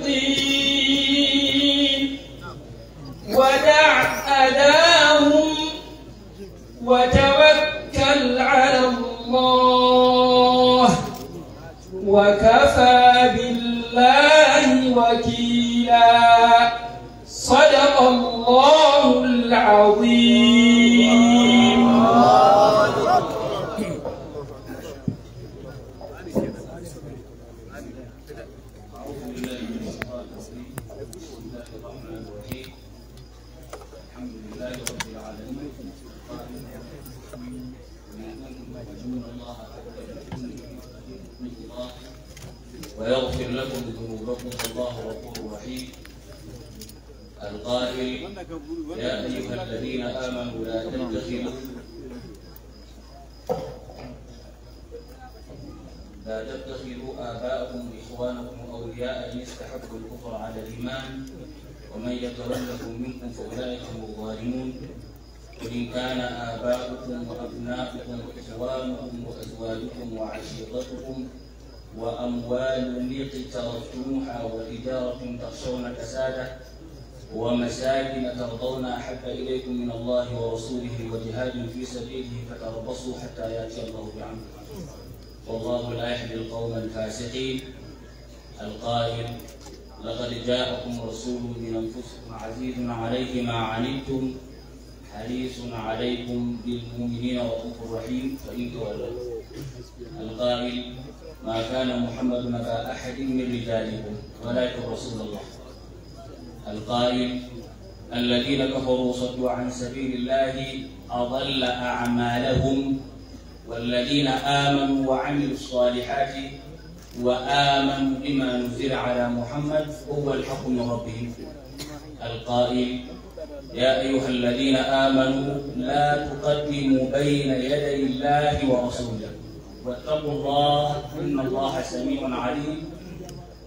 the سبيل الله أضل أعمالهم والذين آمنوا وعملوا الصالحات وآمنوا بما نزل على محمد هو الحق من ربهم القائل يا أيها الذين آمنوا لا تقدموا بين يدي الله ورسوله واتقوا الله إن الله سميع عليم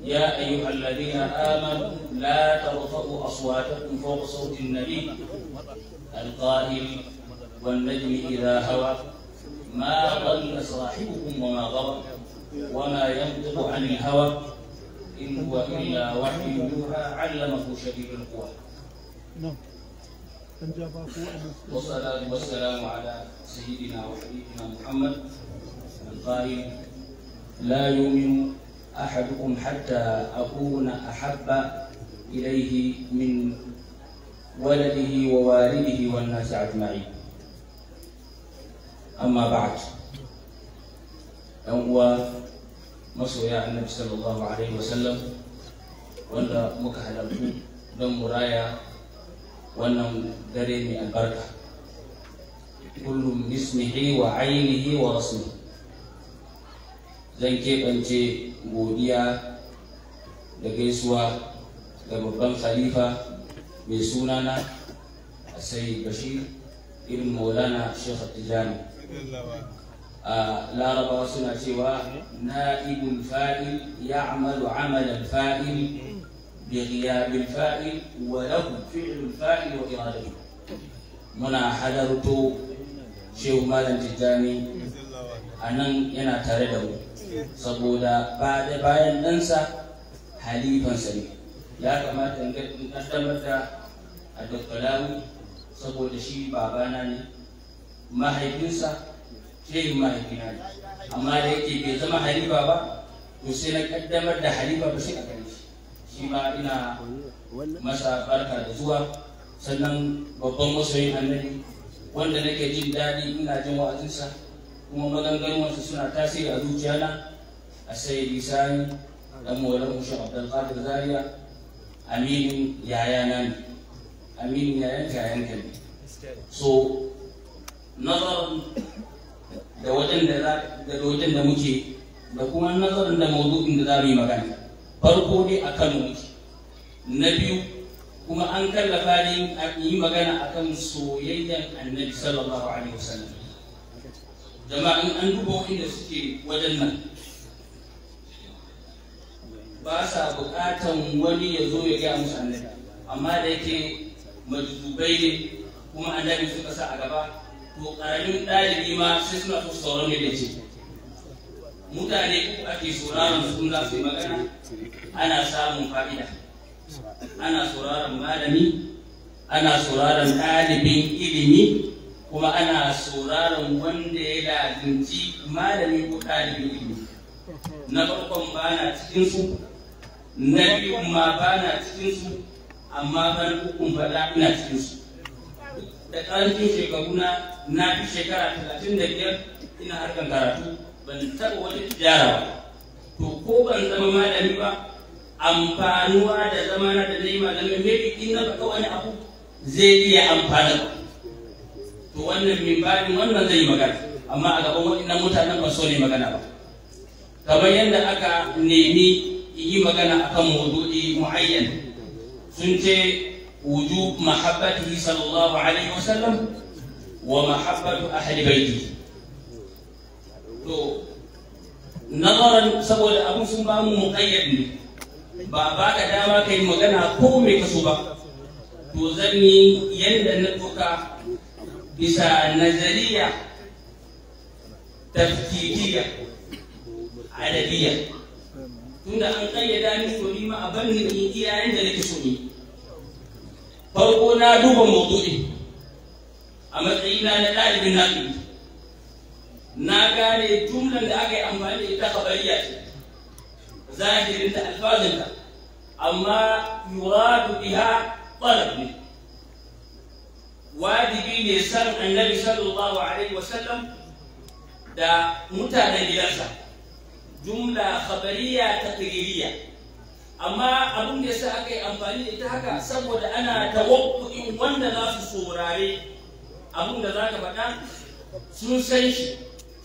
يا أيها الذين آمنوا لا ترفعوا أصواتكم فوق صوت النبي القائل والنجم إذا هوى ما ضل صاحبكم وما غوى وما ينطق عن الهوى إن هو إلا وحي يوحى علمه شديد القوى نعم والصلاة والسلام على سيدنا وحبيبنا محمد القائل لا يؤمن أحدكم حتى أكون أحب إليه من ولده ووالده والناس أجمعين أما بعد هو masoya annabi sallallahu alaihi wasallam wanda muka halartu don muraya wannan dare mai albarka kullum ismihi wa ainihi wa rasmi zan keɓance godiya da gaisuwa ga babban khalifa ميسونانا السيد بشير ابن مولانا الشيخ التجاني آه، لا رب وسنا سواه نائب فائل يعمل عمل الفائل بغياب الفائل وله فعل الفائل وإرادته منا حضرت شيخ مالا تجاني أنا ينا تردو سبودا بعد باين ننسى حليفا سليم ya kamata in ga in kaddamar da a dakkalawi saboda shi babana ne mahaifinsa shehin mahaifina ne amma da yake bai zama halifa ba to sai na ƙaddamar da halifa ba shi a gani shi shi ma ina masa barka da zuwa sannan babban masoyin annabi wanda nake jin daɗi ina jin wa'azinsa kuma maganganuwansa suna tasiri a zuciyana a sai lisani dan molan mushin abdulkadir zaria amin yaya ne amin yayan yayan ka ne so nazarin da wajen da za da da wajen muke da kuma nazarin da mawdu'in da za mu yi magana farko dai a kano muke na biyu kuma an kallafa ne yi magana akan soyayyan annabi sallallahu alaihi wasallam jama'a in an duba inda suke wajen nan ba sa bukatan wani ya zo ya gaya musu annabi amma da yake majdubai ne kuma annabi suka sa a gaba to ƙaramin ɗalibi ma sai suna so sauran da ce mutane uku ake sauraron su za su yi magana ana samun fa'ida ana sauraron malami ana sauraron ɗalibin ilimi kuma ana sauraron wanda ya lazimci malami ko ɗalibin ilimi na farkon bana cikin su na biyun ma ba na cikinsu amma ban ukun faɗa ina cikinsu da ƙarancin shekaruna na fi shekara talatin da biyar ina harkar karatu ban taɓa wata tijara ba to ko ban zama malami ba amfanuwa da zamana da zai malamin mai in na faɗa wani abu zai iya amfana ba. to wannan min bani wannan zai yi magana amma a gaban waɗannan mutanen ba so ne magana ba kamar yadda aka nemi yi magana akan mawdu'i muayyan sun ce wujub mahabbatihi sallallahu alaihi wasallam wa mahabbatu ahli baiti to nazaran saboda abu sun ba mu muqayyad ne ba ba ka dama kai magana ko me kaso ba to zan yi yanda na doka bisa nazariya tafkikiya adadiyya tunda an kayyada ni so ni ma a bar ni in iya yanda nake so ni farko na duba maudu'i a matsayina na ɗalibin naɗi na gane jumlan da aka yi amfani da ita kabariya ce zahirin da alfazinta amma yuradu biha talab ne wajibi ne san annabi sallallahu alaihi wasallam da mutanen gidansa jumla khabariya taqririya amma abin da yasa aka yi amfani da ita haka saboda ana tawakkuin wanda za su saurare abin da za faɗa sun san shi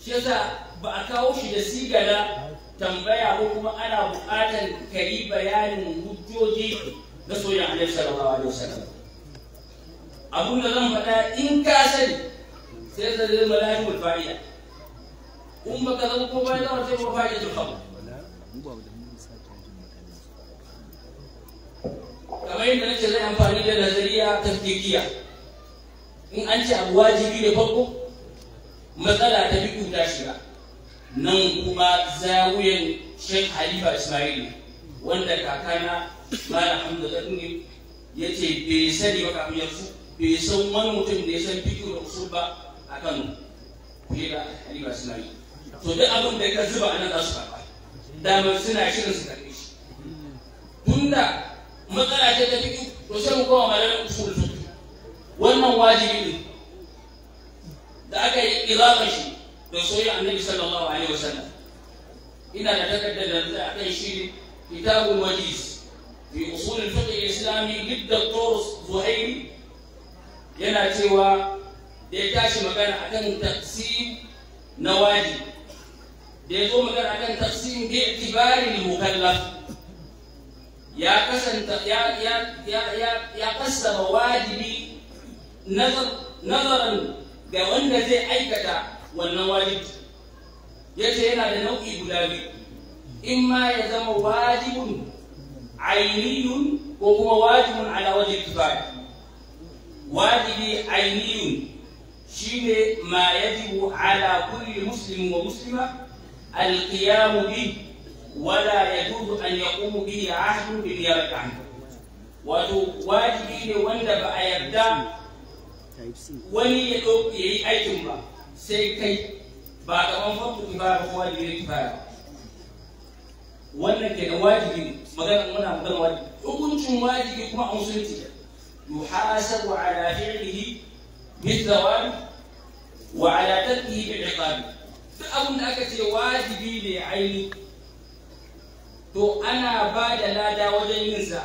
shi yasa ba a kawo shi da sigala tambaya ko kuma ana buƙatar kari bayanin hujjoji na soyayya annabi sallallahu alaihi wasallam abin da zan faɗa in ka sani sai zai zama lahimul fa'ida in ba ka zama ko bayan zama sai ba fa'ida ta kawo kamar yadda nace zai amfani da nazariya ta tafkikiya in an ce abu wajibi ne farko matsala ta biyu ta shiga nan kuma zawuyan Sheikh Halifa Ismail wanda kakana Malam Hamza ne ya ce bai sani ba kafin ya su bai san wani mutum da ya san fikiyo da usul ba a Kano fiye da Halifa Ismail so duk abin da ya zuba anan za su karɓa damar suna shirin su karɓe shi Tun da matsala ce ta fiki to sai mu koma malamin usul fiqh wannan wajibi ne da aka yi izaban shi da soyayya annabi sallallahu alaihi wasallam ina da takardar da za a kai shi kitabul wajiz fi usul fiqh al-islami lidda turus zuhairi yana cewa da ya tashi magana akan tafsir na wajibi da ya zo magana kan tafsirin bi itibari mukallaf ya kasanta ya ya ya ya ya kasaba wajibi nazaran ga wanda zai aikata wannan wajibi yace yana da nau'i guda biyu in ma ya zama wajibun ainiyun ko kuma wajibun ala wajen ittifaq wajibi ainiyun shine ma yajibu ala kulli muslimin wa muslima القيام به ولا يجوز أن يقوم به عهد بغيابك عنه wato wajibi ne wanda ba a yarda wani ya ya yi aikin ba sai kai ba kaman farko ibara ko wajibi ne kifaya wannan ke da wajibi magana muna magana wajibi hukuncin wajibi kuma a musulunci yuhasabu ala fi'lihi mithla wa ala tarkihi bi'iqabi duk abin da aka ce wajibi ne aini to ana ba da lada wajen yin sa.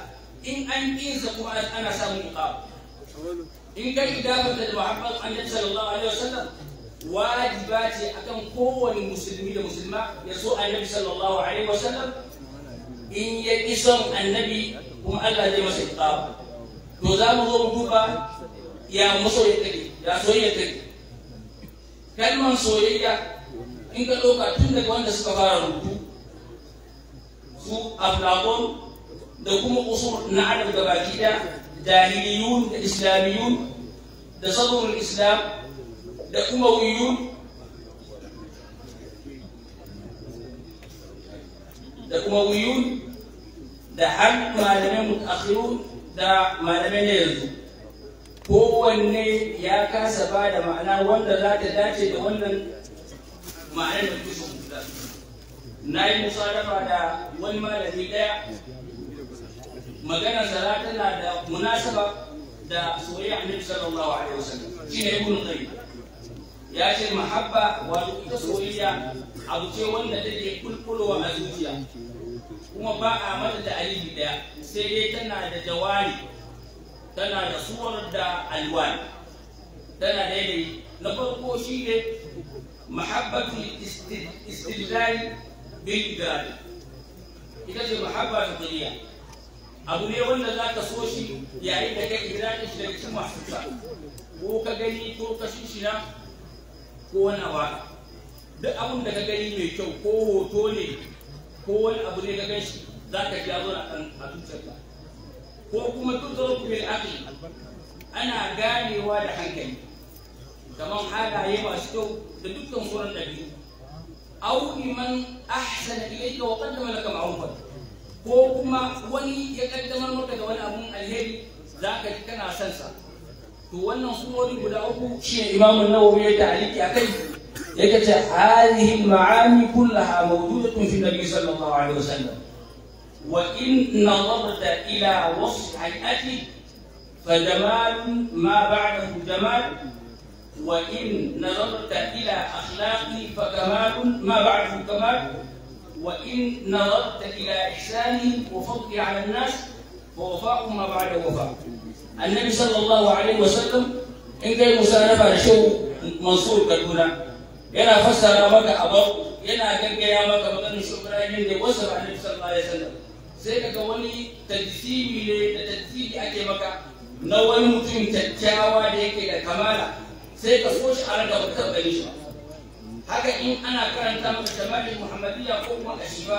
in an kinsa kuma ana samun iqab in ka yi idaba da muhammad annabi sallallahu alaihi wasallam wajiba ce akan kowane musulmi da musulma ya so annabi sallallahu alaihi wasallam in ya ƙi son annabi kuma Allah zai masa iqab to za mu zo mu duba ya masoyi ya soyayya take kalmar soyayya in ka ɗauka tun daga wanda suka fara rubutu su aflakon da kuma kusur na adam da baki da jahiliyun da islamiyun da sadrul islam da umawiyun da umawiyun da har malamai mutakhirun da malamai na yanzu kowanne ya kasa ba da ma'ana wanda za ta dace da wannan ma'anar kusa guda na yi musadafa da wani malami ɗaya maganar sara tana da munasaba da soyayya annabi sallallahu alaihi wasallam shine qayyim ya ce mahabba wato ita soyayya abu ce wanda take kulkulowa a zuciya kuma ba a mata da alibi daya sai dai tana da jawari tana da suwar da alwani tana da yanayi na farko shi ne محبة الاستدلال بالدلالة ita ce mahabba ta duniya abu wanda za ka so shi yayin da ka ihranin daga cikin masu ko ka gani ko ka shishina ko wani abu duk abin ka gani mai kyau ko hoto ne ko wani abu ne ka gan za ko kuma ana ganewa da hankali تمام حاجة هيبقى شتو ده دكتور مصورة تجديد أو لمن أحسن إليك وقدم لك معروفا فوقما ولي يقدم المركز ولا أبوم الهيلي ذاك كان أساسا تولى صوري ولا أبو شيء الإمام النووي يتعليك أكيد يجد هذه المعاني كلها موجودة في النبي صلى الله عليه وسلم وإن نظرت إلى وصف هيئته فجمال ما بعده جمال وإن نظرت إلى أخلاقي فكمال ما بعد الكمال وإن نظرت إلى إحساني وفضلي على الناس ووفاء ما بعد وفاء النبي صلى الله عليه وسلم إن كان مسانفة شو منصور كالبناء أنا فسر أمك أبو أنا كنك يا أمك مغني شكرا عند وصف النبي صلى الله عليه وسلم سيدك ولي تجسيمي لتجسيمي أكي مكا نوال متن تتشاوى ديكي كمالا sai ka so shi a raga ba taɓa yi shi haka in ana karanta maka jama'in muhammadiyya ko kuma kashiwa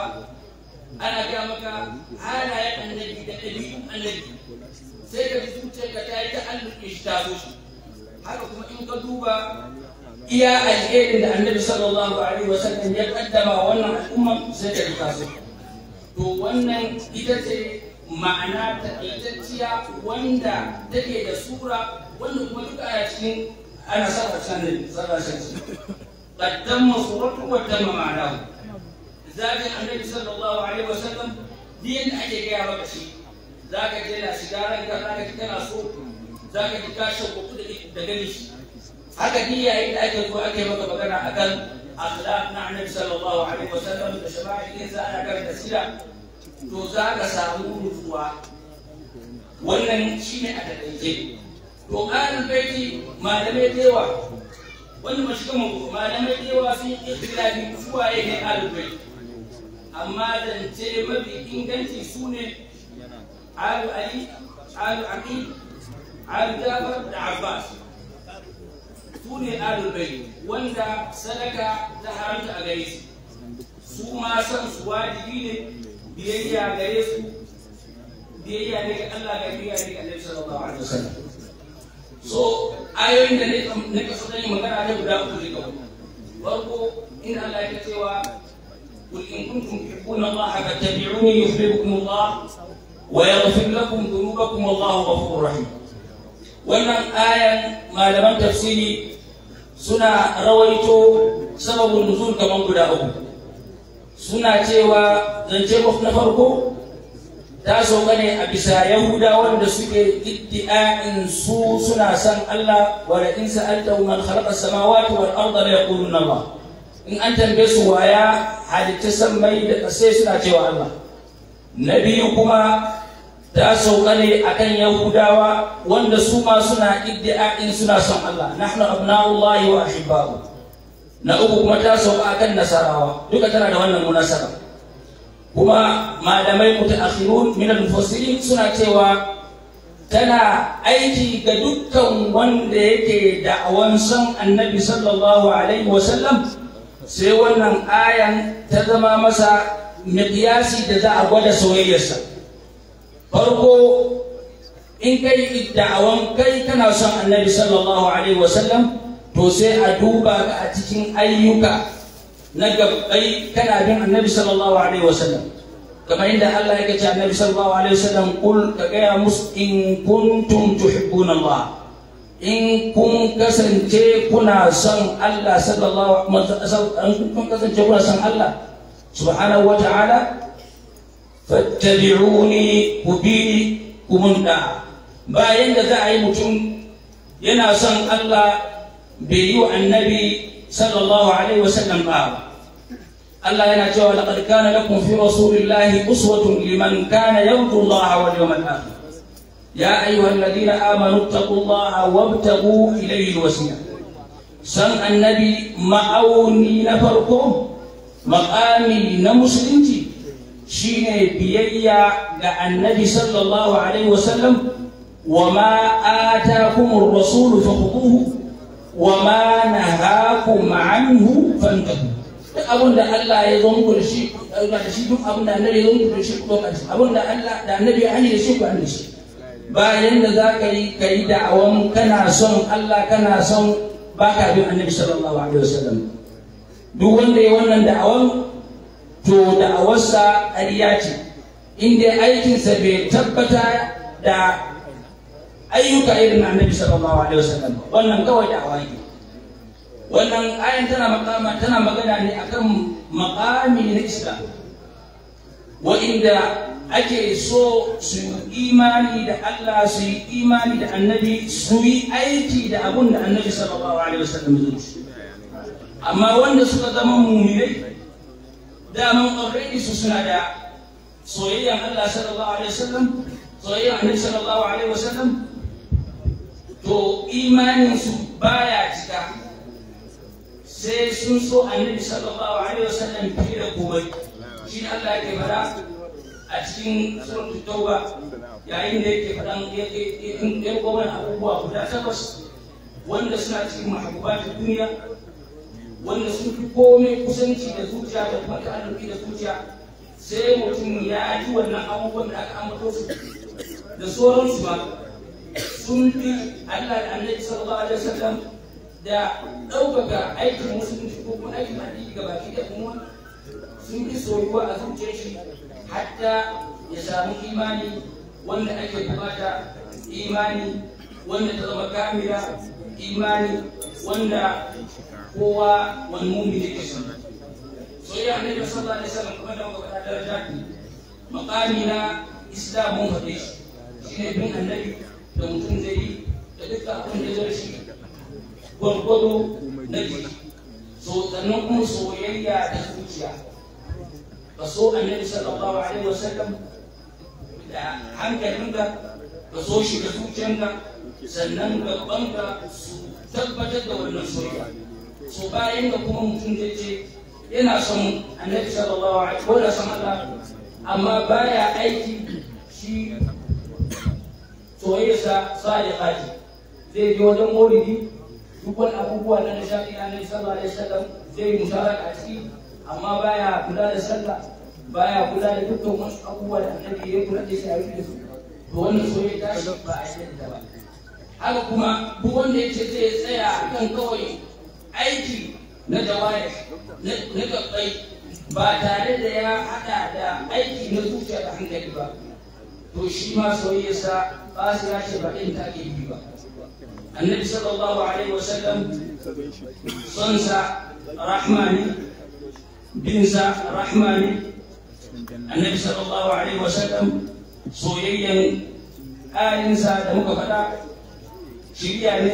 ana gaya maka halayen annabi da ɗabi'un annabi sai ka ji zuciyarka ta yi ta alluƙe shi ta so shi haka kuma in ka duba iya alherin da annabi sallallahu alaihi wasallam ya kaddama wannan al'umma sai ka ji ta so to wannan ita ce ma'ana taƙaitacciya wanda take da sura wanda kuma duka a cikin انا صار اسلم صار اسلم قد تم صورته وتم معناه زاد النبي صلى الله عليه وسلم دين اجل يا رب ربتي ذاك جينا سيجاره انت ذاك جينا صوت ذاك بكاشه وقدر تدلش هذا دي يا ايد اجل وقتي ما تبقى اكل اخلاقنا النبي صلى الله عليه وسلم يا شباب كيف انا كنت سيلا تو ذاك ولا رفوا وانا نشيني اتدلجي to ahlul baiti malamai da yawa wani mashiga mu malamai da yawa sun yi ikirafi su waye ne ahlul amma dan ce mafi inganci su ne ahlul ali ahlul aqil ahlul jafar da abbas su ne ahlul wanda sadaka ta haramta a gare su su ma san su wajibi ne biyayya gare su biyayya ne ga Allah ga biyayya ne ga Annabi sallallahu alaihi wasallam so ayoyin da ne na kasu da yin magana yau guda ku ne kawai farko ina Allah ya cewa kul in kuntum tuhibbuna Allah fa tabi'uni yuhibbukum Allah wa yaghfir lakum dhunubakum Allahu ghafurur rahim wannan ayan malaman tafsiri suna rawaito sababul nuzul kaman guda uku suna cewa zance mafi na farko ta sauka ne a bisa yahuda wanda suke iddi'a'in su suna san Allah wa la in wa man khalaqa samawati wal arda la yaquluna Allah in an tambaye su waya halitta mai da kasai suna cewa Allah na kuma ta sauka ne akan yahudawa wanda su ma suna iddi'a'in suna son Allah nahnu abna'ullahi wa ahibba'u na uku kuma ta sauka akan nasarawa duka tana da wannan munasaba kuma malamai mutaakhirun min al-mufassirin suna cewa tana aiki ga dukkan wanda yake da'awan san annabi sallallahu alaihi wasallam sai wannan ayan ta zama masa miqyasi da za a gwada soyayyarsa farko in kai da'awan kai kana son annabi sallallahu alaihi wasallam to sai a duba ka a cikin ayyuka na gabbai kana bin annabi sallallahu alaihi wasallam kamar inda Allah yake ce annabi sallallahu alaihi wasallam kul ka gaya musu in kuntum tuhibbuna Allah in kun kasance kuna son Allah sallallahu in kun kasance kuna son Allah subhanahu wa ta'ala fattabi'uni ku bi ku bayan da za a yi mutum yana son Allah bai yi wa annabi صلى الله عليه وسلم قال الله ينجوه لقد كان لكم في رسول الله أسوة لمن كان يرجو الله واليوم الآخر يا أيها الذين آمنوا اتقوا الله وابتغوا إليه الوسيلة سمع النبي ما أوني نفركم مقامي نمسلمتي شين بيئيا لعن النبي صلى الله عليه وسلم وما آتاكم الرسول فخذوه wa ma haku anhu fantabu duk abin da Allah ya zo muku da shi da shi duk abin da Annabi ya zo muku da shi ku dauka da shi abin da Allah da Annabi ya hani shi ku hani shi bayan da za ka yi ka yi da'awan kana son Allah kana son baka bin Annabi sallallahu alaihi wasallam duk wanda ya wannan da'awan to da'awarsa ƙarya ce in dai aikinsa bai tabbata da ayyuka irin annabi sallallahu alaihi wasallam wannan kawai da awaki wannan ayin tana makama tana magana ne akan makami na islam wa'inda ake so su yi imani da Allah su yi imani da annabi su yi aiki da abun da annabi sallallahu alaihi wasallam ya zo amma wanda suka zama muminai daman already su suna da soyayyan Allah sallallahu alaihi wasallam soyayyan annabi sallallahu alaihi wasallam to imaninsu baya cika sai sun so annabi sallallahu alaihi wasallam fiye da gobe shi ne Allah yake fara a cikin suratul tauba yayin da yake faɗan in ɗan gwamnan abubuwa guda takwas wanda suna cikin mahabubatun duniya wanda sun fi komai kusanci da zuciya da kuma ta'alluki da zuciya sai mutum ya ji wannan abubuwan da aka ambato su da sauransu ba sun Allah da Annabi sallallahu alaihi wasallam da daukaka aikin musulunci ko kuma aikin addini ga baki da kuma sun fi soyuwa a zuciyar shi hatta ya samu imani wanda ake bukata imani wanda ta zama kamila imani wanda kowa wani mummi ne ke son sai ya annabi sallallahu alaihi wasallam kuma da muka faɗa daraja makami na islamun shi shine bin annabi da mutum zai yi da duka abin da zai shi gwargwado na jiki so sannan kuma soyayya da zuciya ka so annabi sallallahu alaihi wasallam da hankalinka ka so shi da zuciyanka sannan gabanka su tabbatar da wannan soyayya so bayan da kuma mutum zai ce yana son annabi sallallahu alaihi sallam, amma baya aiki shi soyayya sadiqati zai je wajen maulidi duk wani abubuwa na nishaɗi na nabi sallallahu alaihi wasallam zai yi musharaka a ciki amma baya kula da sallah baya kula da dukkan wasu abubuwa da annabi ya kula da shi a da su to wannan soyayya ta shi ba a da ba haka kuma duk wanda ya ce zai tsaya kan kawai aiki na jawaya na gabbai ba tare da ya hada da aiki na zuciya da hankali ba to shi ma soyayyarsa fasira ce ba ta ake yi ba annabi sallallahu alaihi wasallam son sa rahma ne bin sa rahma ne annabi sallallahu alaihi wasallam soyayyan alinsa da muka faɗa shirya ne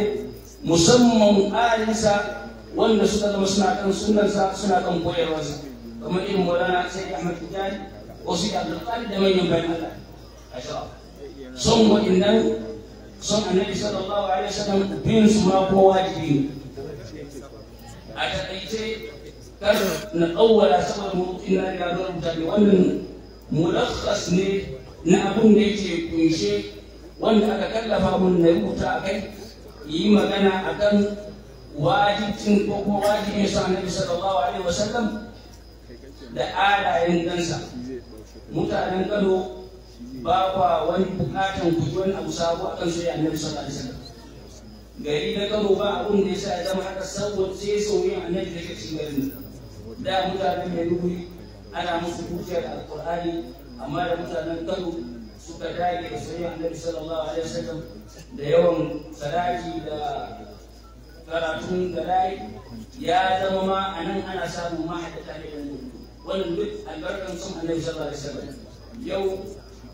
musamman alinsa wanda suka zama suna kan sunansa suna kan koyarwarsa kamar irin maulana sai ahmad tijani wasu da abdulkadir da manyan bayan allah a sha'a son waɗannan, son annabi sallallahu alaihi wasallam bin su ma ko wajibi a taƙaice kar na ƙawwala saboda mu ina da rubuta ne wannan mulakhas ne na abin da yake kunshe wanda aka kallafa mun na rubuta a kai yi magana a kan wajibcin ko kuma wajibin sa annabi sallallahu alaihi wasallam da alayen dansa mutanen kano ba kwa wani bukatan ku wani abu sabo akan sai annabi sallallahu alaihi wasallam gari na karo ba abun da yasa ya zama haka saboda sai sauyin annabi da yake cikin garin da mutanen mai rubuci ana musu kuciyar alqur'ani amma da mutanen karo suka dage da sauyin annabi sallallahu alaihi wasallam da yawan sadaki da karatun garai ya zama ma a nan ana samun mahaɗa tare ne wannan duk albarkan sun annabi sallallahu alaihi wasallam yau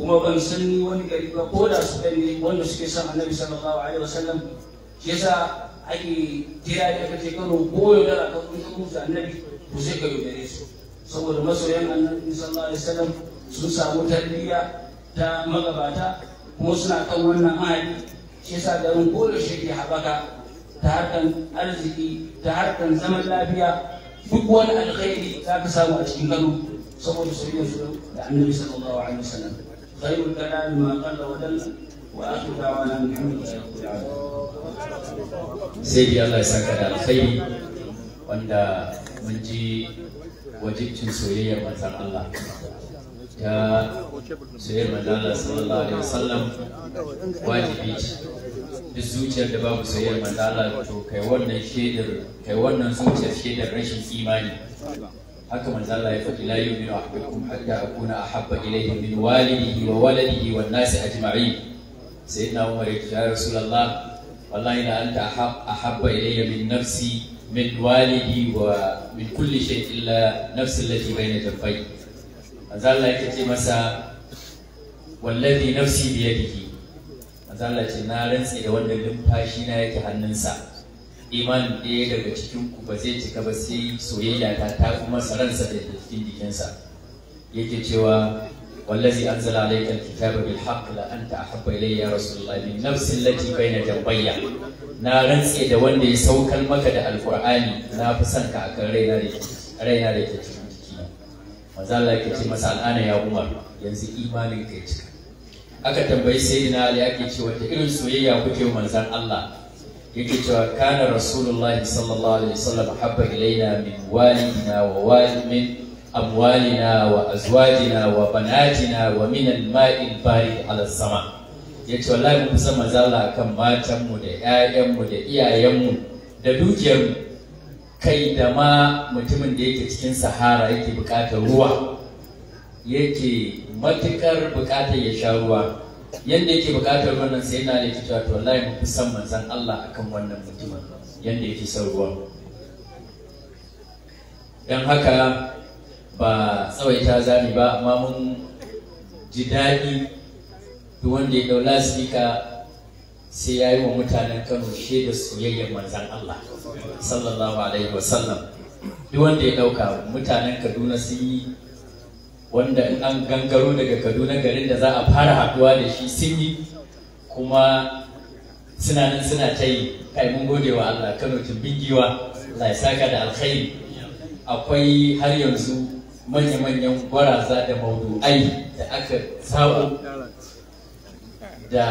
kuma ban san wani gari ba ko da su ne wanda suke son annabi sallallahu alaihi wasallam yasa ake jira da kace karo ko yaudara ka kun da annabi ku sai ka yi su saboda masoyan annabi sallallahu alaihi wasallam sun samu tarbiyya ta magabata kuma suna kan wannan hali shi yasa garin ko da shi habaka ta harkan arziki ta harkan zaman lafiya duk wani alkhairi za ka samu a cikin gano saboda soyayyar su da annabi sallallahu alaihi wasallam خير الكلام ما قل ودل واخر دعوانا الحمد لله sai Allah ya saka da alkhairi wanda mun ji wajibcin soyayyar manzon Allah ta soyayyar manzon Allah sallallahu alaihi wasallam wajibi duk zuciyar da babu soyayyar manzon Allah to kai wannan shedar kai wannan zuciyar shedar rashin imani haka manzo Allah ya faɗi la yu'minu ahadukum hatta akuna ahabba ilayhi min walidihi wa waladihi wan nasi ajma'in sayyidina Umar ya ce ya rasulullah wallahi la anta ahabba ilayya min nafsi min walidi wa min kulli shay illa nafsi allati bayna jaffai manzo Allah ya ce masa wallazi nafsi biyadihi manzo Allah ce na rantsi da wanda numfashi na yake hannunsa Iman ɗaya daga cikin ku ba zai cika ba sai soyayya ta ta kuma saransa da cikin jikinsa yake cewa wallazi anzala alayka alkitaba bil haqq la anta ahabba ilayya ya rasulullah min nafsi allati bayna jambayya na rantse da wanda ya saukar maka da alqur'ani na fi son ka akan raina da raina da ke cikin jiki manzo Allah yake ce masa al'ana ya umar yanzu imanin ka cika aka tambayi sayyidina ali yake ce wata irin soyayya kuke manzon Allah yake cewa kana rasulullahi sallallahu alaihi wasallam habba ilaina min wa walid amwalina wa azwajina wa banatina wa min al-ma'i al-barid ala sama yace wallahi mun san mazalla kan matanmu da 'ya'yanmu da iyayenmu. da dukiyar kai da ma mutumin da yake cikin sahara yake buƙatar ruwa yake matukar buƙatar ya sha ruwa yadda yake bukatar wannan sai yana da cewa to wallahi mu san manzon Allah akan wannan mutumin yadda yake son ruwa dan haka ba tsawaita zami ba amma mun ji daɗi duk wanda ya ɗau lasika sai ya yi wa mutanen Kano shaida soyayyar manzon Allah sallallahu alaihi wasallam duk wanda ya ɗauka mutanen Kaduna sun yi wanda in an gangaro daga kaduna garin da za a fara haduwa da shi sun yi kuma suna nan suna ta yi kaimun gode wa Allah Kano tumbin giwa Allah ya saka da alkhairi akwai har yanzu manya-manyan gwaraza da maudu'ai da aka sabo da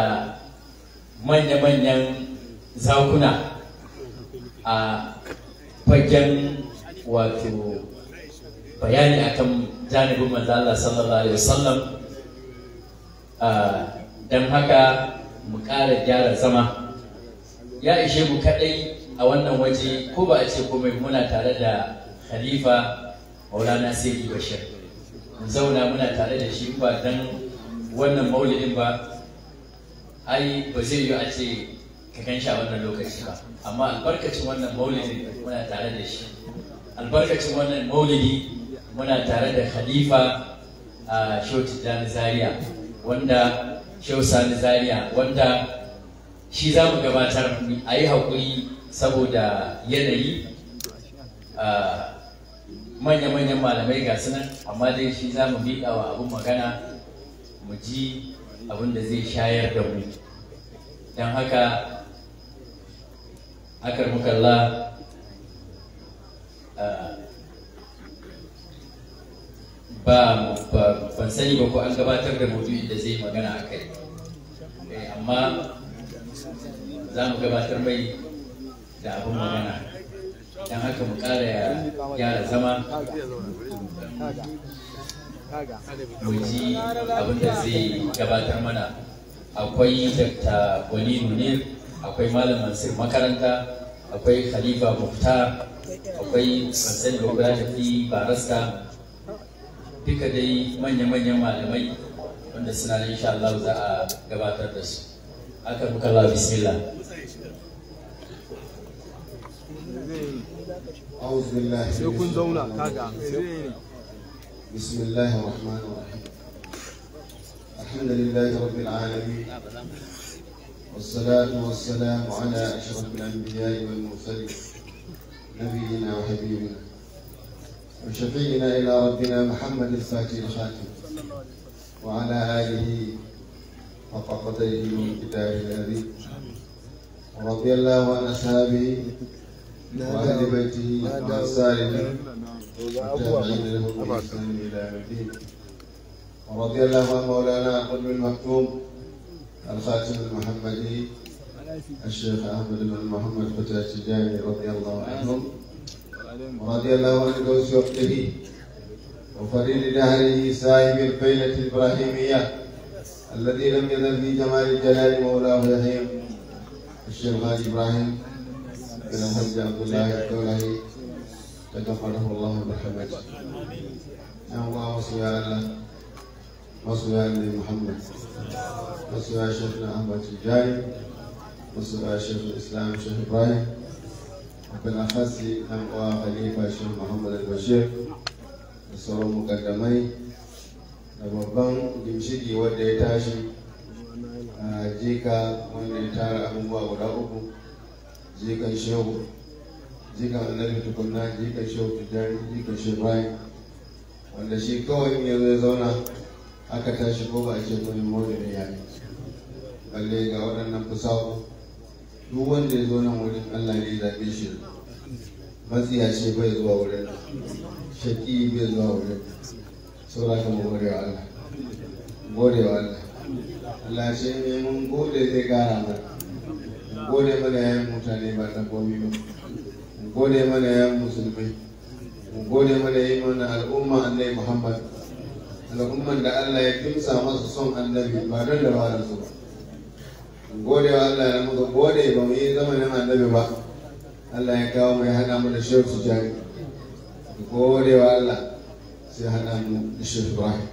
manya-manyan zakuna a fagen wato bayani akan janibin manzo Allah sallallahu alaihi wasallam ah, dan haka mu ƙara gyara zama ya ishe mu kaɗai a wannan waje ko ba a ce komai muna tare da khalifa maulana sai bashir mu zauna muna tare da shi ba dan wannan maulidin ba ai ba zai yi a ce ka gan shi a wannan lokaci ba amma albarkacin wannan maulidin muna tare da shi albarkacin wannan maulidi muna tare da khalifa a shehu tijjani zaria wanda shau sani zaria wanda shi za mu gabatar a yi haƙuri saboda yanayi manya-manyan malamai ga sunan amma dai shi za mu miƙa wa abin magana mu ji abin da zai shayar da mu don haka akar mukalla ba ban sani ba ko an gabatar da maudu'in da zai magana a kai eh, amma za mu gabatar mai da abin magana don haka mu ƙara yara zama mu ji abin da zai gabatar mana akwai dr wani munir akwai malam mansur makaranta akwai khalifa muftar akwai ban sani ba guda tafi barasta duka dai manya-manyan malamai wanda suna da insha za a gabatar da su aka muka Allah bismillah a'udhu billahi sai kun zauna kaga bismillahir rahmanir rahim alhamdulillahi rabbil alamin والصلاة والسلام على أشرف الأنبياء والمرسلين وشفينا إلى ربنا محمد الفاتح الخاتم وعلى آله حق من كتابه الأبي ورضي الله عن أصحابه وأهل بيته وعن سالمه والتابعين بإحسان إلى يوم الدين ورضي الله عن مولانا قلب المكتوم الخاتم المحمدي الشيخ أحمد بن محمد فتاة الجامع رضي الله عنهم رضي الله عن غوث وقته وفريد نهره صاحب الفيلة الإبراهيمية الذي لم يذل في جمال الجلال مولاه يهيم الشيخ غالي إبراهيم بن حمد عبد الله الدولهي تكفله الله برحمته يا الله وصل على الله وصل على النبي محمد وصل على شيخنا أحمد الجاري وصل على شيخ الإسلام الشيخ إبراهيم Bilhassi ɗan uwa Khalifa Shehu Muhammad al-Bashir da sauran mukaddamai da babban gimshigi wanda ya tashi a jika wanda ya tara abubuwa guda uku jikan shehu jikan annabi tukunna jikan shehu tijjani jikan shehu wanda shi kawai in yanzu ya zauna aka tashi ko ba a ce kuma mawuyi da yayi balle ga waɗannan fusaku duk wanda ya zo nan wurin Allah ne zaɓe shi matsiyaci bai zuwa wurin shaƙi bai zuwa wurin saura ka mu gode wa Allah gode wa Allah Allah ce ne eh, mun gode zai gara mana gode mana yayin mutane ba ta komi ba gode mana yayin musulmai gode mana yayin mana al'umma annabi Muhammad al'umman da Allah ya kimsa masa son annabi ba don da ba da su ba gode wa Allah ya muka gode ba mu yi zamanin annabi ba Allah ya kawo mu ya hada mu da shehu tijani gode wa Allah sai hada mu da shehu ibrahim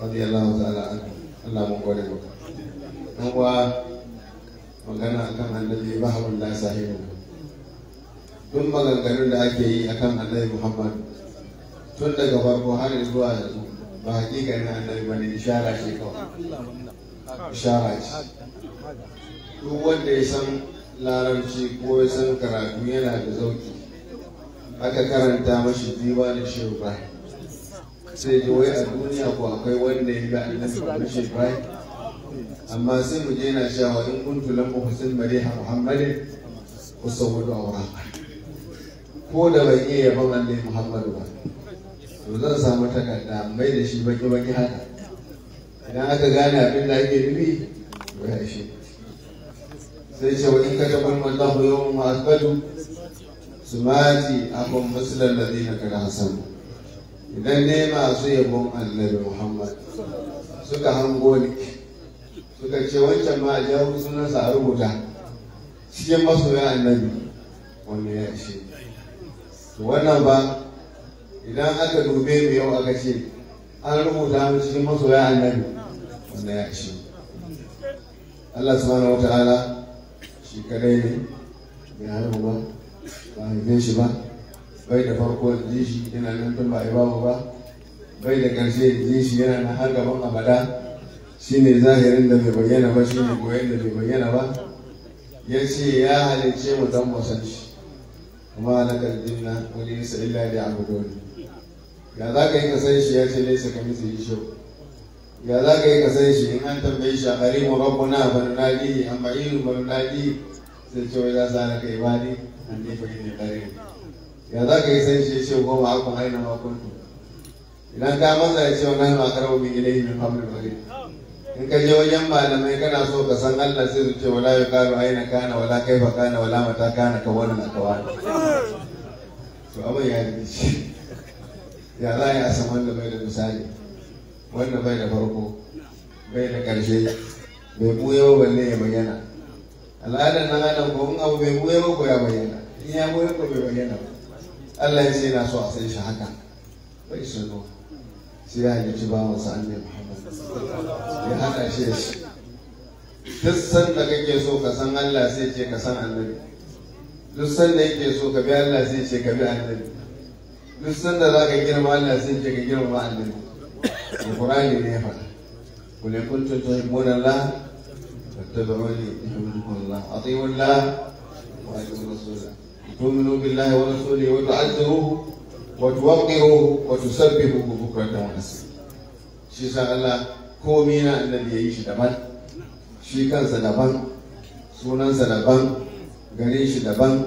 radiyallahu ta'ala anhu Allah mu gode maka dan uwa magana akan annabi ba hawan la sahibu duk maganganun da ake yi akan annabi muhammad tun daga farko har zuwa yanzu ba hakika na annabi bane ishara ce kawai ishara ce duk wanda ya san larabci ko ya san karatu yana da zauki aka karanta mashi biwa da shehu sai ji wai a duniya ko akwai wanda ya ga annabi ko shehu amma sai mu je na cewa in kuntu lam uhsin mariha muhammadin usawwadu awra ko da bai iya yaba manne muhammadu ba to zan samu takarda mai da shi baki baki haka idan aka gane abin da ake nufi to ya ishe sai ce wa in ka taɓa mallahu yau ma akbadu su mati akan musulan da zai na kada hasan idan ne masu yabon annabi muhammad suka hango ni suka ce wancan ma a jawo sunansa a rubuta cikin masoya annabi wanda ya ishe wannan ba idan aka dube mu yau aka ce an rubuta mu cikin masoya annabi wanda ya ishe Allah subhanahu wa ta'ala shi kadai ne bai haihu ba ba haife shi ba bai da farko ji shi yana nan tun ba a babu ba bai da ƙarshe ji shi yana nan har gaban abada shine zahirin da bai bayyana ba shine goyon da bai bayyana ba ya ce ya halicce mu dan wasan shi kuma na kalbin na wani isa illa da abu dole ya za ka yi ka san shi ya ce ne ka misa yi shau ya za ka yi ka san shi in an tambaye shi a karimu rabbuna bal nadihi amma ilu bal nadihi sai ce wai za su hana kai bani an ne fa ne karimu ya za ka yi san shi ya ce goma akun aina ma kuntu idan ka maza ya ce wannan ma karamu min ilaihi min da bari in ka je wajen malamai kana so ka san Allah sai su ce wala ya yuqalu aina kana wala kaifa kana wala mata kana ka wannan ka wannan to abin ya dace ya za a yi a san wanda bai da misali wannan bai da farko bai da ƙarshe bai buya ba balle ya bayyana al'adar nan adam ko in abu bai buya ba ko ya bayyana in ya buya ko bai bayyana ba Allah ya ce na so a san shi haka bai sunu sai ya halicci ba masa ne Muhammad ya hada shi ya shi duk san da kake so ka san Allah sai ce ka san annabi duk san da yake so ka bi Allah sai ce ka bi annabi duk san da ka girma Allah sai ce ka girma annabi القرآن نعمة قل إن كنتم تحبون الله فاتبعوني يحببكم الله أطيعوا الله وأطيعوا الرسول تؤمنوا بالله ورسوله وتعزروه وتوقروه وتسبحوه بكرة ونسيا shi sa Allah komai na annabi ya yi shi daban shi kansa daban sunansa daban garin shi daban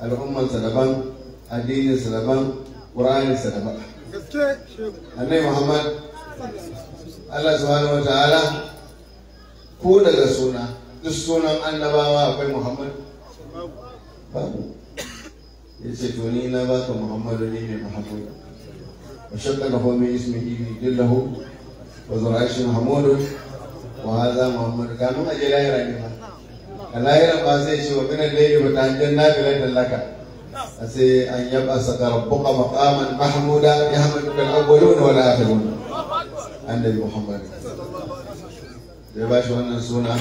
al'ummansa daban addininsa daban ƙur'aninsa daban annabi muhammad allah subhanahu wa ta'ala ko daga suna duk sunan annabawa akwai muhammad ya ce to ni na baka muhammadu ne mai muhammadu wa shakka na homi ismihi dillahu wa zurashi muhammadu wa haza muhammadu kanun aje lahira ne ma a lahiran ba zai ce wa minan laili ba ta hanyar nafilar da laka sai an yaba saka rabbuka maqaman mahmuda yahmaduka al-awwaluna wal akhiruna annabi muhammad da ba shi wannan suna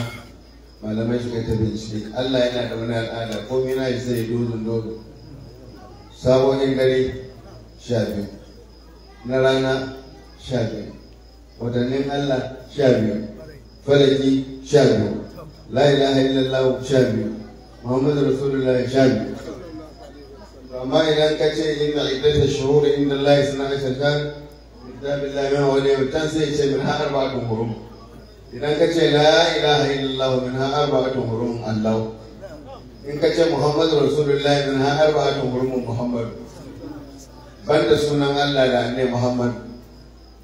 malamai suka ta bincike Allah yana da wani al'ada komai na yi sai dozin dozin sabonin gari, sha biyu na rana sha biyu watannin Allah sha biyu falaki sha biyu la ilaha illallah sha biyu muhammadu rasulullahi sha biyu amma idan ka ce inna iddata shuhur inda Allah suna a shakar kitabillahi min wani mutan sai ce min har arba'atun hurum idan ka ce la ilaha illallah min har arba'atun hurum Allah in ka ce muhammadu rasulullahi min har arba'atun hurum muhammad sunan Allah da annabi muhammad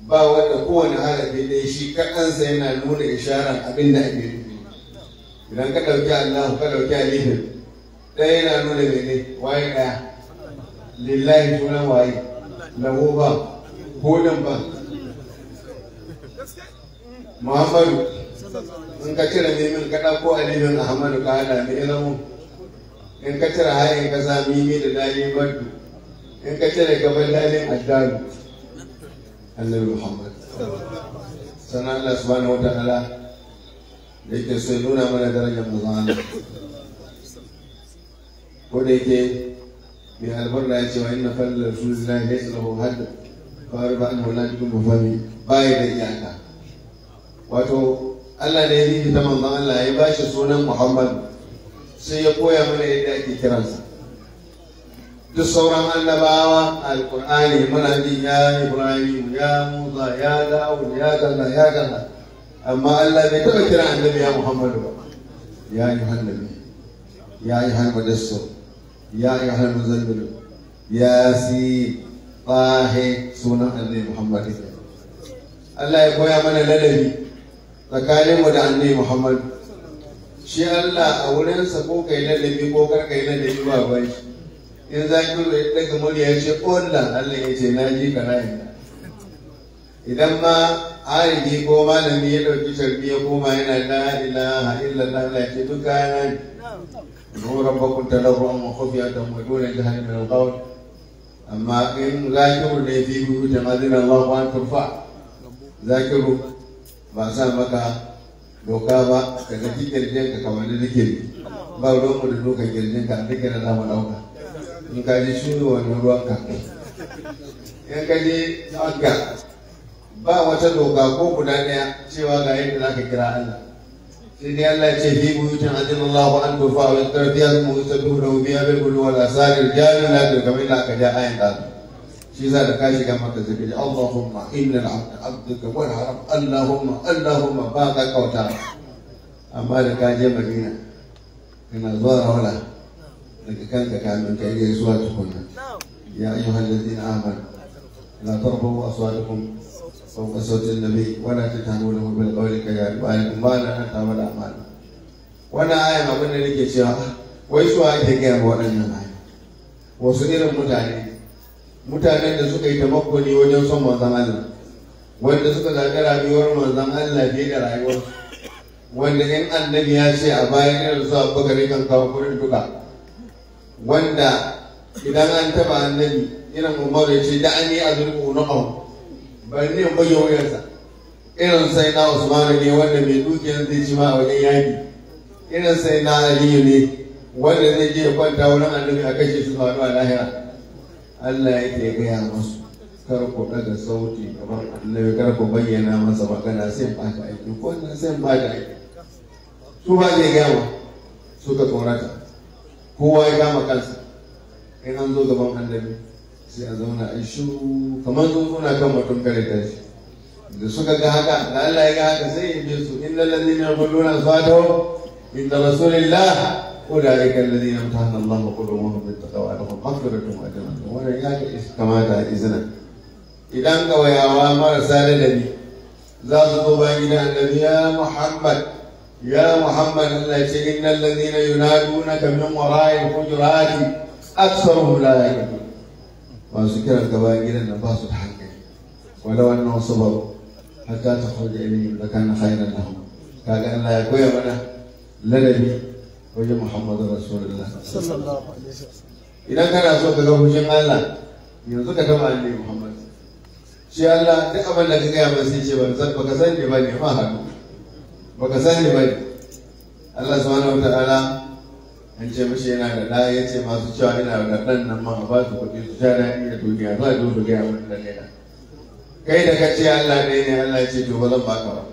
ba wanda kowane harafi ne shi kaɗansa yana nuna isharar abin da ake nufi idan ka ɗauki allahu ka ɗauki alihim ɗaya yana nuna mene waye ɗaya lillahi tunan waye labo ba holin ba muhammadu in ka cire nemin ka ko a ahmadu ka hada mai ilimu in ka cire hayin ka sami ne da dalilin bardu in ka cire gaban dalilin addalu annabi muhammad sannan allah subhanahu wa ta'ala da yake so nuna mana darajar mu ko da yake mai albarka ya cewa inna falla rasulullahi laysa lahu hadd fara ba annahu la yakun mufami baya da iyaka wato Allah ne ya yi ta manzon Allah ya ba shi sunan Muhammad sai ya koya mana yadda ake kiransa duk sauran annabawa alqur'ani muna jin ya Ibrahim ya Musa ya Dawud ya Dalla ya Dalla amma Allah bai taɓa kira annabi ya Muhammadu ba ya yi ya yi ya ayyuhal ya siyi tahe sunan annabi muhammad Allah ya koya mana ladabi tsakanin mu da annabi muhammad shi Allah a wurinsa ko kai ladabi ko kar kai ladabi ba shi in zaki ya daga muni ya ce ƙwallon Allah ya ce na ji ka rayu idan ma aiki ko malami ya ɗauki tarbiya koma yana la ilaha illallah Allah ce duk ادعوا ربكم تضرعا وخفية ودون الجهل من القول أما إن ذاكر ne fi biyu ta madina Allah wa turfa zakiru ba sa maka doka ba ka ga da ba ruwan mu da doka kirjin ka duk da zamu dauka in ka ji shuru wannan ruwan ka in ka ji ba wata doka ko guda daya cewa ga yadda zaka kira Allah sai dai Allah ce bi buyutin ajin Allahu an tufa wa tarbiya mu sadu da biya bil bul wal asari jami la da kamar la ka ja ayin da shi za da ka shiga maka zikri Allahumma innal abda abduka wal haram Allahumma Allahumma ba ka kauta amma da ka je Madina kana zuwa rawala daga kanka kamin kai zuwa tukunna ya ayyuhal ladina amanu la tarbu aswatukum فوق صوت النبي ولا تتهمونه بالقول كذلك وأنتم ما لنا تعمل أعمال وانا آية أبنى لك شيئا ويشوى أجهة وأنا آية وسئل متعلم mutanen da suka yi tamakkuni wajen son manzan Allah wanda suka zaɓi rayuwar manzan Allah fiye da rayuwar wanda in annabi ya ce a bayan irin su a buga kan kawo kurin duka wanda idan an taba annabi irin Umaru ya ce da an yi a zurgu na kawo bari ne buge wuyansa irin sai na usmanu ne wanda mai dukiyar zai ci ma a wajen yaki irin sai na aliyu ne wanda zai je kwanta wurin annabi a kashe su faru a lahira Allah ya ke gaya musu kar ku daga sauti kamar annabi kar ku bayyana masa magana sai ba ta aiki ko nan sai ba ta aiki su ba zai gaya ma suka tsorata kowa ya gama kansa in an zo gaban annabi sai a zauna a shiru. kamar tsofuna kan mutum kare ta shi da suka ga haka da Allah ya ga haka sai ya bi su inda lalzi ne ku nuna su hato inda rasulillah ko da ya kan lalzi ta hannun Allah ma ku domin mutum ta kawai da kuma kafin da tun a jana da ya ga isa kamata a izina idan gawayawa marasa da dami za su zo bayan gida annabi ya muhammad يا محمد na إن الذين ينادونك من وراء الحجرات أكثرهم لا يؤمنون وذكر الجواهر النباس الحقيقي ولو أنه صبر حتى تخرج إليهم لكان خيرا لهم قال أن لا يكوي منا لنبي وجه محمد رسول الله صلى الله عليه وسلم إذا كان أصبح لهم شيء قال الله ينزل كما أن محمد شيء الله تقبل لك يا مسيح شبه سبب كسان لبني ما هدو بكسان لبني الله سبحانه وتعالى an ce mishi yana da ɗa ya ce masu cewa yana da ɗan nan ma ba su kuɗi su sha daɗi da duniya za a zo su gaya wani dalila kai da ka ce Allah ne ne Allah ce to ba zan baka ba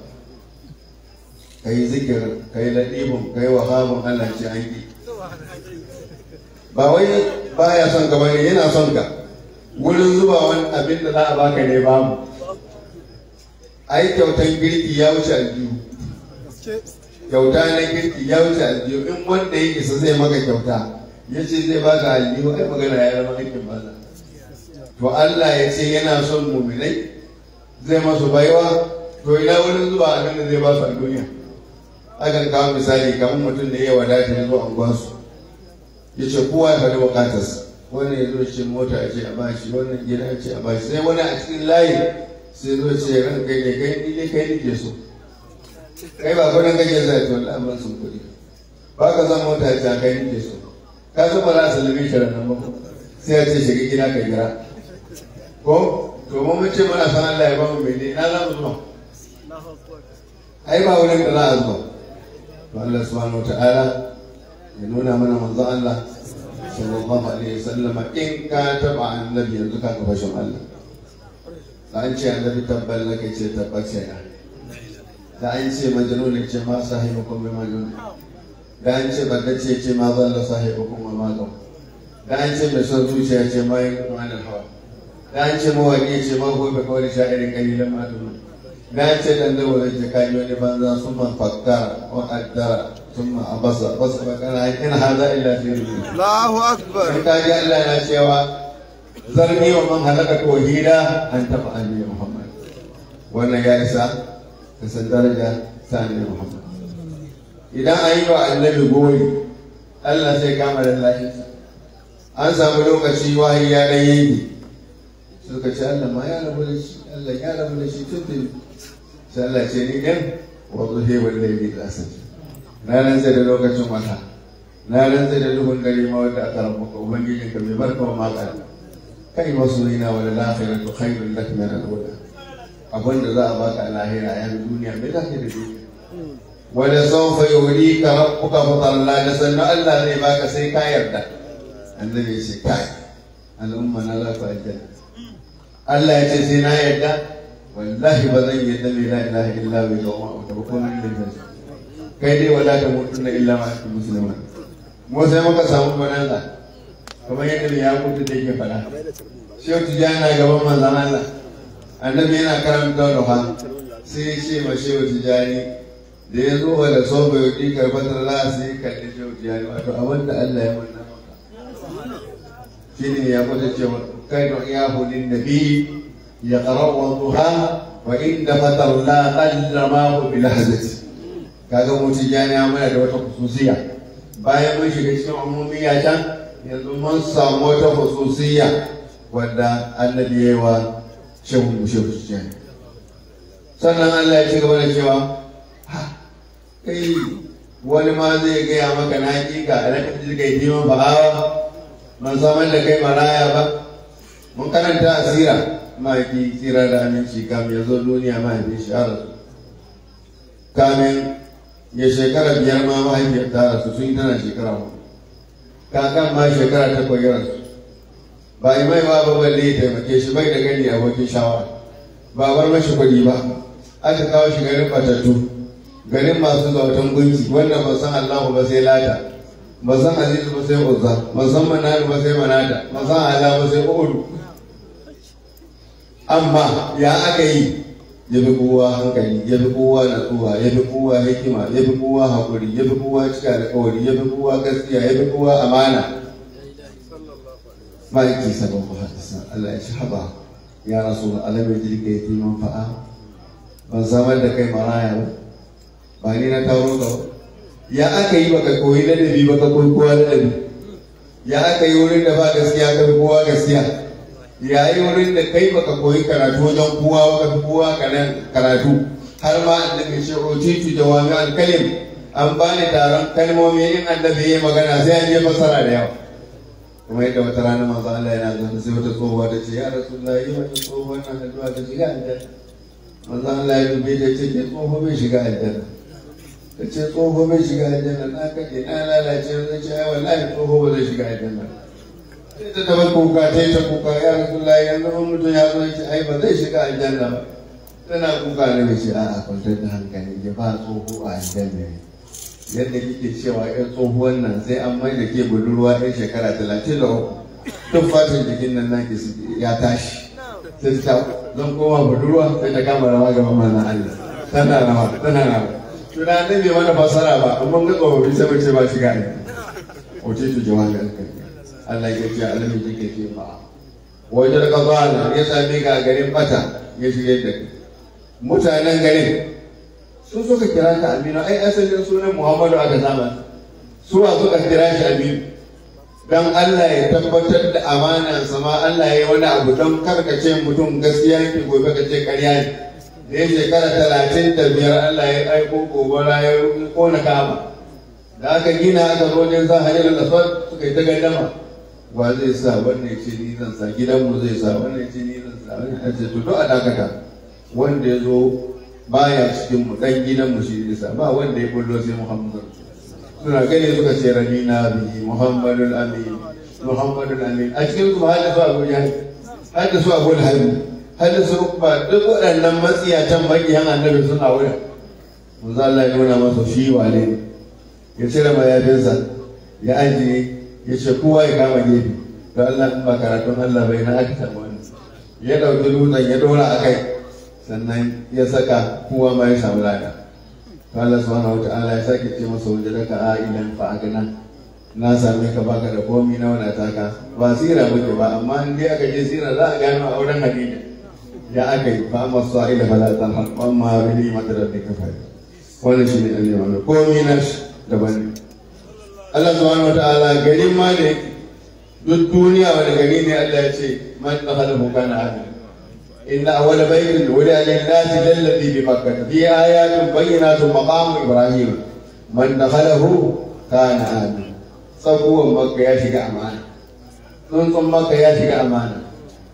ka yi kai ladibun, kai wahabun, Allah ce an yi ba wai ba ya son ka bane yana son ka wurin zuba wani abin da za a baka ne babu ai kyautan girki ya wuce aljihu kyauta na kirki ya wuce aljihu in wanda ya isa zai maka kyauta ya ce zai ba ka aljihu ai magana ya zama aikin banza to Allah ya ce yana son muminai zai masu baiwa to ina wurin zuwa abin da zai ba su a akan kawo misali kamar mutum da ya wadata ya zo anguwansu ya ce kowa ya faɗi bukatarsa Wani ya zo ce mota a ce a bashi wannan gida ce a bashi sai wani a cikin layi sai zo ce ran kai ne kai ne kai ne ke so kai ba gwanin kake zai to Allah amma sun kuɗi ba ka zan mota ta kai ke so ka zo ba za a salami shirin ranar ba sai ya ce shiga gina ka gira ko to mun ce mana san Allah ya ba mu mene na za mu zo ai ba wurin da za a zo to Allah subhanahu ta'ala ya nuna mana manzo Allah sallallahu alaihi wasallam in ka taba annabi yanzu ka ka fashin Allah an ce annabi tabbal nake ce tabbace na. da an ce majnun ne ce ma sahibukum bi majnun da an ce baddace ce ma zalla sahibukum wa ma gawa da an ce mai son zuciya ce ma yin kumanin hawa da an ce mawaƙi ce ma ko bai kawai sha'irin kalilan matunu da an ce dan dawo da jikani wani banza sun man fakka wa addara sun man abasa wasu bakana in haza illa fi rubi Allahu akbar in kaji Allah na cewa zarni wa man halaka ko hira an tafa annabi Muhammad wannan ya isa da san daraja ta annabi Muhammad idan an yi wa annabi goyi Allah sai kama da lafiya an samu lokaci wahayi ya dan yi suka ce Allah ma ya rabu da shi Allah ya rabu da shi tun da sai Allah ce ni ɗan wanzu hebar da yi na rantsa da lokacin wata na rantsa da duhun gari ma wanda aka rabu ka ubangiji ka mai barka wa maƙa kai masu nina wani lafiyar da khairun lak min al-huda abin da za a baka a lahira yan duniya me za ka yi da duniya hmm. wala sawfa yurika rabbuka fatalla da sannan Allah zai baka sai ka yarda annabi ya ce kai al'umma na za ku aljanna Allah ya ce sai na yarda wallahi ba zan yarda mai la ilaha illa bai ga umma ba ko na yarda kai dai wala ta mutu na illa ma musulman mu sai muka samu bananza kamar yadda ya mutu da yake fada shi yau tijana gaban manzon Allah annabi yana karanta da ha sai ce ma shehu tijani da ya zo da sau bai yi karfatar la sai ya kalli shehu tijani wato abin da Allah ya manna maka shi ne ya kwata ce kai da ya hulin nabi ya karawa duha wa inda fatar la kallama ku bi lahazati kaga mu tijani ya mana da wata kususiya bayan mun shiga cikin umumiya can yanzu mun samu wata kususiya wanda annabi ya yi wa shehu mushe kusurciya sannan allah ya ci gaba da cewa ha kai wani ma zai gaya maka na hakika a rakin jirgin neman ba'awa ban samar da kai maraya ba mun karanta asira mahaifi tsira da aminci kamin ya zo duniya mahaifin shi a rasu kamin ya shekara biyar ma mahaifiyar ta rasu sun yi tana shekara hudu kakan ma shekara takwas ya rasu ba yi mai ba balle ya taimake shi bai da gani abokin shawara ba bar mashi kuɗi ba aka kawo shi garin fatattu garin masu zautan gunki wanda ba san Allahu ba sai lata ba san Azizu ba sai Uzza ba san Manar ba sai Manada ba san Ala ba sai Uhud amma ya aka yi ya fi kowa hankali ya fi kowa natsuwa ya fi kowa hikima ya fi kowa haƙuri ya fi kowa cika alƙawari ya fi kowa gaskiya ya fi kowa amana ma'aiki sabon muhaddisa Allah ya ci haba ya rasu da alamai jirgin ya timan fa'a ban samar da kai maraya ba ba ni na taro ka ba ya aka yi baka koyi ladabi baka koyi kowa ladabi ya aka yi wurin da ba gaskiya ka kowa gaskiya ya yi wurin da kai baka koyi karatu wajen kowa baka fi kowa karatu har ma annabi shi otitu da wani alkalim an bani taron kalmomi in annabi ya magana sai an je fasara da yawa kuma yadda wata rana manzo Allah yana zaune sai wata tsohuwa ta ce ya rasulullahi yi wata tsohuwa na addu'a ta shiga aljanna manzo Allah ya dube ta ce ke tsoho bai shiga aljanna ta ce tsoho bai shiga aljanna na kake na lalace na ce ai wallahi tsoho ba zai shiga aljanna sai ta tabar kuka ta yi ta kuka ya rasulullahi ya zama mutum ya zo ce ai ba zai shiga aljanna ba tana kuka ne mai ce a'a kwantar da hankali ya ba tsoho a aljanna ne yadda kike cewa yan tsohuwan nan sai an mai da ke budurwa yan shekara talatin da uku duk fatan jikin nan naki ya tashi sai ta zan koma budurwa sai ta kama rawa gaban manzon Allah tana rawa tana rawa tunanin bai mana fasara ba amma ga gobe sai mace ba shiga ne wace tu jawabin Allah ya ce alamin kike ce ba wajen kazana ya sami ga garin bata ya shige da mutanen garin sun so kira shi aminu ai asalin sunan muhammadu aka sama su a suka kira shi aminu Don Allah ya tabbatar da amanan sama Allah ya yi wani abu don karkace mutum gaskiya yake gobe ka ce karya ne da ya shekara talatin da biyar Allah ya aiko gobara ya kona kama da aka gina aka zo ne za a yi suka yi ta gandama wa zai sa wannan ce ni zan sa gidanmu zai sa wannan ce ni zan sa wannan to a dakata wanda ya zo baya cikin mu dan gidan mu shi Isa ba wanda ya bullo sai Muhammad suna gani suka ce ramina bihi Muhammadul Amin Muhammadul Amin a cikin su hada su Abu Jahl hada su Abu Lahab hada su ba duk waɗannan matsiyatan makiyan annabi suna wurin manzo Allah ya nuna masa shi wale ya cire mayafinsa ya ajiye ya ce kowa ya kama gefe don Allah ba karatun Allah bai na aka samu ya ɗauki dutsen ya dora a kai sannan ya saka kowa ma ya samu lada to Allah wata ala ya sake ce masa wajen daga a'ilan fa agana na same ka baka da komi na wani taka ba sira muke ba amma in dai aka je sira za a gano a wurin hadida ya aka yi ba amma sa'ila fala tanhar wa ma da kafa. madarati wani shi ne shine wani komi na daban ne Allah wata ala garin ma da duk duniya wani gari ne Allah ya ce man dakhala hukana amin Inna إن أول بيت هدى للناس للذي بمكة في آيات بينات مقام إبراهيم من دخله كان آمنا sabuwan makka ya shiga amana tsuntsun makka ya shiga amana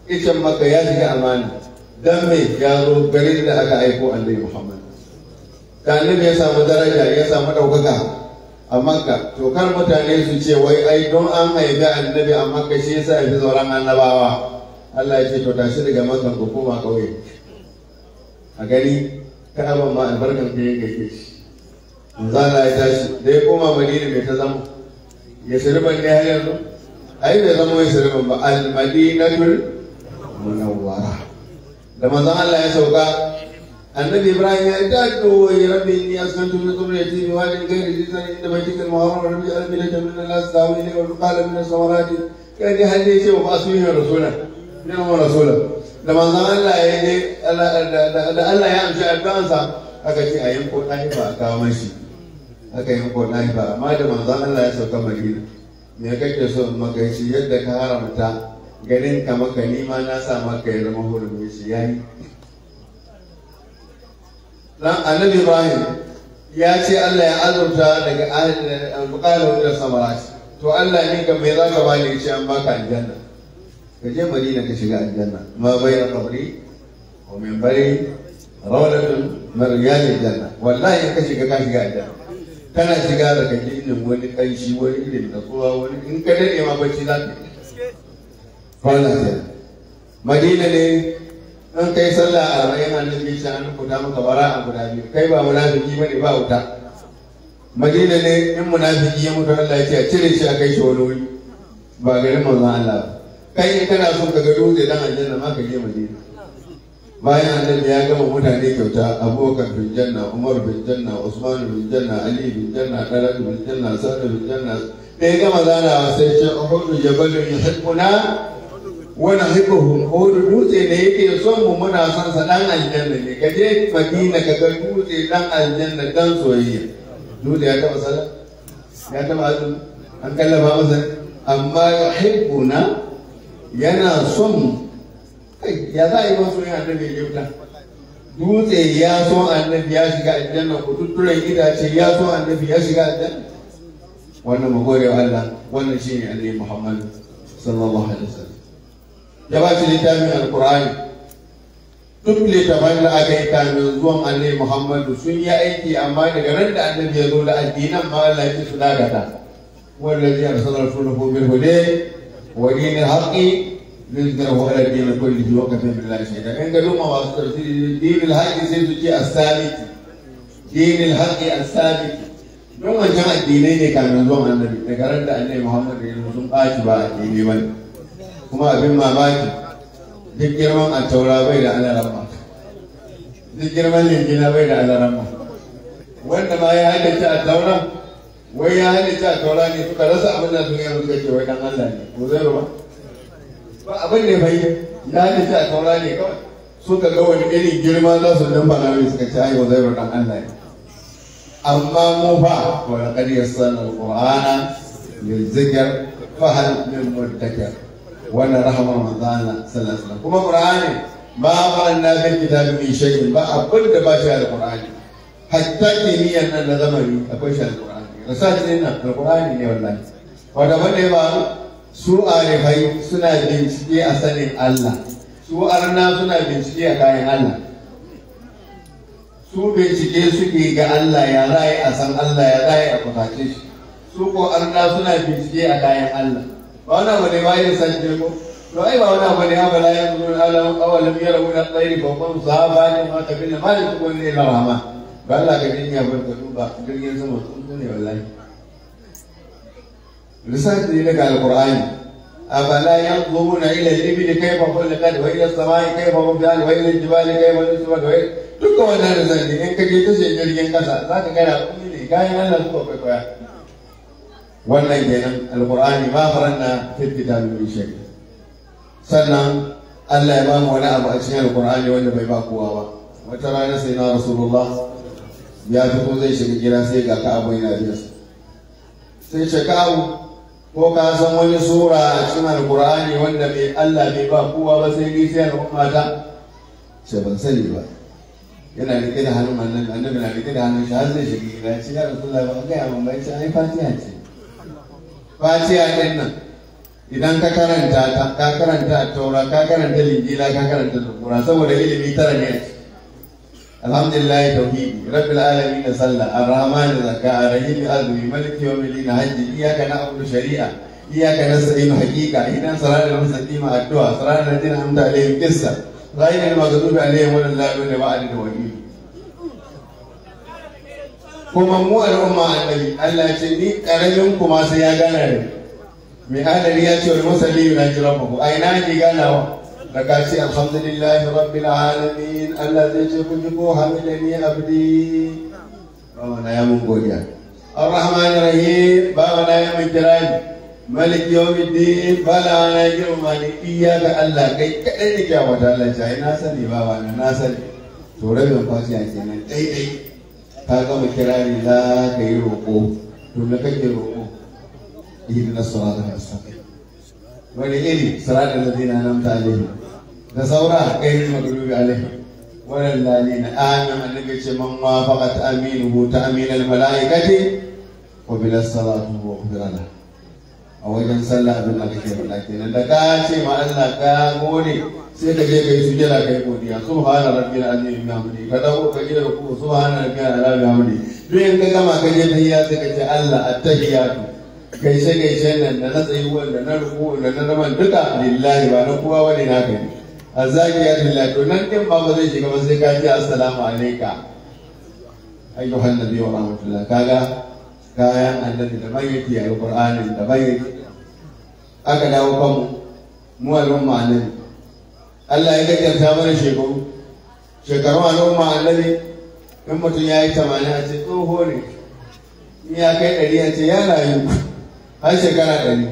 icen makka ya shiga amana don me ya zo garin da aka aiko annabi muhammad da annabi ya samu daraja ya samu ɗaukaka a makka to kar mutane su ce wai ai don an haifi annabi a makka shi yasa ya fi tsoron annabawa Allah ya ce to tashi daga makan ko koma kauye a gani ka'aban ma albarkan ka yin gaike shi manzo Allah ya tashi da ya koma Madina mai ta zama ya shirban ne har yanzu ai bai zama ya shirban ba al-madinatul munawwara da manzo Allah ya sauka annabi ibrahim ya ta daddo ya rabbi inni askantu min zurriyyati bi wadin ghayri dhi zari inda baitika al-muharram rabbi albi la tamna la sawi li wa qala min as-samarati kan ya hadace wa asmihi rasulan ni'ma rasulun da manzon Allah ya je da Allah ya amshi addu'ansa aka ce a yanko ɗahi ba a kawo mashi aka yanko ɗahi ba amma da manzon Allah ya sauka Madina me kake so in maka shi yadda ka haramta ganin ka maka nima na sa maka ya zama hurumin shi yayi dan annabi Ibrahim ya ce Allah ya azurta daga alƙalin da samara to Allah ne ga mai zaka bani ya ce an baka aljanna ka je madina ka shiga aljanna ma bayna qabri wa min bari rawlatun min riyadil janna wallahi ka shiga ka shiga aljanna kana shiga da kake ne wani kanshi wani irin kowa wani in ka dade ma bacci za ka kwana ce madina ne in kai sallah arba'in annabi shi an kuta maka bara a guda biyu kai ba munafiki bane ba wuta madina ne in munafiki ya mutu Allah ya ce a cire shi a kai shi wani wuri ba garin manzon Allah ba kai kana so ka gado da dan aljanna ma ka je madina bayan annabi ya gama mutane kyauta abubakar bin janna umar bin janna usman bin janna ali bin janna dalal bin janna sa'ad bin janna da ya gama zanawa sai ce uhudu jabalun yuhibbuna wa nahibuhu uhudu dutse ne yake son mu muna son sa dan aljanna ne ka je madina ka ga dutse dan aljanna dan soyayya dutse ya taba sala ya taba azumi an kallaba masa amma yuhibbuna yana son ya za a yi masu yin annabi ya wuta dutse ya so annabi ya shiga aljanna ko tutturen gidace ya so annabi ya shiga aljanna wannan magore Allah wannan shi ne annabi Muhammad sallallahu alaihi wasallam ya ba shi littafin alqur'ani duk littafin da aka yi kamin zuwan annabi Muhammad sun yi aiki amma daga ran da annabi ya zo da addinan ma Allah ya ci su dagata wanda zai arsala rasulahu bil hudayn ودين الحق نزله على الدين كله وكفى بالله شهيدا عند لما واستر دين الحق سيتجي الثابت دين a الثابت don wancan addinai ne kamin zuwan annabi da garar da annabi muhammad da yi sun ɓaci ba addini ba ne kuma abin mamaki duk girman a taura bai da alaramma duk girman lingina bai da wanda ma ya halatta a tauran wai ya hane ta taura ne suka rasa abin da sun yi suka ce wai kan Allah ne ko zai ba ba abin ne bai ya hane ta taura ne kawai suka ga wani irin girma za su dan bana ne suka ce ai wai kan Allah ne amma mu fa wa laqad yassana alqur'ana lizikr fa hal min mudakkar rahma rahama manzana sallallahu alaihi kuma qur'ani ba ma na bin kitabin min shay'in ba abin da ba shi alqur'ani hatta kimiyyar nan na zamani akwai shi alqur'ani research din nan alkurani ne wallahi wanda bane ba su arifai suna bincike a sanin Allah su arna suna bincike a kayan Allah su bincike suke ga Allah ya raye a san Allah ya raye a kusace shi su ko arna suna bincike a kayan Allah ba wannan bane ba yin san jirgo to ai ba wannan bane ha bala yanzu alam awalam yarawuna tsairi fa qul sahabani ma tabinna ma la ne illa rahman ba la ga dai ya bar ka ba jirgin sama tsuntsu ne wallahi risal ne daga alqur'ani afala yanzuruna ila al-ibil kayfa khuliqat wa ila as-sama'i kayfa rufi'at wa ila al-jibali kayfa nusibat wa Duk wannan risal ne in kake ta tashin jirgin kasa za ka gara kuma ne kayan Allah suka kwaikwaya wannan kenan alqur'ani ma faranna fi kitabi min shay sannan Allah ya ba mu wani abu a cikin alqur'ani wanda bai ba kowa ba wata rana sai na rasulullah ya fito zai shiga gida sai ga ka'abu yana su sai ce ka'abu ko ka san wani sura a cikin alkur'ani wanda mai Allah bai ba kowa ba sai ni sai al'umma ta shi ban sani ba yana rike da hannun annabi annabi na rike da hannun shi har zai shiga gida ya rasu ya rasulullahi ba ga yaman bai ai fatiha ce fatiha din nan idan ka karanta ta ka karanta taura ka karanta linjila ka karanta zabura saboda ilimi tara ne a ciki alhamdulillahi tauhidi rabbil alamin sallah arrahman zakka arrahim azmi malik yawmil hajji iyyaka na'budu shari'a iyyaka nasta'in haqiqa idan siratal mustaqim addu'a siratal ladzina an'amta alaihim qissa ghayril maghdubi alaihim waladdallin ba'da wali kuma mu al'umma annabi Allah ce ni karamin kuma sai ya gana da mai adali ya ce wa musalli yunajirabu ai na ji ganawa ركعتي الحمد لله رب العالمين الذي تكتبه حمدني أبدي ربنا يا منقوليا الرحمن الرحيم بابنا يا مجرد ملك يوم الدين بلا أنا يجرم مالي إياك الله كي كأنك يا ودالة جاي ناسني بابنا ناسني to rabin fasiya kenan ɗaiɗai ka gama kirari za ka yi roƙo to na kake roƙo ihdina sirata al-mustaqim wani iri sirata allazina an'amta alaihim da saura a kai magrubi alaihi wannan lalina amin annabi ce man wafaqat aminuhu ta aminal malaikati wa bil salatu wa qdirana a wajen sallah abin da kake faɗa kenan da ka ce ma Allah ka gode sai ka je kai sujjada kai godiya subhana rabbil azim bihamdi ka dawo ka gida ku subhana rabbil azim bihamdi duk in ka gama ka je tahiyya sai ka ce Allah at-tahiyatu kai sai nan da na tsayuwan da na ruku da na zaman duka lillahi ba na kowa wani na kai. a zagiya lillahi to nan din ba zai shiga ba sai ka ce assalamu alayka ayyuhan nabi wa rahmatullah kaga kayan annabi da bayyaki alqur'ani da bayyaki aka dawo kanmu mu al'umma annabi Allah ya ta mana shekaru shekaru al'umma annabi in mutum ya yi tamanin a ce tsoho ne in ya kai ɗari a ce ya rayu har shekara ɗari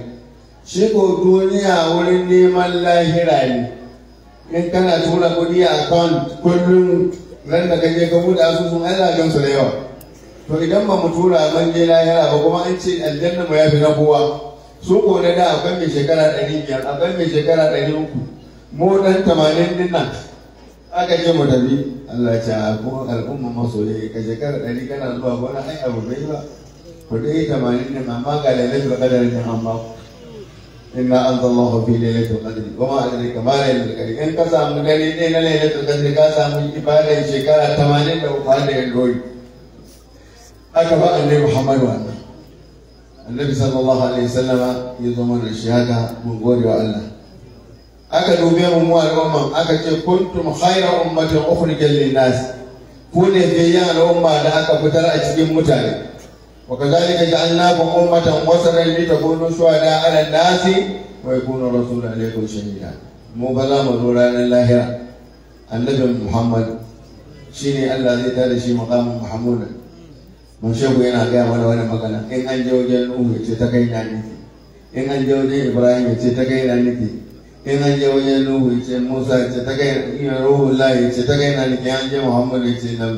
shi ko duniya wurin neman lahira ne in kana tura kuɗi a account kullum ran da kaje ka buɗe asusun Allah za su da yawa to idan ba mu tura ban je lahira ba kuma an ce aljanna mu yafi na kowa su ko da da akwai mai shekara ɗari biyar akwai mai shekara ɗari uku mu ɗan tamanin din nan aka ce mu tafi Allah a kuma al'umma masoyi ka shekara ɗari kana zuwa na ai abu bai ba ku ɗaya tamanin din amma ga lalai ba kadarin din amma ba ku inna anzalallahu fi lailatul qadr wa ma adraka ma lailatul qadr in ka samu dare ɗaya na lailatul qadr ka samu ibadar shekara 80 da uku da yandoyi aka ba annabi muhammadu wannan annabi sallallahu alaihi wasallama ya zo da shi haka mun gode wa Allah aka dube mu mu al'umma aka ce kuntum khayra ummatin ukhrijat lin nas ku ne bayan al'umma da aka fitar a cikin mutane وكذلك جعلناكم أمة وسطا لتكونوا شهداء على الناس ويكون الرسول عليكم شهيدا mu ba za mu zo ranar lahira annabin muhammad shi allah zai tada shi makamin muhammadu mun shegu yana gaya mana wani magana in an wajen nuhu ya ce ta na niki in an wajen ibrahim ya ce ta kai na niki in an wajen nuhu ya ce musa ya ce ta na ruhu ya ce ta kai na niki an je muhammadu ya ce na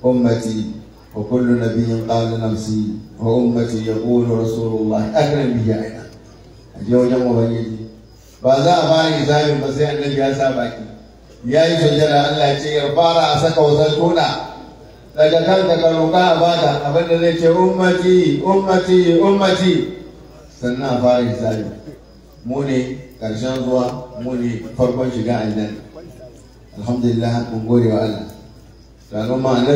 ummati وكل نبي قال نفسي وأمتي يقول رسول الله أكرم بجاهنا أجي وجم وبنيتي بعد أباني Ya بس النبي يا سابقي يا يسجل الله يشير بارا أسك وزلتونا daga kanka ka a bada abin da zai ce ummati ummati ummati sannan fara hisabi mu ne zuwa mu farkon shiga aljanna alhamdulillah mun Allah ranar ma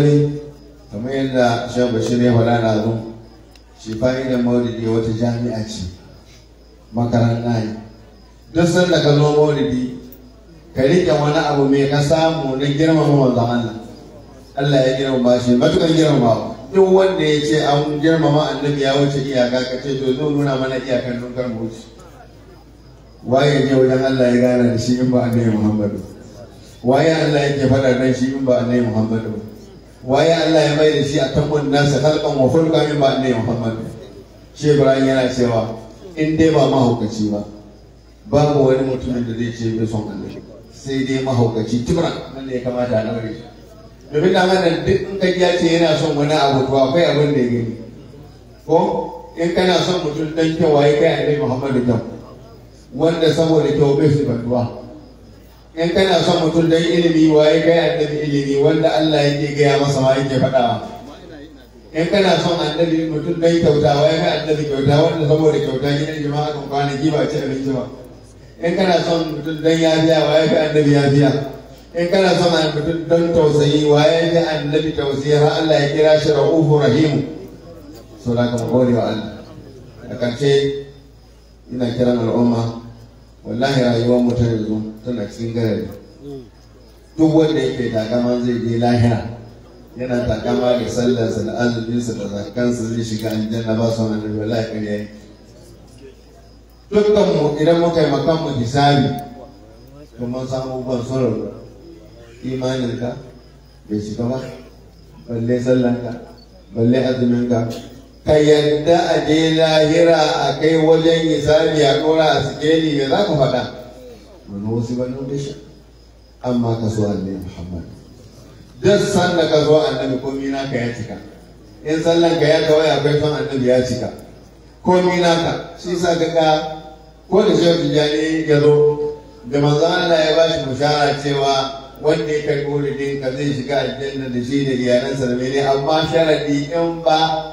kamar yadda shan bashir ya faɗa na zo shi da maulidi wata jami'a ce makaranta ne duk sanda ka zo maulidi ka riƙe wani abu mai ka samu na girmama manzon Allah Allah ya girmama shi matukan girmama duk wanda ya ce an girmama annabi ya wuce iyaka ka ce to zo nuna mana iyakan nukar mu wuce waye ne wajen Allah ya gana da shi in ba annabi Muhammadu waye Allah yake faɗa nan shi in ba annabi Muhammadu ba waye Allah ya mai da shi a tambon nasa halkan wa fulka min ba ne Muhammad shi Ibrahim yana cewa in dai ba mahaukaci ba babu wani mutumin da zai ce bai son Allah sai dai mahaukaci tibra nan ne ya kamata a daure shi domin da nan duk in ka ya ce yana son wani abu to akwai abin da yake ko in kana son mutum dan kyawaye kai dai Muhammad kyau wanda saboda kyau bai sifatuwa in kana son mutum don ilimi wa ya gaya annabi ilimi wanda Allah yake gaya masa ma yake faɗa in kana son annabi mutum don kyauta wa ya ga annabi kyauta wanda saboda kyauta ne gidan jama'a kan kwanaki ba ce abinci ba in kana son mutum don yafiya wa ya ga annabi yafiya in kana son mutum don tausayi wa ya ga annabi tausayi har Allah ya kira shi ra'ufu rahimu sau ka kama gode wa Allah a ƙarshe ina kiran al'umma wallahi rayuwar mu ta yanzu tana cikin garari duk wanda yake takama zai je lahira yana takama da sallarsa da sa da zakansa zai shiga aljanna ba su wani wallahi ƙarya dukkan mu idan muka yi makan mu hisabi to mun samu ban sauraro imaninka bai shiga ba balle sallanka balle azuminka ka yadda a je lahira a kai wajen hisabi a ɗora a sikeli me za ka faɗa wani wasu ba nuna shi amma ka so annabi muhammad duk sanda ka zo annabi komi ka ya cika in sallan ka ya kawai akwai son annabi ya cika komi ka shi sa ka ga ko da shehu tijjani ya zo da manzo Allah ya bashi bushara cewa wanda ya kai wuridin ka zai shiga aljanna da shi da iyalansa da mene amma sharadi in ba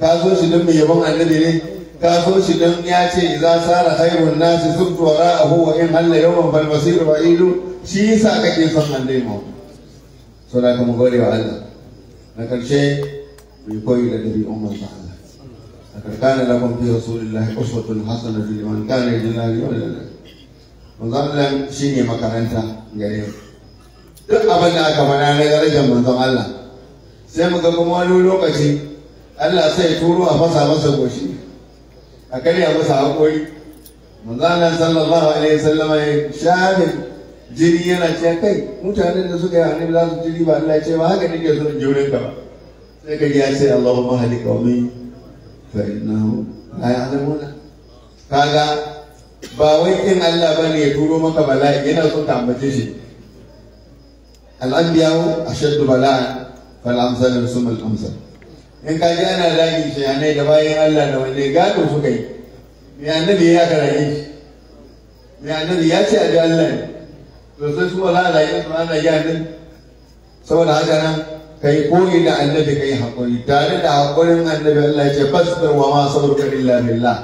ka so shi don mai yabon annabi ne ka so shi don ya ce za sara khairun nasi subtu wa ra'ahu wa in halla yawman fal basir wa ilu shi yasa kake son annabi mu so da kuma gode wa Allah na karshe mai koyi da dabi umar sa Allah A لقد كان لكم في رسول الله أسوة حسنة لمن كان يرجو الله واليوم الآخر manzon Allah shi ne makaranta gare mu duk abin da aka faɗa na darajar manzon Allah sai muka kuma wani lokaci Allah sai turo a fasa masa goshi a karya masa haƙori manzanan sallallahu alaihi wasallam ya shamin jiri yana ce kai mutanen da suka yi hannu za su jiri ba Allah ya ce ba haka nake so in jure ka ba sai ka ya ce Allahumma halik qawmi fa innahu la ya'lamuna kaga ba wai kin Allah bane ya turo maka bala'i yana so ka ambace shi al-anbiya'u ashaddu bala'an fal amsalu sumul amsalu in ka ji ana zagin shayanai da bayan Allah da wanda ya gano suka yi mai annabi ya karaye shi mai annabi ya ce a bi Allah ne to sai su wala da yin su ana yi annabi saboda haka nan ka yi koyi da annabi ka yi haƙuri tare da haƙurin annabi Allah ya ce da wa ma ka illa billah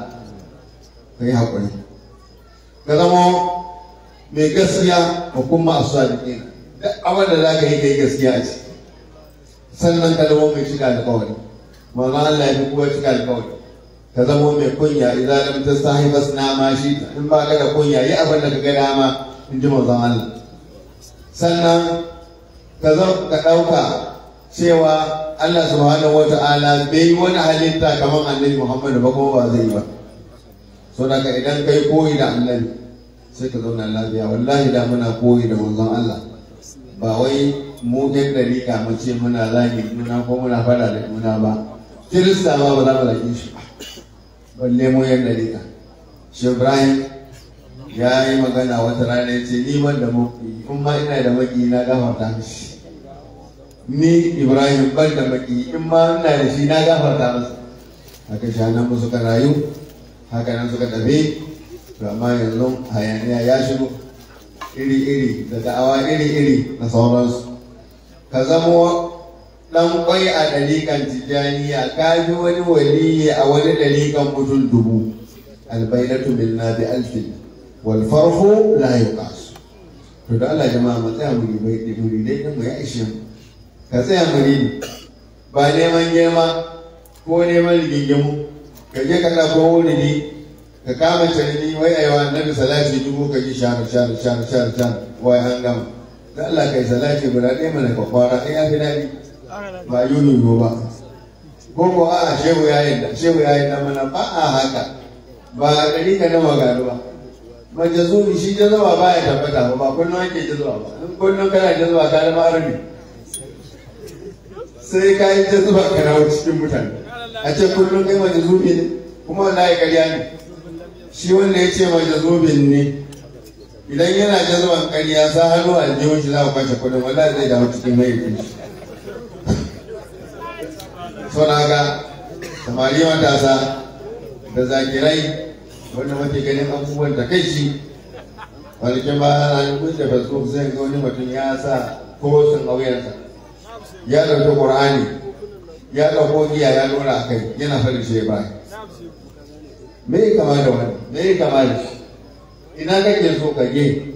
ka yi haƙuri ka zama mai gaskiya wa kuma a duk abin da za ka yi kai gaskiya a sannan ka zama mai shiga da kawai manzo Allah ya kuwa cika ka zama mai kunya idan lam bas na ma shi in ba ka da kunya yi abin da ka ga dama in ji manzon Allah sannan ka zo ka ɗauka cewa Allah subhanahu wata'ala bai yi wani halitta kamar annabi muhammad ba kuma ba zai ba so daga idan kai koyi da annabi sai ka zauna lafiya wallahi da muna koyi da manzon Allah ba wai mu ɗan mu ce muna zagi muna ko muna fara da muna ba kirista ma ba za mu rage shi ba. nemo yan dariƙa shi ibrahim ya yi magana wata rana ya ce ni ban da maki in ma ina da maki na gafarta mishi ni ibrahim ban da maki in ma ina da shi na gafarta masa haka nan mu suka rayu haka nan suka tafi to amma yanzu hayaniya ya shigo iri-iri da da'awa iri-iri na sauransu ka zama ɗan kwai a dalikan tijjaniya ka ji wani waliyi a wani dalikan mutum dubu albainatu na bi alfin wal farhu la yuqas to da Allah jama'a mu tsaya mu ribai muri dai din mu ya ishe ka tsaya mu ne. ba neman girma ko neman rigingimu ka je ka ɗauko wuri ne ka kama canini wai aiwa annabi salati dubu ka ji shahar shahar shahar shahar wai an gama da Allah kai salati guda ɗaya mana kwakwara ɗaya fi daɗi ba yuni ba ko ko a shehu ya yadda shehu ya yadda mana ba a haka ba a ɗari ka na magana ba majazuni shi jazawa ba ya tabbata ba ba kullum ake jazawa ba in kullum kana jazawa ka zama arabi sai ka yi jazawa ka dawo cikin mutane a ce kullum kai majazumi ne kuma wanda ya karya ne shi wanda ya ce majazumin ne idan yana jazawan ƙarya sa hannu a jihun shi za a kwace kuɗin wanda zai dawo cikin mai shi sonaga ga samari matasa da zakirai wanda mafi ganin abubuwan da kai shi kwanakin ba na yi da facebook zai ga wani mutum ya sa kowasun ƙauyensa ya ɗauki ƙur'ani ya ɗauko giya ya lura kai yana farin shi ba me yi kama da wani me yi kama da shi ina kake so ka ge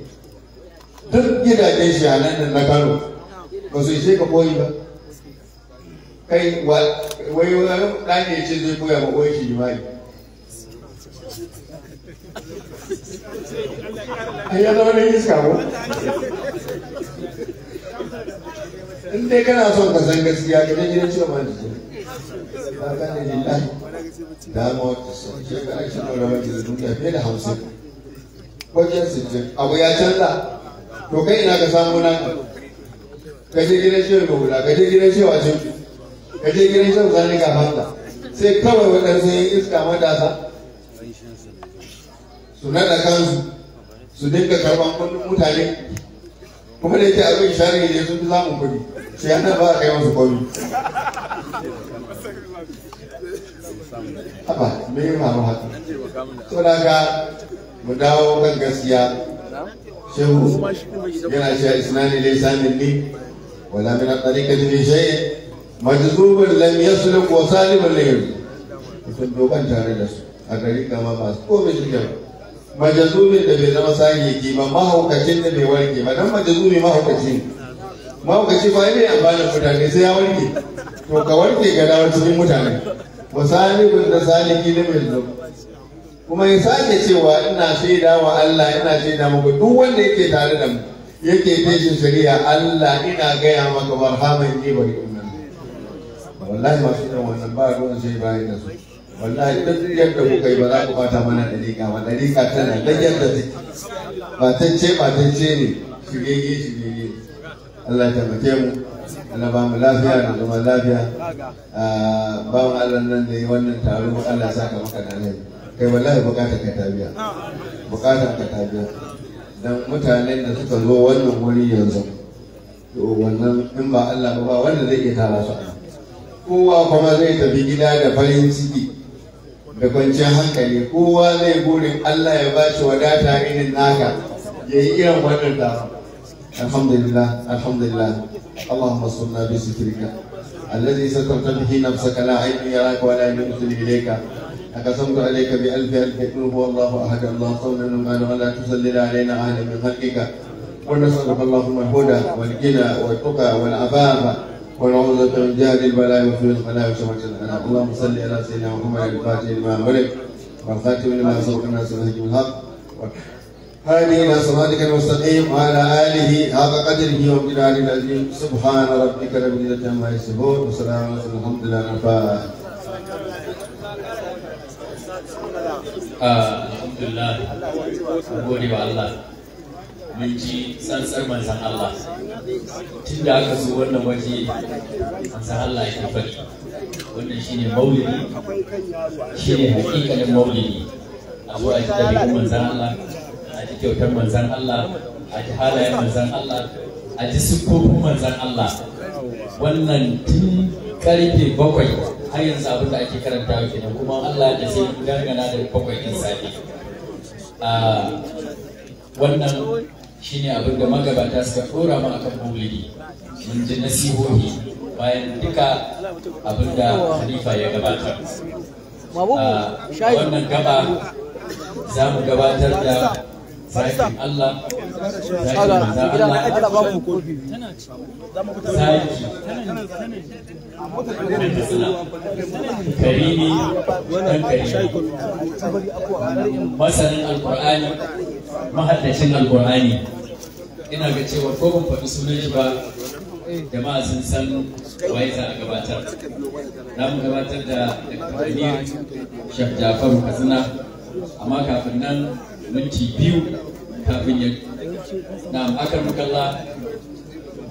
duk gidajen shi a nan na kano ba su ishe ka koyi ba kai wai ɗan ya ce zai koya ma uwan shi imani kai ya zama na iska ko in dai kana so ka san gaskiya ka dai gidan ciwon mani ba ka ne lillahi da ma wata sun ce ka ake nuna wani da duniya fiye da hamsin wajen sittin abu ya canza to kai ina ka samu nan ka je cewa ciwon mahula ka je cewa ciwon ciwon ka je ganin shan zani ga mata sai kawai waɗansu sai iska matasa su naɗa kansu su dinga karban kudin mutane kuma da yake abin share ne sun fi samun kuɗi sai ana ba a kai masu kudi haba me yi mamu haka so daga mu dawo kan gaskiya shehu yana shi a isnani lai sanin ni wala min a tsarikar ne shayin majzubin lam yasluq wa salibin lam sun dogon tare da su a gari kama ba su komai shirya majazumi da bai zama ya ba mahaukacin da bai warke ba dan majazumi mahaukacin. mahaukaci ba yana amfani mutane sai ya warke to ka warke ga dawar cikin mutane wa salibin da saliki ne mai zo kuma ya sake cewa ina shaida wa Allah ina shaida muku duk wanda yake tare da mu yake tashin shari'a Allah ina gaya maka barhaman ni wallahi masu irin wannan ba ruwan sai bayan da su wallahi duk yadda kuka yi ba za ku bata mana ɗariƙa ba dariƙa tana dan yadda take batacce batacce ne shigege shigege Allah ya taimake mu Allah ba mu lafiya da zuma lafiya ah, ba mu Allah nan da yi wannan taro Allah ya saka maka da alheri kai wallahi bukatar ka tabiya bukatar ka tabiya dan mutanen da suka zo wannan wuri yanzu to wannan in ba Allah ba wanda zai iya tara su a kowa kuma zai tafi gida da farin ciki da kwanciyar hankali kowa zai burin Allah ya ba shi wadata irin naka ya yi irin wannan waɗanda alhamdulillah alhamdulillah Allahumma salli bi sitrika الذي سترت به نفسك لا عين يراك ولا ينزل اليك أقسمت عليك بألف ألف قل هو الله أحد الله صمد من ولا تسلل علينا أهل من خلقك ونسألك اللهم الهدى والغنى والتقى والعفاف والعودة من جهة البلاء وفي الخلاء وشمل الحنان اللهم صل على سيدنا محمد الفاتح لما أمرك والخاتم لما سوق الناس من الحق هذه إلى صراطك المستقيم وعلى آله حق قدره وامتنانه العظيم سبحان ربك رب العزة عما يصفون وسلام على المرسلين الحمد لله الفاتح آه، الحمد لله gode wa Allah mun ji tsantsar manzan Allah tun da aka zo wannan waje manzan Allah ya faɗi wannan shine maulidi shine hakikalin maulidi abu a ji dabi'un manzan Allah a ji kyautar manzan Allah a ji halayen manzan Allah a ji siffofin manzan Allah wannan tun karfe bakwai har yanzu abin da ake karantawa kenan kuma Allah da sai dangana da bakwai din safe ah, wannan shine abin da magabata suka ɗora mu akan maulidi mun ji nasihohi bayan duka abin da halifa ya gabatar ah, wannan gaba za mu gabatar da zafin Allah karimi ɗan masanin alƙur'ani mahaddashin alƙur'ani ina ga cewa ko ban faɗi sunan shi ba jama'a sun san waye za a gabatar za mu gabatar da daktar shaf jafaru katsina amma kafin nan minti biyu kafin ya N'a akan mukalla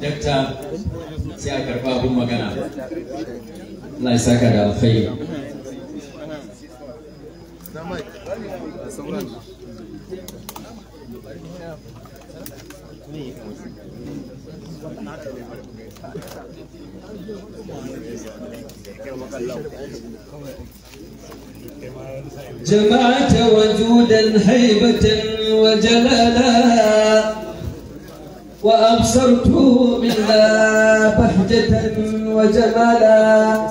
dakta sai a karba abun magana Allah ya ka da alkhairi Thank you. جمعت وجودا هيبة وجلالا وأبصرته منها بهجة وجمالا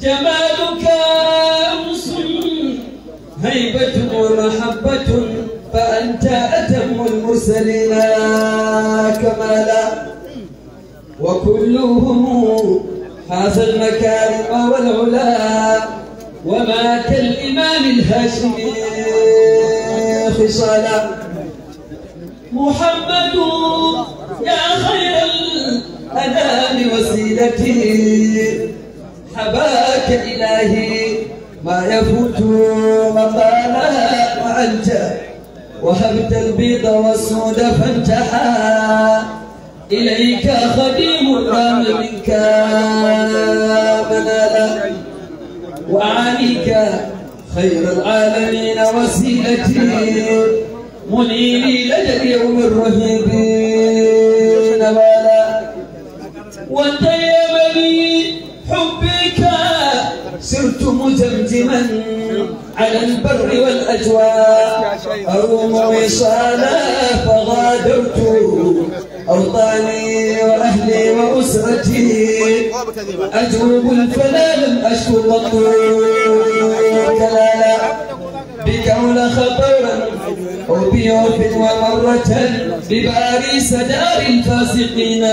جمالك أمس هيبة ومحبة فأنت أتم المرسلين كمالا وكلهم حاز المكارم والعلا وما كالإمام الهاشمي خصالا محمد يا خير الأنام وسيلتي حباك إلهي ما يفوت مقالا وأنت وهبت البيض والسود فانتحى إليك خديم الرام منك منالا وعليك خير العالمين وسيلتي منيري لدى اليوم الرهيب نبالا وانت يا بني حبك سرت مجمجما على البر والاجواء اروم وصالا فغادرت أوطاني وأهلي وأسرتي أجوب فلا لم أشكو قط كلالا بكون خطرا أو بيوف ومرة بباريس دار الفاسقين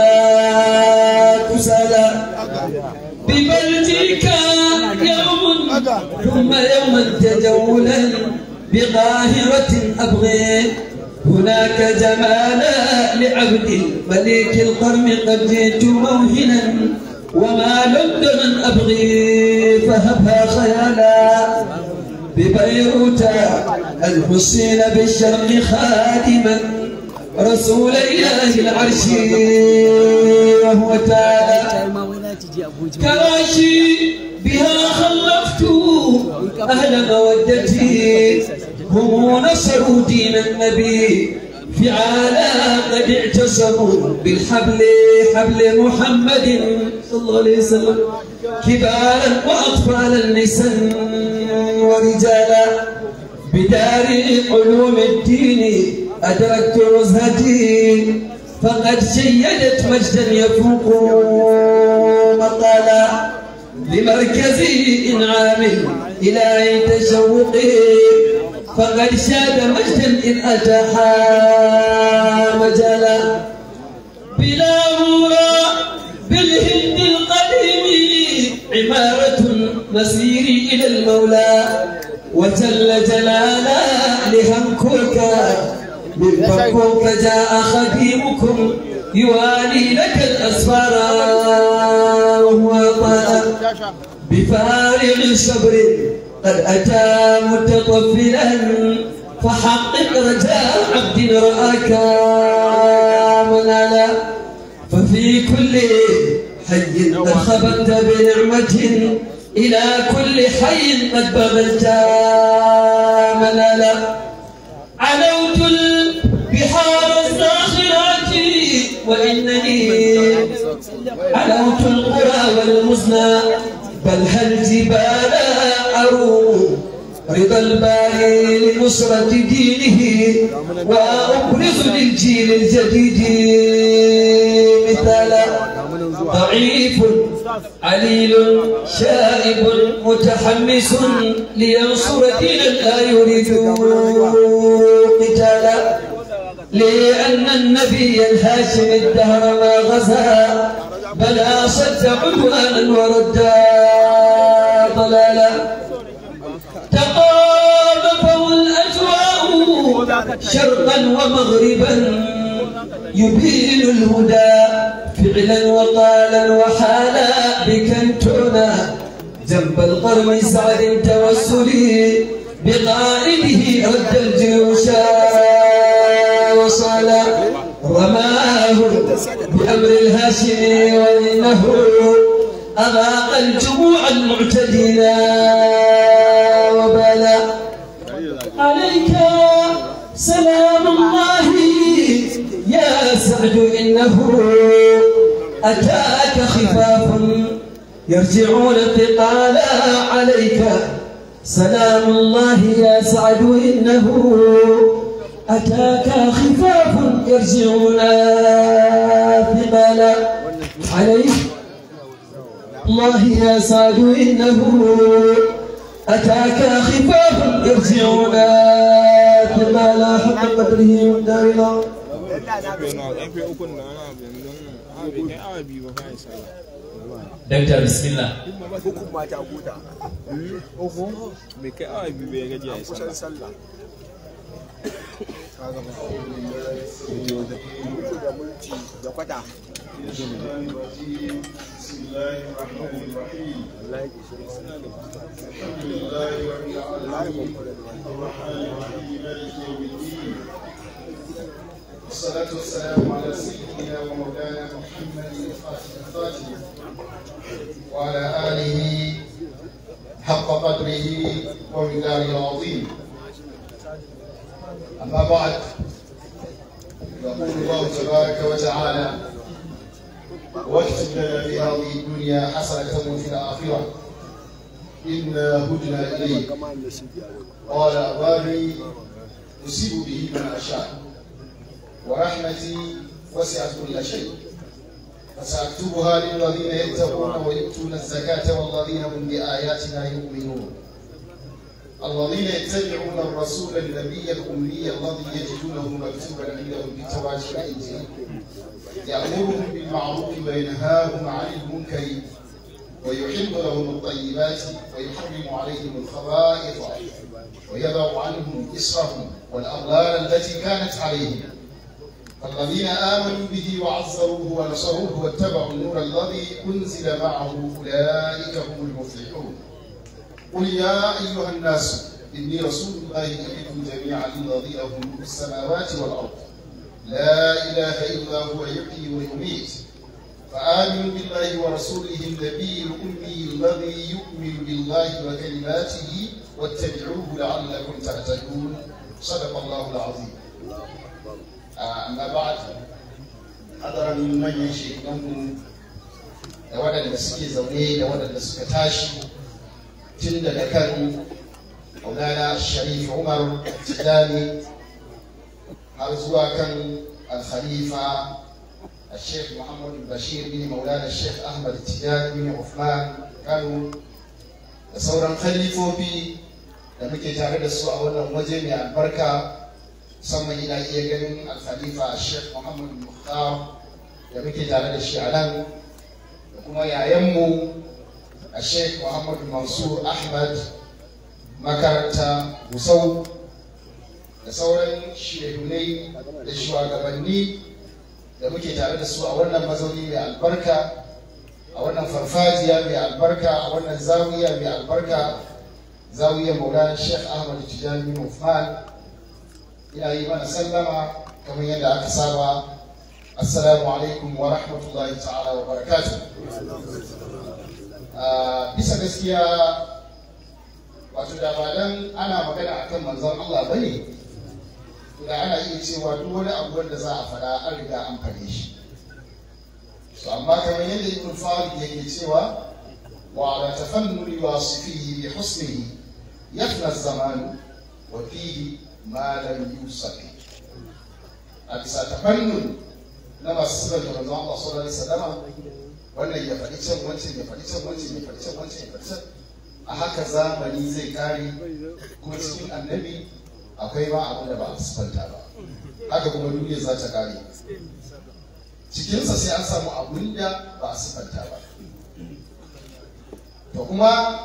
كسالا ببلجيكا يوم ثم يوما تجولا بقاهرة أبغي هناك زمانا لعبد مليك القرم قد جئت موهنا وما لندن أبغي فهبها خيالا ببيروت الحسين بالشرق خادما رسول الله العرش وهو تعالى من النبي في عالم قد اعتصموا بالحبل حبل محمد صلى الله عليه وسلم كبارا واطفالا نساء ورجالا بدار علوم الدين ادركت رزهتي فقد شيدت مجدا يفوق مقالا لمركز انعام الهي تشوقي فقد شاد مجدا إن أتاح مجالا بلا مولى بالهند القديم عمارة مسير إلى المولى وجل جلالا كركا من فكوك جاء خديمكم يوالي لك الأسفار وهو طاء بفارغ الصبر قد أتى متطفلا فحقق رجاء عبد رآك منالا ففي كل حي انتخبت بنعمة إلى كل حي قد بغلت منالا علوت البحار الزاخرات وإنني علوت القرى والمزنى بل هل جبال رضا الباري لنصرة دينه وأبرز للجيل الجديد مثالا ضعيف عليل شائب متحمس لينصر دينا لا يريد قتالا لأن النبي الهاشم الدهر ما غزا بل أصد عدوانا وردا ضلالا شرقا ومغربا يبين الهدى فعلا وقالا وحالا بك انتعنا جنب القرم سعد توسلي بقائده رد الجيوش وصال رماه بأمر الهاشمي وإنه أغاق الجموع المعتدين وبالا عليك سلام الله يا سعد إنه أتاك خفاف يرجعون الثقال عليك سلام الله يا سعد إنه أتاك خفاف يرجعون الثقال عليك الله يا سعد إنه أتاك خفاف يرجعون وجعلنا على حق قدره مقدارنا Dakta bismillah. Hukun mata guda. Uku? Bai kai awa biyu bai gaji a yi sallah. da kwata والصلاة والسلام على سيدنا ومولانا محمد الفاتح وعلى آله حق قدره ومقداره العظيم أما بعد يقول الله تبارك وتعالى واكتب لنا في هذه الدنيا حسنة في الآخرة إنا هدنا إليك قال أبابي أصيب به من أشاء ورحمتي وسعت كل شيء فسأكتبها للذين يتقون ويؤتون الزكاة والذين هم بآياتنا يؤمنون الذين يتبعون الرسول النبي الأمي الذي يجدونه مكتوبا عندهم بالتوراة والإنجيل يأمرهم بالمعروف وينهاهم عن المنكر ويحب لهم الطيبات ويحرم عليهم الخبائث ويضع عنهم إسرهم والأغلال التي كانت عليهم فالذين آمنوا به وعزروه ونصروه واتبعوا النور الذي أنزل معه أولئك هم المفلحون قل يا أيها الناس إني رسول الله إليكم جميعا الذي له ملك السماوات والأرض لا إله إلا هو يحيي ويميت فآمنوا بالله ورسوله النبي الأمي الذي يؤمن بالله وكلماته واتبعوه لعلكم تهتدون صدق الله العظيم آه، أما بعد حضر من من شيخكم منكم waɗanda suke zaune da waɗanda tun daga kan maulana sharif umar tijani har zuwa kan alkhalifa الشيخ محمد بشير بن مولانا الشيخ احمد التجاني بن عثمان kano da sauran khalifofi da muke tare da su a wannan waje mai albarka musamman ina iya ganin alkhalifa sheikh Muhammadu muhtar da muke tare da shi a nan da kuma yayanmu a sheikh muhammad mansur ahmad makaranta gusau da sauran shehunai da shugabanni da muke tare da su a wannan mazauni mai albarka a wannan farfajiya mai albarka a wannan zawiya mai albarka zawiyar maulana sheikh ahmad tijani mufman ina yi mana sallama kamar yadda aka saba assalamu alaikum wa rahmatullahi ta'ala wa barakatuh bisa gaskiya wato da ba dan ana magana akan manzon Allah bane da ana iya cewa duk wani abu da za a faɗa an riga an faɗe shi to amma kamar yadda ibn Farid yake cewa wa ala tafannuri wasifihi bi husnihi yafna zaman wa fihi ma lam yusaf a bisa tafannu na masu da manzon Allah sallallahu alaihi wasallam wannan ya faɗi can wancan ya faɗi can wancan ya faɗi can wancan ya faɗi can a haka zamani zai ƙare kuma cikin annabi akwai ba abin da ba a sifanta ba haka kuma duniya za ta ƙare. cikinsa sai an samu abin da ba a sifanta ba to kuma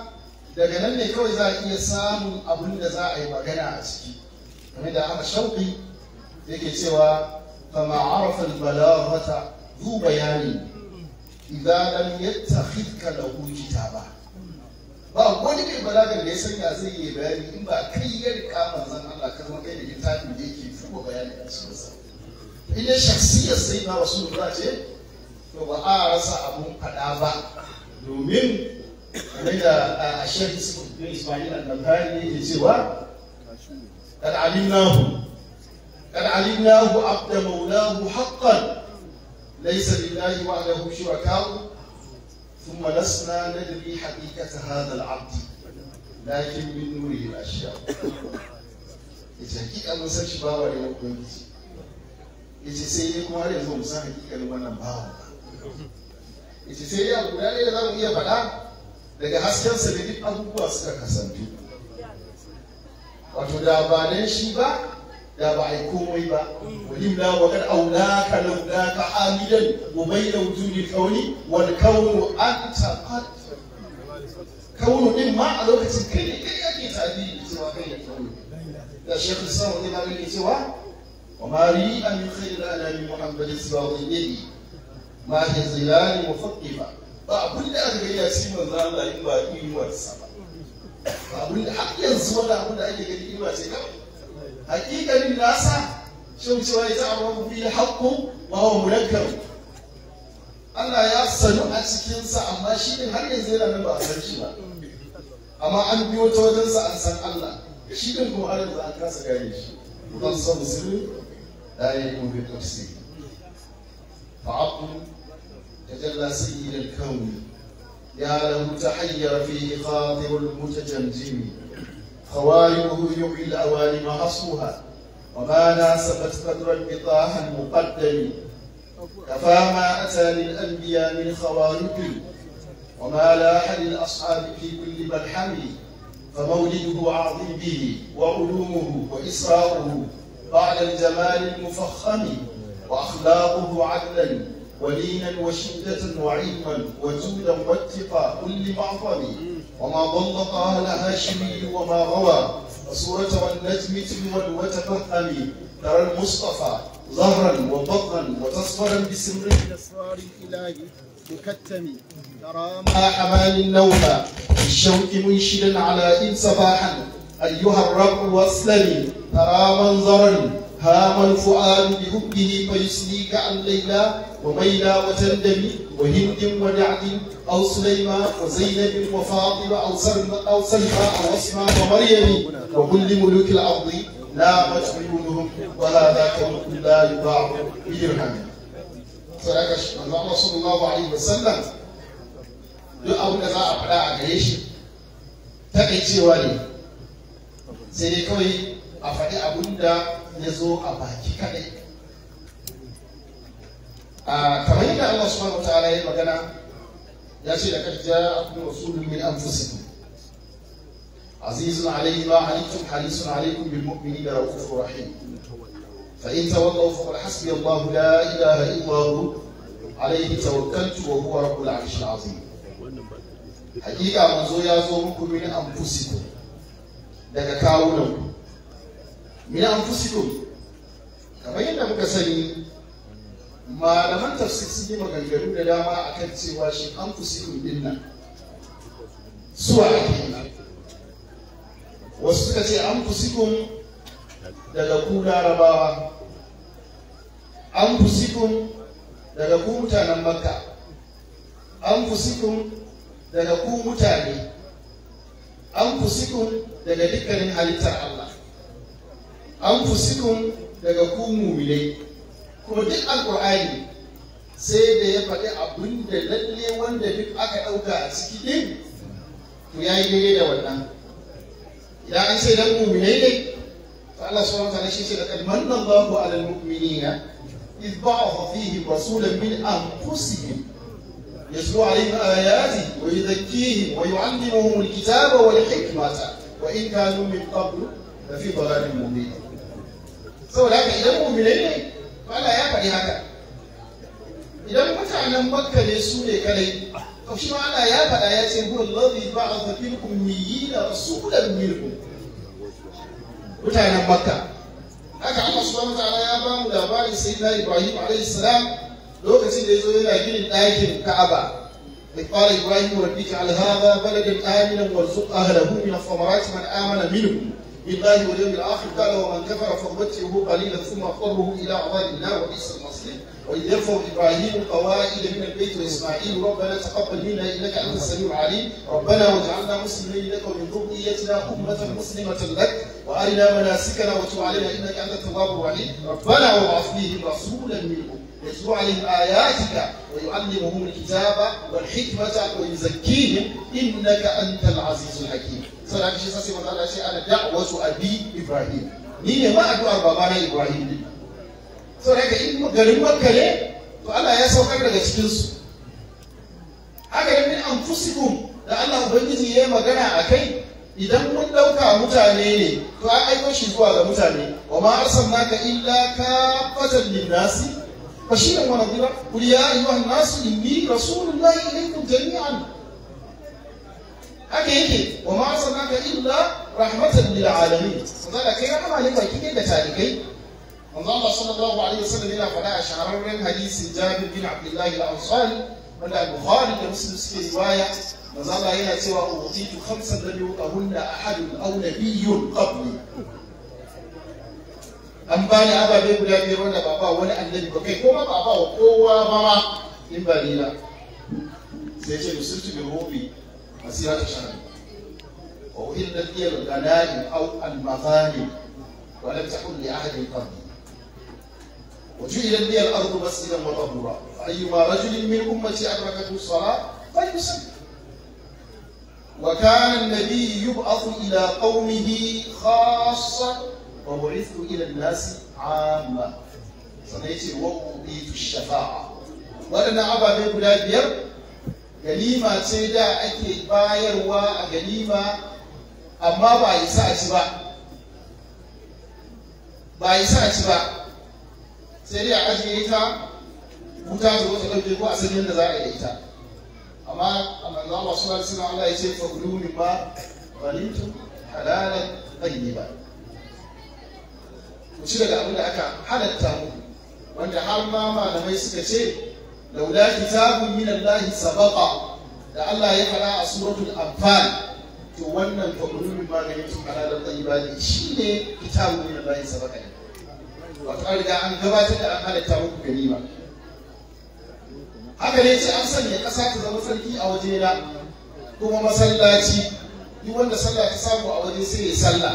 daga nan ne kawai za a iya samun abin da za a yi magana a ciki kamar da aka shauƙi yake cewa fama arafal balaghata zu bayani idza lam yattakhidka lahu kitaba ba wani mai balagar da ya sanya zai yi bayani in ba kai ya rika manzon Allah ka zama kai da littafin da yake fuba bayani a cikin sa in ya shakhsiyar sai na rasulullah ce to ba a rasa abun fada ba domin kamar da a shekhi suka Ismail al-Nakhai yake cewa kad alimnahu kad alimnahu abda maulahu haqqan ليس لله وحده شركاء ثم لسنا ندري حقيقة هذا العبد hakika mun san shi bawa ne na ubangiji yace sai kuma yanzu mun san hakikalin wannan bawa sai dai abu ne da zamu iya faɗa daga haskensa da duk abubuwa suka kasantu wato da ba dan shi ba da ba a yi komai ba walilla wa kad aulaka laulaka hamidan wa bayna wujudi kauni wani kaunu an qad kaunu din ma a lokacin kai ne kai ake tabi cewa kai ne kaunu da shekhu sa wani ma ne cewa wa mari an yi khairu ala ni muhammadin sallallahu ne? ma hi zilal mufaqqifa ba abin da aka gaya shi manzo Allah in ba imarsa ba ba abin da har yanzu wani abin da ake gani imar sai kawai حقيقة للناس شو شوية عمرهم في حقه وهو منكر أنا يا سنو أشكين سا أما شيء هل يزيل أنا بأسر شيء أما أنا بيوتو دنسا أنسان الله شيء هو هل يزيل أنك سكايش ودن صد سري لا يكون في تفسير فعقل تجلى سيد الكون يا له تحير فيه خاطر المتجمجم خوارمه يعي الأوالم اصلها وما ناسبت قدر البطاح المقدم كفى ما أتى للأنبياء من خوارق وما لاح للأصحاب في كل ملحم فمولده عظيم به وعلومه واسراره بعد الجمال المفخم وأخلاقه عدلا ولينا وشدة وعلما وجودا واتقاء كل معظم وما ضل قال هاشمي وما غوى وصورة والنجم تلوى وتفهمي ترى المصطفى ظهرا وبطنا وتصفرا بسر الاسرار الالهي مكتم ترى ما حمال النوم بالشوك منشدا على ان صباحا ايها الرب واسلمي ترى منظرا هام الفؤاد بحبه فيسليك عن ليلى وميلى وتندم وهند ودعد أو سليمان وزينب وفاطمة أو سلمى أو سلمى أو أسماء ومريم وكل ملوك الأرض لا عيونهم ولا ذاك لا يباع بدرهم. صدق الله صلى الله عليه وسلم duk abin da za a faɗa a gare shi takaicewa ya zo a baki kadai a kamar yadda Allah subhanahu wataala ya magana ya ce da kajja akwai rasulun min anfusikum azizun alayhi ma anittum harisun alaykum bil mu'minina raufur rahim fa in tawallaw faqul hasbi Allah la ilaha illa hu alayhi tawakkaltu wa huwa rabbul arshil azim hakika manzo ya zo muku min anfusikum daga kawunanku min anfusikum kamar yadda muka sani malaman tafsir sun yi maganganu da dama kan cewa shi anfusikum din nan suwa ake wasu suka ce anfusikum daga ku larabawa anfusikum daga ku mutanen makka anfusikum daga ku mutane anfusikum daga dukkanin halittar Allah أنفسكم تكونوا ملي كودي القرآن سيدة يبقى أبن دلدل وان دلدل أكا أوكا سكتين تياي ملي دولا إذا أن سيدة مؤمنين لي فالله سبحانه وتعالى شيء سيدة المن الله على المؤمنين إذ بعث فيه رسولا من أنفسهم يسلو عليهم آياته ويذكيهم ويعلمهم الكتاب والحكمة وإن كانوا من قبل ففي ضلال مبين saboda haka idan mu'minai ne to Allah ya faɗi haka idan mutanen makka ne su ne kadai to shi ma Allah ya faɗa ya ce huwa allazi ba'atha fil ummiyina rasulan minhum mutanen makka haka Allah subhanahu wataala ya ba mu labarin sayyidina Ibrahim alaihi salam lokacin da yazo yana ginin ɗakin Ka'aba قال إبراهيم ربك على هذا بلد آمنا وارزق أهله من الثمرات من آمن منهم بالله واليوم الاخر قال ومن كفر فامتعه قليلا ثم اضطره الى عذاب النار وبئس المصير واذ يرفع ابراهيم القواعد من البيت واسماعيل ربنا تقبل منا انك انت السميع العليم ربنا واجعلنا مسلمين لك ومن ذريتنا امه مسلمه لك وارنا مناسكنا وتب علينا انك انت التواب الرحيم ربنا وابعث فيهم رسولا منهم يتلو عليهم آياتك ويعلمهم الكتاب والحكمة ويزكيهم إنك أنت العزيز الحكيم saboda shi sai manzo Allah ya ce ana a bi ibrahim ni ne ma addu'ar na ibrahim ne saboda haka in garin makka ne to Allah ya saukar daga cikin su haka da min anfusikum da Allah ubangiji ya yi magana a kai idan mun dauka mutane ne to an aiko shi zuwa ga mutane wa ma arsalnaka illa ka kaffatan lin-nasi bashiran wa nadhira qul ya ayyuhan nasu inni rasulullahi ilaykum jami'an haka yake wa ma arsalnaka illa rahmatan lil alamin manzo Allah kai rahama ne baki ne da talikai manzo Allah sallallahu alaihi wasallam yana faɗa a shahararren hadisin Jabir bin Abdullah al-Ansari wanda al-Bukhari da Muslim suke riwaya manzo Allah yana cewa utitu khamsan lam yuqahunna ahadun aw nabiyyun qabli an bani ababe guda biyar wanda ba ba wani annabi ba kai ko ba ba kowa ba ma in ba ni na sai ce musulci bi rubi مسيرة شهر وأحلت لي الغنائم أو المغانم ولم تكن لأحد قبلي وجعلت لي الأرض مسجدا وطهورا فأيما رجل من أمتي أدركته الصلاة فليصلي وكان النبي يبعث إلى قومه خاصة وبعثت إلى الناس عامة صليت وقضي في الشفاعة وأنا أبا بن بلاد Galima ce da ake bayarwa a galima amma ba isa a ci ba ba isa a ci ba sai dai a ajiye ta wuta zo ta ɗauke ko a san yadda za a yi ita amma a manzan wasu wani suna Allah ya ce fa gulumi ba balintu halalan bayyi ba ku ci daga abin da aka halatta mu wanda har ma malamai suka ce laula kitabun min Allah sabaqa da Allah ya faɗa a suratun anfal to wannan fa magani tun halalar tayyibani shine kitabun min Allah sabaqa wato wata riga an gabatar da an halatta muku ganima haka ne sai an sanya ƙasa ta zama sarki a waje na kuma masallaci yi wanda sallah ta samu a waje sai ya sallah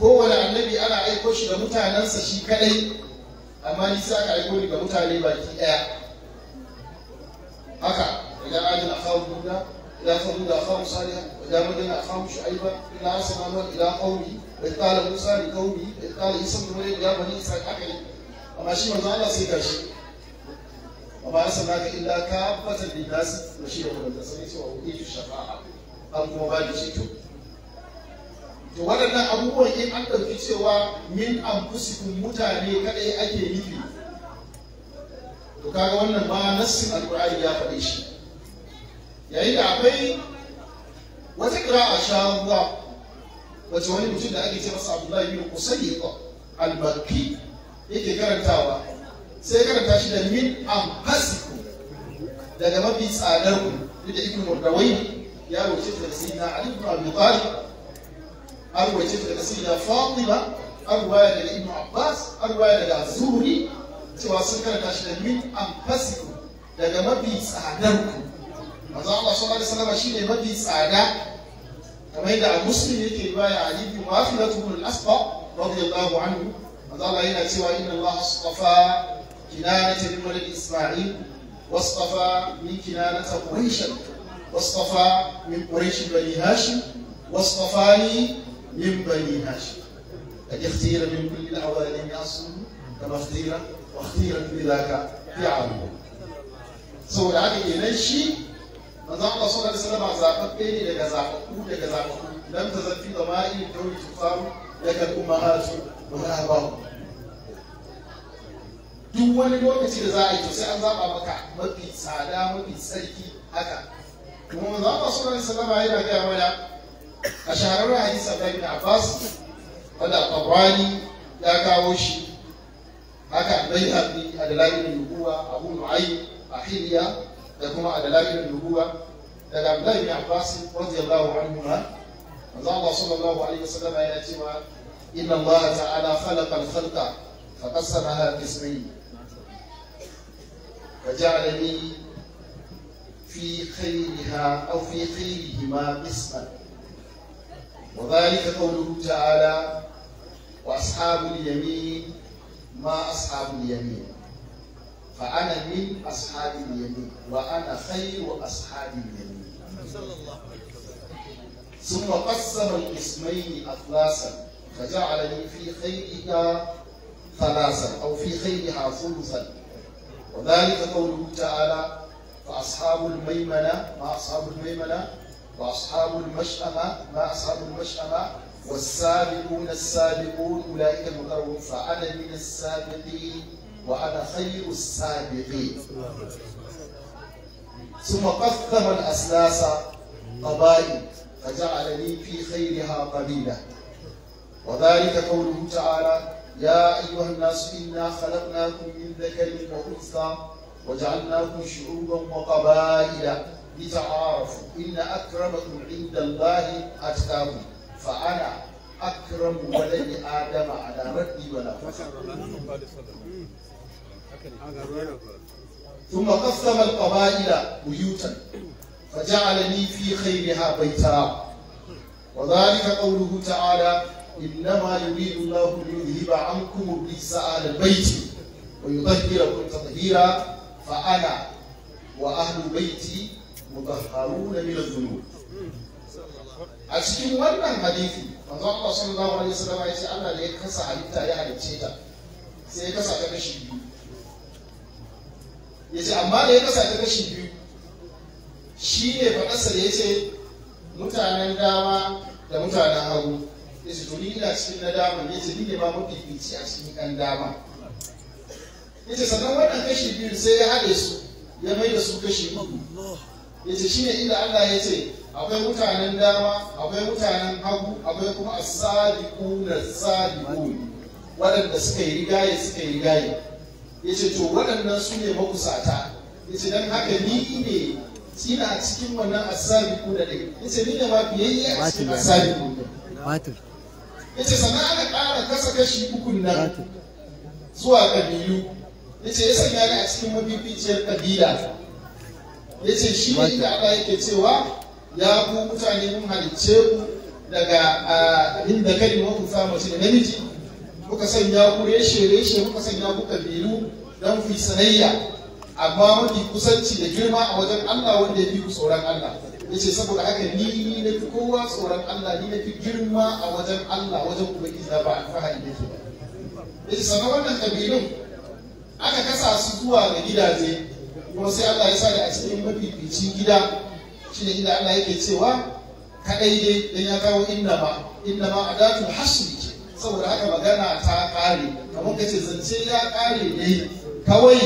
kowane annabi ana aiko shi da mutanensa shi kadai amma ni sai aka aiko ni ga mutane baki daya haka idan ajin akhawu buda ila da akhawu salih ila madina akhawu shu'aiba ila asmanu ila qawmi wa qala musa li qawmi wa qala isa ibn maryam ya bani isra'il aka yi. amma shi manzo Allah sai gashi amma an sana ka illa ka fatar da nasi wa shi da wannan da sai cewa wuce shafa'a an kuma ba da shi to to waɗannan abubuwan in an ɗauki cewa min anfusikum mutane kaɗai ake nufi to kaga wannan ba nassin alqur'ani ya faɗe shi yayin da akwai wata a shawuwa wace wani mutum da ake ce masa abdullahi bin kusayyi albarki yake karantawa sai karanta shi da min anfasikum daga mafi tsadar ku duk da ikon murdawai ya roce tafsir na a ibn الروايه ديال السيده فاطمه الروايه ديال ابن عباس الروايه ديال الزهري سوى سكر كاشلين من انفسكم لدى ما بيساعدكم هذا الله صلى الله عليه وسلم شيء ما بيساعد كما يدعى المسلم يدعى روايه علي في واخرته من الاسقى رضي الله عنه هذا الله يدعى سوى ان الله اصطفى كنانة من ولد اسماعيل واصطفى من كنانة قريشا واصطفى من قريش بني هاشم واصطفاني من بني هاشم قد اختير من كل العوالم يعصم كما اختير واختير بذاك في عالمه سوى علي إليشي من ذا الله صلى الله عليه وسلم عزاقه بيني لك عزاقه أولي لك عزاقه لم تزد في ضمائي الدول تفار لك الأمهات وهابا دول الوقت في رزائي تسعى عزاقه بكع مبيت سعداء مبيت سلكي هكا ومن ذا الله صلى الله عليه وسلم ل أشارة هذه سبب النفاس ولا طبراني لا كاوشي هكا عبيها في أدلاج النبوة أبو نعيم أحيليا لكم أدلاج النبوة لكم بن عباس رضي الله عنهما رضا الله صلى الله عليه وسلم يأتيما إن الله تعالى خلق الخلق فقسمها قسمين وجعلني في خيرها أو في خيرهما قسمًا وذلك قوله تعالى وأصحاب اليمين ما أصحاب اليمين فأنا من أصحاب اليمين وأنا خير أصحاب اليمين ثم قسم القسمين اخلاصا فجعلني في خيرها ثلاثا أو في خيرها ثلثا وذلك قوله تعالى فأصحاب الميمنة ما أصحاب الميمنة وأصحاب المشأمة ما أصحاب المشأمة والسابقون السابقون أولئك المقربون فأنا من السابقين وأنا خير السابقين ثم قسم الأسلاس قبائل فجعلني في خيرها قبيلة وذلك قوله تعالى يا أيها الناس إنا خلقناكم من ذكر وأنثى وجعلناكم شعوبا وقبائل لتعارفوا إن أكرمكم عند الله أتقاكم فأنا أكرم ولد آدم على ربي ولا ثم قسم القبائل بيوتا فجعلني في خيرها بيتا وذلك قوله تعالى إنما يريد الله ليذهب عنكم الرجس أهل البيت ويطهركم تطهيرا فأنا وأهل بيتي mutahharuna min adh-dhunub a cikin wannan hadisi manzo Allah sallallahu alaihi wasallam ya ce Allah da ya kasa halitta ya halicce ta sai ya kasa ta biyu ya ce amma da ya kasa ta biyu shi ne faɗarsa da ya ce mutanen dama da mutanen hagu ya ce tuni ina cikin ya ce ni ne a cikin ɗan dama ya ce sannan wannan kashi biyu sai ya haɗe su ya mai da su kashi uku yace shi ne inda Allah ya ce akwai mutanen dama akwai mutanen hagu akwai kuma as na as-sadiqun waɗanda suka yi rigaye suka yi rigaye yace to waɗannan su ne makusata yace don haka ni ne ina cikin wannan da sadiquna ya yace ni ne ma yi a cikin as ya yace sannan ana ƙara kasa kashi uku nan zuwa ya yace ya sanya ni a cikin mafificiyar ƙabila. yace shi ne inda Allah yake cewa ya ku mutane mun halicce ku daga inda kalimatu ta mace da namiji muka sanya ku reshe reshe muka sanya ku kabilu don fi sanayya amma mafi kusanci da girma a wajen Allah wanda ya fi ku tsoron Allah ya saboda haka ni ni na fi kowa tsoron Allah ni na fi girma a wajen Allah wajen ubangiji na ba alfahari yake ba ya ce sannan wannan kabilun aka kasa su zuwa ga gidaje kuma sai Allah ya sa da a cikin mafificin gida shi ne inda Allah yake cewa kaɗai dai don ya kawo inna ma a datun adatul hasri saboda haka magana ta kare kamar ka ce zance ya kare ne kawai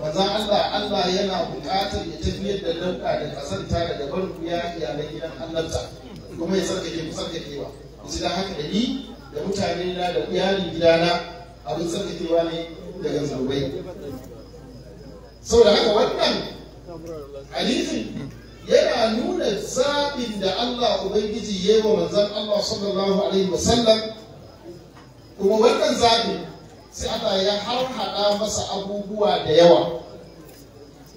maza Allah Allah yana buƙatar ya tafiyar da danka da kasanta da dabar ya iyalan gidan Allahnta kuma ya sarkake sarkakewa yanzu da haka da ni da mutane na da iyalin gidana abin sarkakewa ne daga zunubai saboda haka wannan hadisin yana nuna zaɓin da Allah Ubangiji ya yi wa manzan Allah sallallahu alaihi wasallam kuma wannan zaɓin sai Allah ya har haɗa masa abubuwa da yawa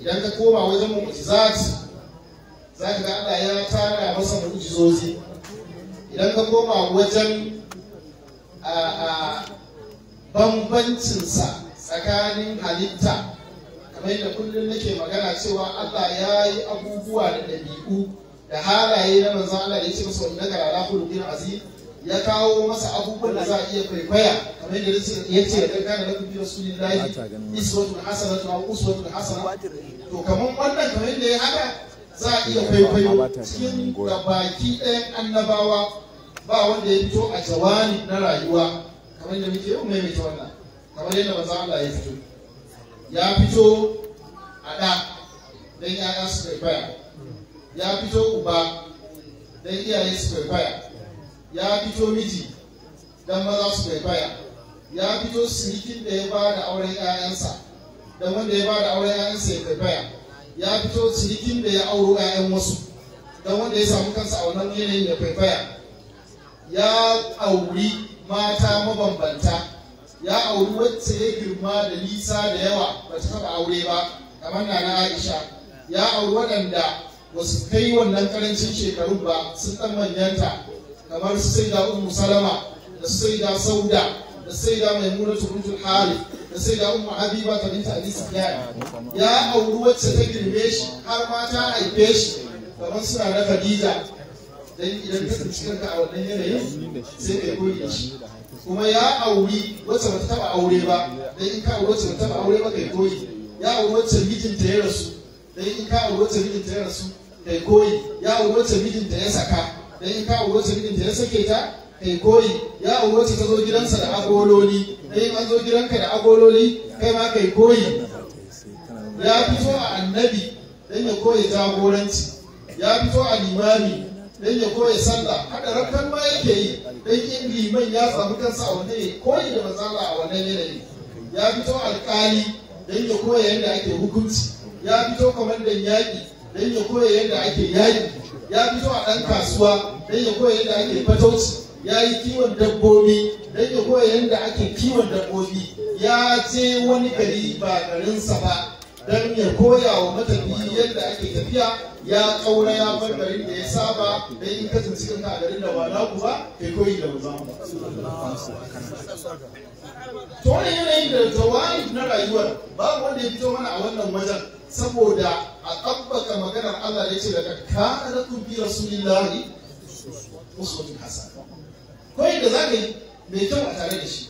idan ka koma wajen mu'jizat za ga Allah ya tara masa mu'jizozi idan ka koma wajen bambancinsa tsakanin halitta kamar yadda kullum nake magana cewa Allah ya yi abubuwa da ɗabi'u da halaye na manzo Allah ya ce masa wani nagara na khuluqin azim ya kawo masa abubuwan da za a iya kwaikwaya kamar yadda ya ce ya kana da kuma lahi iswatu hasana ta uswatu hasana to kamar wannan kamar yadda ya haka za a iya kwaikwayo cikin da baki ɗayan annabawa ba wanda ya fito a jawani na rayuwa kamar yadda muke yau ta wannan kamar yadda manzo Allah ya fito ya fito a da don yaya su kwaikwaya ya fito uba don iyaye su kwaikwaya ya fito miji don maza su kwaikwaya ya fito sirikin da ya ba da auren 'ya'yansa don wanda ya ba da auren 'ya'yansa ya kwaikwaya ya fito sirikin da ya auro 'ya'yan wasu don wanda ya samu kansa a wannan yanayin ya kwaikwaya ya auri mata mabambanta ya auri wacce ya girma da nisa da yawa ba ta taɓa aure ba kamar na na aisha ya auri waɗanda ba su kai wannan karancin shekaru ba sun ɗan manyanta kamar su sai da ummu salama da su sai da sauda da sai da maimuna tukuntul hali da sai da ummu habiba ta binta ali ya auri wacce ta girme shi har ma ta haife shi kamar suna na khadija dan idan ta tsinci a wannan yanayin sai kai koyi shi kuma ya auri wacce bata taba aure ba dan in ka aure wacce bata taba aure ba kai koyi ya auri wacce mijinta ya rasu dan in ka auri wacce mijinta ya rasu kai koyi ya auri wacce mijinta ya saka dan in ka auri wacce mijinta ya sake ta kai koyi ya auri wacce ta zo gidansa da agololi dan in an zo gidanka da agololi kai ma kai koyi ya fito a annabi dan ya koyi jagoranci ya fito a limami dan ya koyi sallah hada rakkan ma yake yi dan kin liman ya samu kansa a wannan koyi da matsala a wannan yanayi ya fito alkali dan ya koya yadda ake hukunci ya fito kwamandan yaƙi dan ya koya yadda ake yaƙi ya fito a ɗan kasuwa dan ya koya yadda ake fatauci ya yi kiwon dabbobi dan ya koya yadda ake kiwon dabbobi ya je wani gari ba garinsa ba dan ya koya wa matafiyi yadda ake tafiya ya kaura ya bar garin da ya saba dan in ka cikin ka a garin da ba ku ba kai koyi da ba to wannan yanayin da jawahir na rayuwar babu wanda ya fito mana a wannan wajen saboda a tabbaka maganar Allah ya ce daga kana bi rasulillahi uswatun hasana koyi da zaka yi mai kyau a tare da shi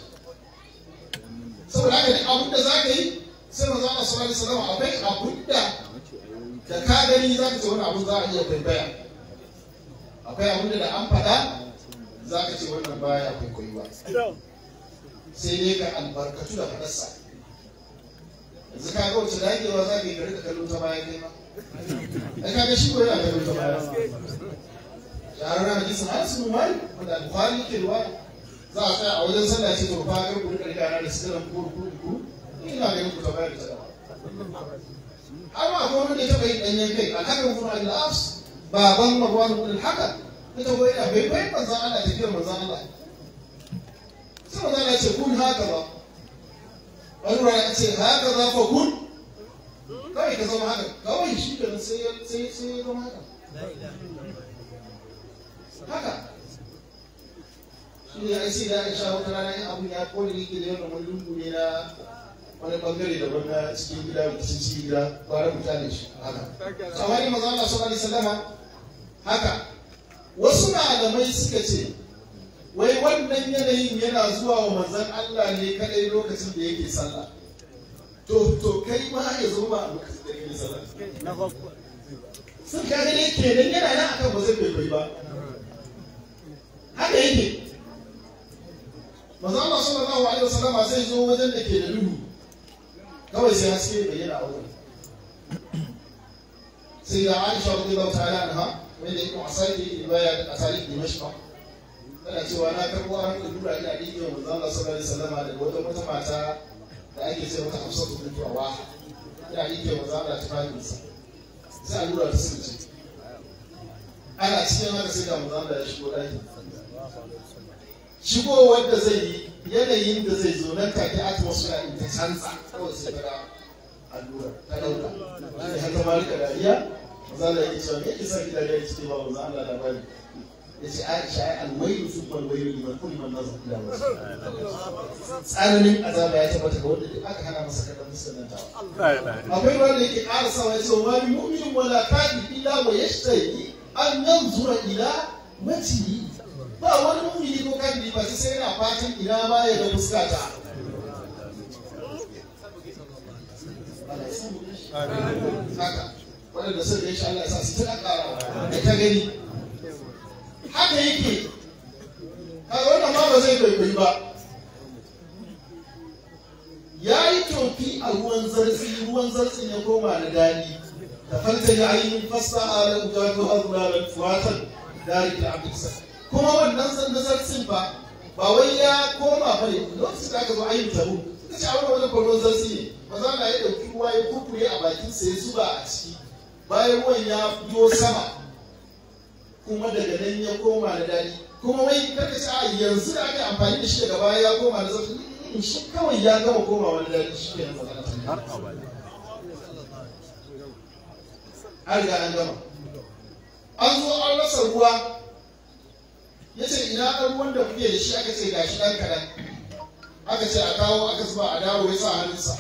saboda haka ne abin da zaka yi sai manzo Allah sallallahu alaihi wasallam akwai abin da ka gani za ka ce wani abu za a iya tambaya akwai abin da an faɗa za ka ce wannan baya kwaikwayi ba sai dai ka albarkatu da faɗarsa yanzu ka ga wacce dagewa za ka yi gari da kallon ta baya kai ba ai ka ga shi ko yana kallon ta baya jisa har su umar wanda alfahari ke ruwa za a tsaya a wajen sallah ce to ba ga ku da rika da sirrin ku ku ku ina ganin ku ta baya da ta har ma akwai wanda ya taɓa yin ɗanyen kai alhakan kuma al'as baban marwan ibn haka hakam ya taɓa yana bai bai manzan Allah tafiyar manzan Allah sai manzan Allah ya ce kun haka ba wani ruwa ya ce haka za fa kun kawai ka zama haka kawai shi da sai ya zama haka haka shi ne ya ce da aisha wata rana yin abu ya kone ne ke da yawan wani lungu ne na wani bangare da wani cikin gida rikicin cikin gida gwara mutane shi haka kamar maza Allah sallallahu alaihi wasallama haka wasu malamai suka ce wai wannan yanayin yana zuwa wa manzon Allah ne kadai lokacin da yake sallah to to kai ma ya zo ma lokacin da yake sallah sun ka ke kenan yana nan akan ba zai kai ba haka yake manzon Allah sallallahu alaihi wasallama zai zo wajen da ke da duhu kawai sai haske bayyana a wurin sai da aisha wadda zau ta yana ha wanda yake asali riwaya a tarihi dimashqa tana cewa na karbo an kudura ina dinki wa manzon Allah sallallahu alaihi wasallam daga wata wata mata da ake ce mata Hafsatu bint Rawaha ina dinki wa manzon Allah tabarin sa sai a lura ta sunce ana cikin haka sai da manzon Allah ya shigo daki shigo wanda zai yi yanayin da zai zo nan take atmosphere in ta canza kawai sai gara allura ta dauka sai haka ma rika dariya maza da yake cewa me isa ki dariya ki ce ba manzo Allah da bani yace Aisha ai alwailu subban wailu liman kulli man nazar ila wasu tsananin azaba ya tabbata ga wanda duk aka hana masa kadan musuluntawa akwai wanda yake ƙara sawa ya ce wa mu'min wala kadi illa wa yashtahi an yanzura ila maciyi ba wani mumini ko kan ba shi sai yana fatan ina ma ya ga fuskata ta gani haka ba zai kwaikwayi ba ya yi tofi a ruwan zartsi ruwan zartsi ya koma na dani da fanta ya ainihin fasta a ran gato har da kuma wannan sanda sarsin ba ba wai ya koma ba ne lokacin da aka zo ayin tabu suka ce a wannan wajen kwallon sarsi ne maza na ya ɗauki ruwa ya kurkure a bakin, ya zuba a ciki bayan ruwan ya fito sama kuma daga nan ya koma da dadi, kuma wai ka ce a yanzu da aka amfani da shi daga baya ya koma da sarsi mm, shi kawai ya gama koma wani dadi, shi ke nan magana har an gama an zo an rasa ruwa ya ce ina ɗan wanda da kuke da shi aka ce gashi ɗan kaɗan aka ce a kawo aka zuba a dawo ya sa hannunsa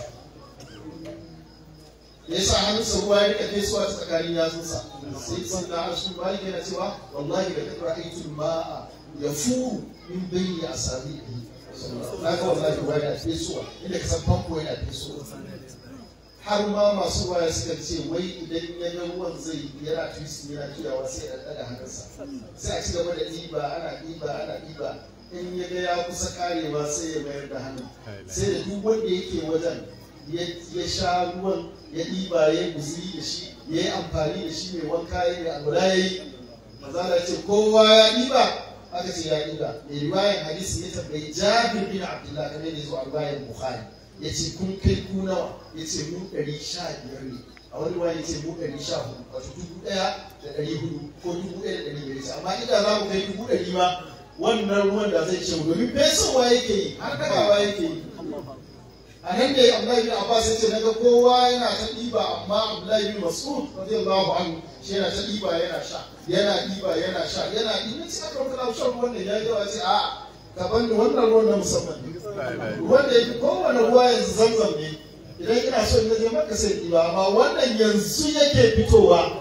ya sa hannunsa ruwa ya rika fesuwa ta tsakanin yatsunsa sai san da harshen malik yana cewa wallahi da kakra tun ma'a ya furu in bai ya sami ɗi na ga wallahi ruwa yana fesuwa inda ka san famfo yana fesuwa har ma masu waya suka ce wai idan ya ga ruwan zai yana tusi yana tuyawa sai ya ɗaga hannunsa sai a ci gaba da ɗiba ana ɗiba ana ɗiba in ya ga ya kusa karewa sai ya mayar da hannu sai da duk wanda yake wajen ya sha ruwan ya ɗiba ya guzuri da shi ya yi amfani da shi mai wanka ya yi abu ya yi mazala ce kowa ya ɗiba aka ce ya ɗiba mai riwayan hadisi ya tambayi jabir bin Abdullahi kamar da zuwa riwayan bukhari ya ce kun kai ku ya ce mu ɗari sha biyar ne a wani wani ya ce mu ɗari sha hudu wato dubu ɗaya da ɗari hudu ko dubu ɗaya da ɗari biyar amma inda za mu kai dubu ɗari ma wannan ruwan da zai ce domin fesowa yake yi har karawa yake yi a nan da Abdullahi bin Abbas ya ce naga kowa yana ta ɗiba amma Abdullahi bin Mas'ud radiyallahu anhu shi yana ta ɗiba yana sha yana ɗiba yana sha yana ɗiba sai aka rubuta shan ruwan ya yi yawa sai a'a kaban da wannan ruwan na musamman wanda ya fi kowane ruwa yanzu zanzan ne idan ina so ina je maka sai ɗiba amma wannan yanzu yake fitowa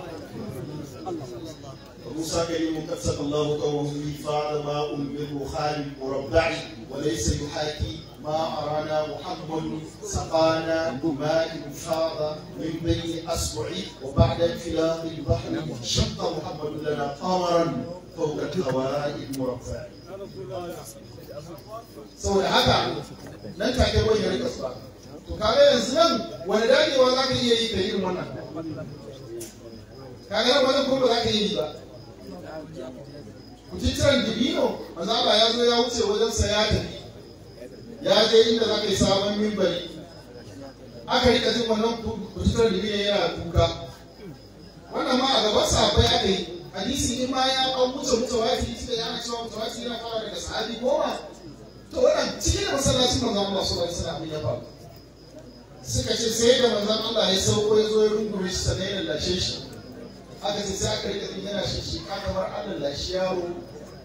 موسى كريم قد سقى الله قومه فعل ماء بالبخار مربع وليس يحاكي ما أرانا محمد سقانا ماء فاض من بين اصبع وبعد انفلاق البحر شق محمد لنا قمرا فوق القوائد مربع saboda haka nan take ko ya rika suwa to kaga yanzu nan wani dagewa za ka iya yi da irin wannan kaga nan wannan kuma za ka yi ba kuciciran dibino mazaba ya zo ya wuce wajen saya tafi ya je inda za ka yi sabon mimbari aka rika jin wannan kuciciran dibino yana kuka wannan ma a gaban sabai aka yi hadisi ne ma ya an wuce wa tunda ya yana cewa mutawatiri yana fara daga sahabi goma to wannan cikin da masallacin manzon Allah sallallahu alaihi wasallam ya faru suka ce sai da manzon Allah ya sauko ya zo ya rungume shi sanai da lashe shi aka ce sai aka rika din yana shi shi kamar Allah lashe yaro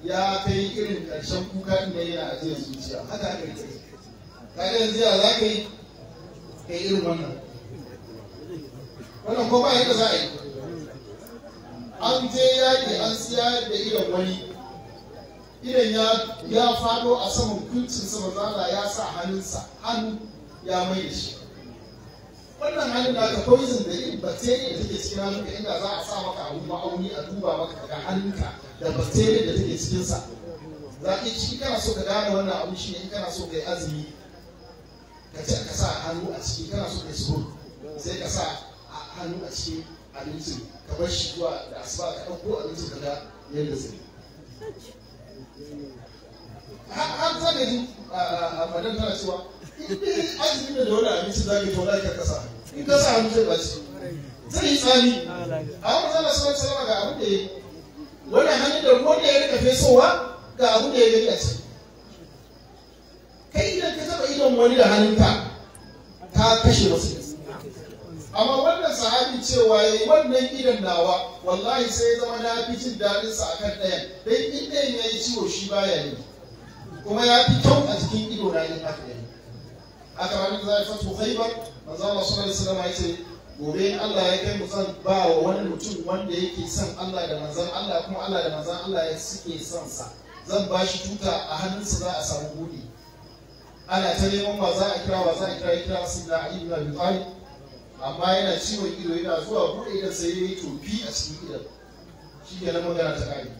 ya kai irin karshen kuka ne yana jiya zuciya haka aka rika kaga yanzu ya za ka yi irin wannan wannan ko ba yadda za a yi an je yaƙi an siya da irin wani irin ya faɗo a saman kuncin sa manzala ya sa hannunsa hannu ya mai da shi wannan hannun da ka poison da yin bacteria da take cikin hannunka inda za a sa maka abu ma'auni a duba maka daga hannunka da bacteria da take cikinsa za ka ciki kana so ka gane wannan abu shi ne in kana so ka yi azumi ka ce ka sa hannu a ciki kana so ka yi sukun sai ka sa hannu a ciki abincin ka bar shi zuwa da asuba ka ɗauko abincin ka ga yadda zai har za ka ji a madan tana cewa azumi da wani abincin za ka yi tauna ka kasa in kasa hannu zai ɓaci zai yi tsami a wani zama sauran salama ga abin da ya yi wani hannun da ruwan da ya rika fesowa ga abin da ya gani a ciki kai idan ka taɓa idon wani da hannunka ka kashe wasu amma wannan sahabi cewa ya yi wannan idan nawa wallahi sai ya zama na fi jin daɗin sa kan ɗayan dai in ɗayan ya yi ciwo shi baya ne. kuma ya fi kyau a cikin ido na yin haka ne a ranar da za a fito haibar manzo Allah sallallahu alaihi wasallam ya ce gobe in Allah ya kai mu zan ba wa wani mutum wanda yake son Allah da manzon Allah kuma Allah da manzon Allah ya suke son sa zan ba shi tuta a hannunsa za a samu buɗi ana ta neman ba za a kira ba za a kira ya kira sun da Ali ibn amma yana ciwon ido yana zuwa buɗe idan sai yayi tofi a cikin ido shi ke nan magana ta kare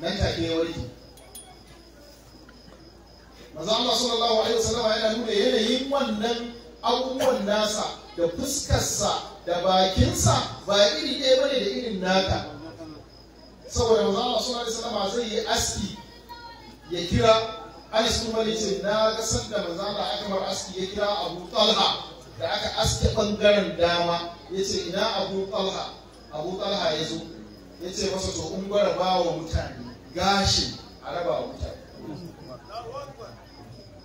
nan take ya warke maza Allah sallallahu alaihi wasallam yana nuna yanayin wannan abubuwan nasa da fuskarsa da bakinsa ba iri ɗaya bane da irin naka saboda maza Allah sallallahu alaihi wasallam zai yi aski ya kira Anas bin Malik na ga sanda maza Allah aka bar aski ya kira Abu Talha da aka aske ɓangaren dama ya ce ina abu talha abu talha ya zo ya ce masa to in gwara ba wa mutane gashi a raba wa mutane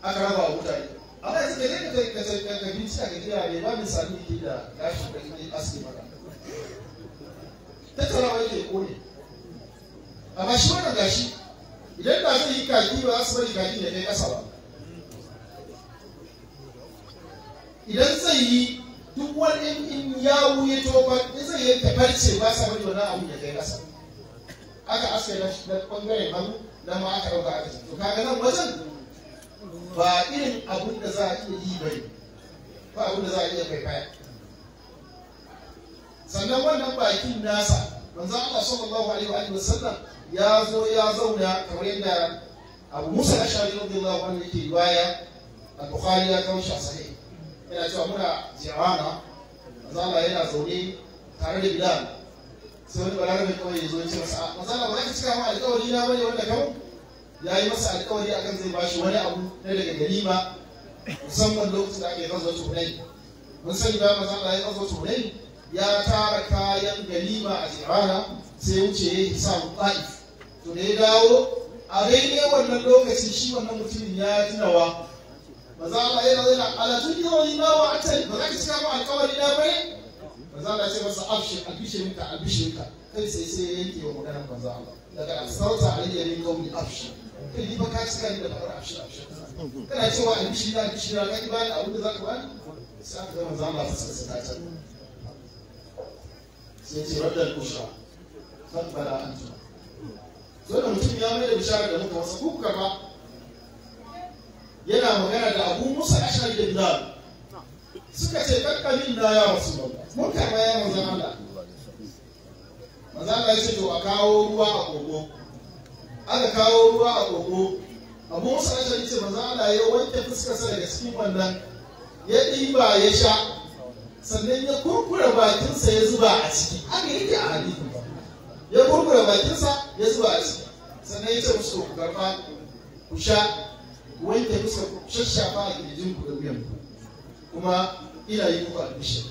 aka raba wa mutane amma yanzu da ne ka kai ka ka bincika cika ka gida ne ba min sami ke da gashi da ke aske maka tattarawa yake kone amma shi wannan gashi idan da zai yi kaki ba za su bari kaki da kai ƙasa ba idan zai yi duk wani in yawu ya tofa in zai yi tafarce ba sa bari wannan abu ya kai kasa aka aske na bangaren hannu na ma aka ɗauka aka to kaga nan wajen ba irin abun da za a iya yi bane ba abun da za a iya kai kaya sannan wannan bakin nasa manzo Allah sallallahu alaihi wa sallam ya zo ya zauna kamar yadda Abu Musa Ashari radiyallahu anhu yake riwaya al-Bukhari ya kawo shi sahih yana cewa muna jawana mazala yana zaune tare da bilal sai wani balarabe kawai ya zo ya ce masa a. Ah, mazala ba za ka cika ma alƙawari na bane wanda kawo ya yi masa alƙawari akan zai ba shi wani abu na daga ganima musamman lokacin da aka yi gazo tunai mun sani ba mazala ya gazo tunai ya tara kayan ganima a jawana sai wuce ya yi sa ta'if to da ya dawo a daidai wannan lokaci shi wannan mutumin ya tunawa Ba maza Allah yana zai na alatun yawon ma wa a can ba za ka cika ba alkawari na Ba za Allah ce masa abshir albishirinka albishirinka kai sai sai ya yanke wa maganar maza Allah daga sauta alayya min qawli abshir kai ni ba ka cika ni da faɗar abshir abshir kana cewa albishir na albishir na kai bani abin da za ka bani sai aka ga maza Allah sai sai ta can sai ce rabbal bushra fadbara antum dole mutum ya mai da bishara da muka wasu kuka ba yana magana da abu musa ashari da bilal suka ce kakkalin da ya wasu ba mun karɓa ya manzan Allah manzan Allah ya ce to a kawo ruwa a kogo aka kawo ruwa a kogo abu musa a ashari ce manzan Allah ya wanke fuskarsa daga cikin wannan ya ɗiba ya sha sannan ya kurkura bakinsa ya zuba a ciki aka yake a hadisi ya kurkura bakinsa ya zuba a ciki sannan ya ce musu ku karfa ku sha wai ta bisa shashafa a kirjin ku da wuyan ku kuma ina yi muku albishir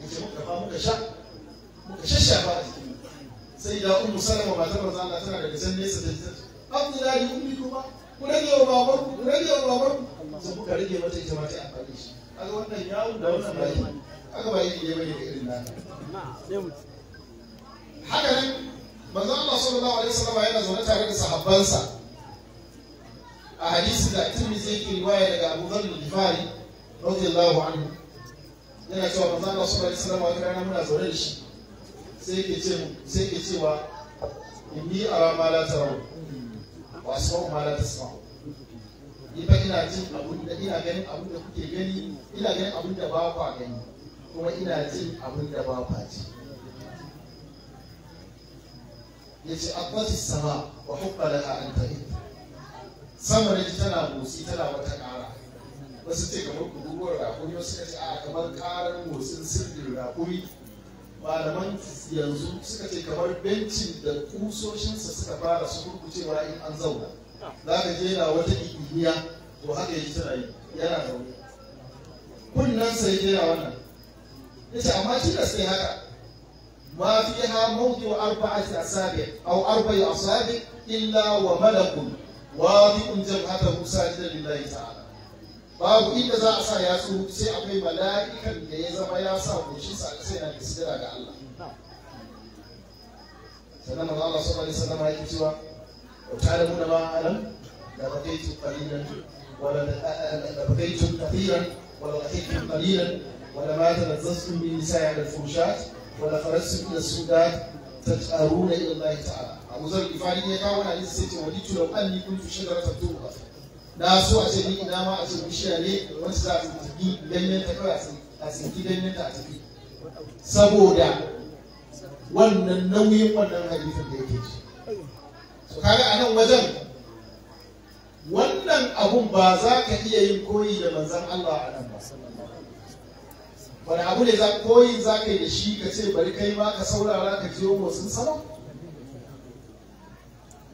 kace muka fa muka sha muka shashafa a jikin sai da ummu salama ba ta manzo Allah tana da can nesa da ta Abdullahi ummi kuma ku rage wa babar ku ku rage wa babar ku sai muka rage mata ita ma ta amfani shi kaga wannan yawo da wannan bai aka ba ne bane da irin nan haka nan manzo Allah sallallahu alaihi wasallam yana zaune tare da sahabbansa a hadisi da tirmidhi yake riwaya daga Abu Dharr al-Ghifari radiyallahu anhu yana cewa manzo Allah sallallahu alaihi wasallam wata rana muna zaune da shi sai yake ce sai yake cewa inni ara ma la wa asma'u ma la tasma'u ni fa ina jin abun da ina ganin abun da kuke gani ina ganin abun da ba gani kuma ina abun da ba ji yace abbas sama wa hubba laha an ta'id sama da ji tana motsi tana wata ƙara wasu ce kamar kururuwar rakuri wasu suka ce a kamar karar motsin sirrin rakuri malaman yanzu suka ce kamar bencin da kusoshinsa suka fara su kurkucewa in an zauna za ka je na wata ikiniya to haka yaji tana yi yana zaune kunnan sai je yana wannan ya ce amma da sai haka ma fi ha mawdi wa arba'a asabi aw arba'a asabi illa wa malakun واضح جبهته ساجدا لله تعالى باب إن ذا أسا ياسو سي أبي ملائكة ليزا ما ياسا وشي ساكسينا بسجرة الله سلام الله صلى الله عليه وسلم هاي كتوا وتعلمون ما أعلم لبقيت قليلا ولبقيت كثيرا ولبقيت قليلا ولما تنزلتم بالنساء على الفرشات ولا خرجتم الى السودات تجارون الى الله تعالى abu zar gifari ne kawo na hadisi sai ce wa ditu kun an ni kuntu shajarata ba. na so a ce ni ina ma a ce bishiya ne wacce za a tafi ganyen ta kawai a tsinki ganyen ta a tafi saboda wannan nauyin wannan hadisin da yake ci so kaga a nan wajen wannan abun ba za ka iya yin koyi da manzan Allah a nan ba wani abu ne za koyi za ka yi da shi ka ce bari kai ma ka saurara ka jiyo motsin sama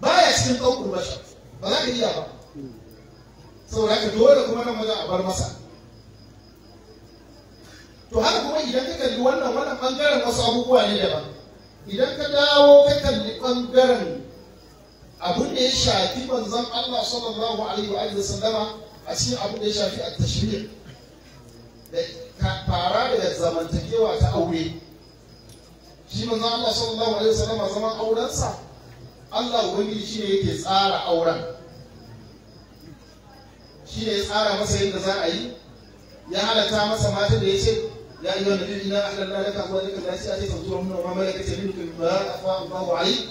baya cikin ɗaukar bashar ba za ka iya ba saboda ka dole kuma nan wajen a bar masa to haka kuma idan ka kalli wannan wannan ɓangaren wasu abubuwa ne daban idan ka dawo ka kalli ɓangaren abin da ya shafi manzon Allah sallallahu alaihi wa sallama a cikin abin da ya shafi a tashri da fara da zamantakewa ta aure shi manzon Allah sallallahu alaihi wa sallama zaman aurensa Allah ubangiji shine yake tsara auren shine ya tsara masa yadda za a yi ya halatta masa mata da ya ce يا أيها النبي إنا أحللنا لك أزواجك التي أتيت أجورهن وما ملكت يمينك مما أفاء الله عليك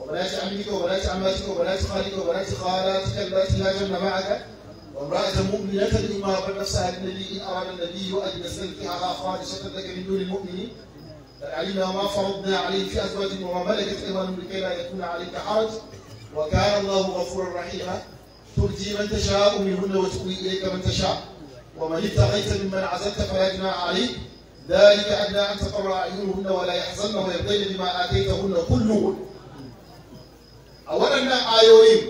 وبنات عمك وبنات عماتك وبنات خالك وبنات خالاتك اللاتي لا جن معك وامرأة مؤمنة إن وهبت نفسها للنبي إن أراد النبي أن يستنكحها خالصة لك من دون المؤمنين علمنا ما فرضنا عليه في ازواجك وما ملكت أيمانهم لكي لا يكون عليك حرج وكان الله غفورا رحيما ترجي من تشاء منهن وتؤوي إليك من تشاء ومن ابتغيت ممن عزلت فلا جناح عليك ذلك أدنى أن تقر أعينهن ولا يحزن ويرضين بما آتيتهن كلهن أولا آيوين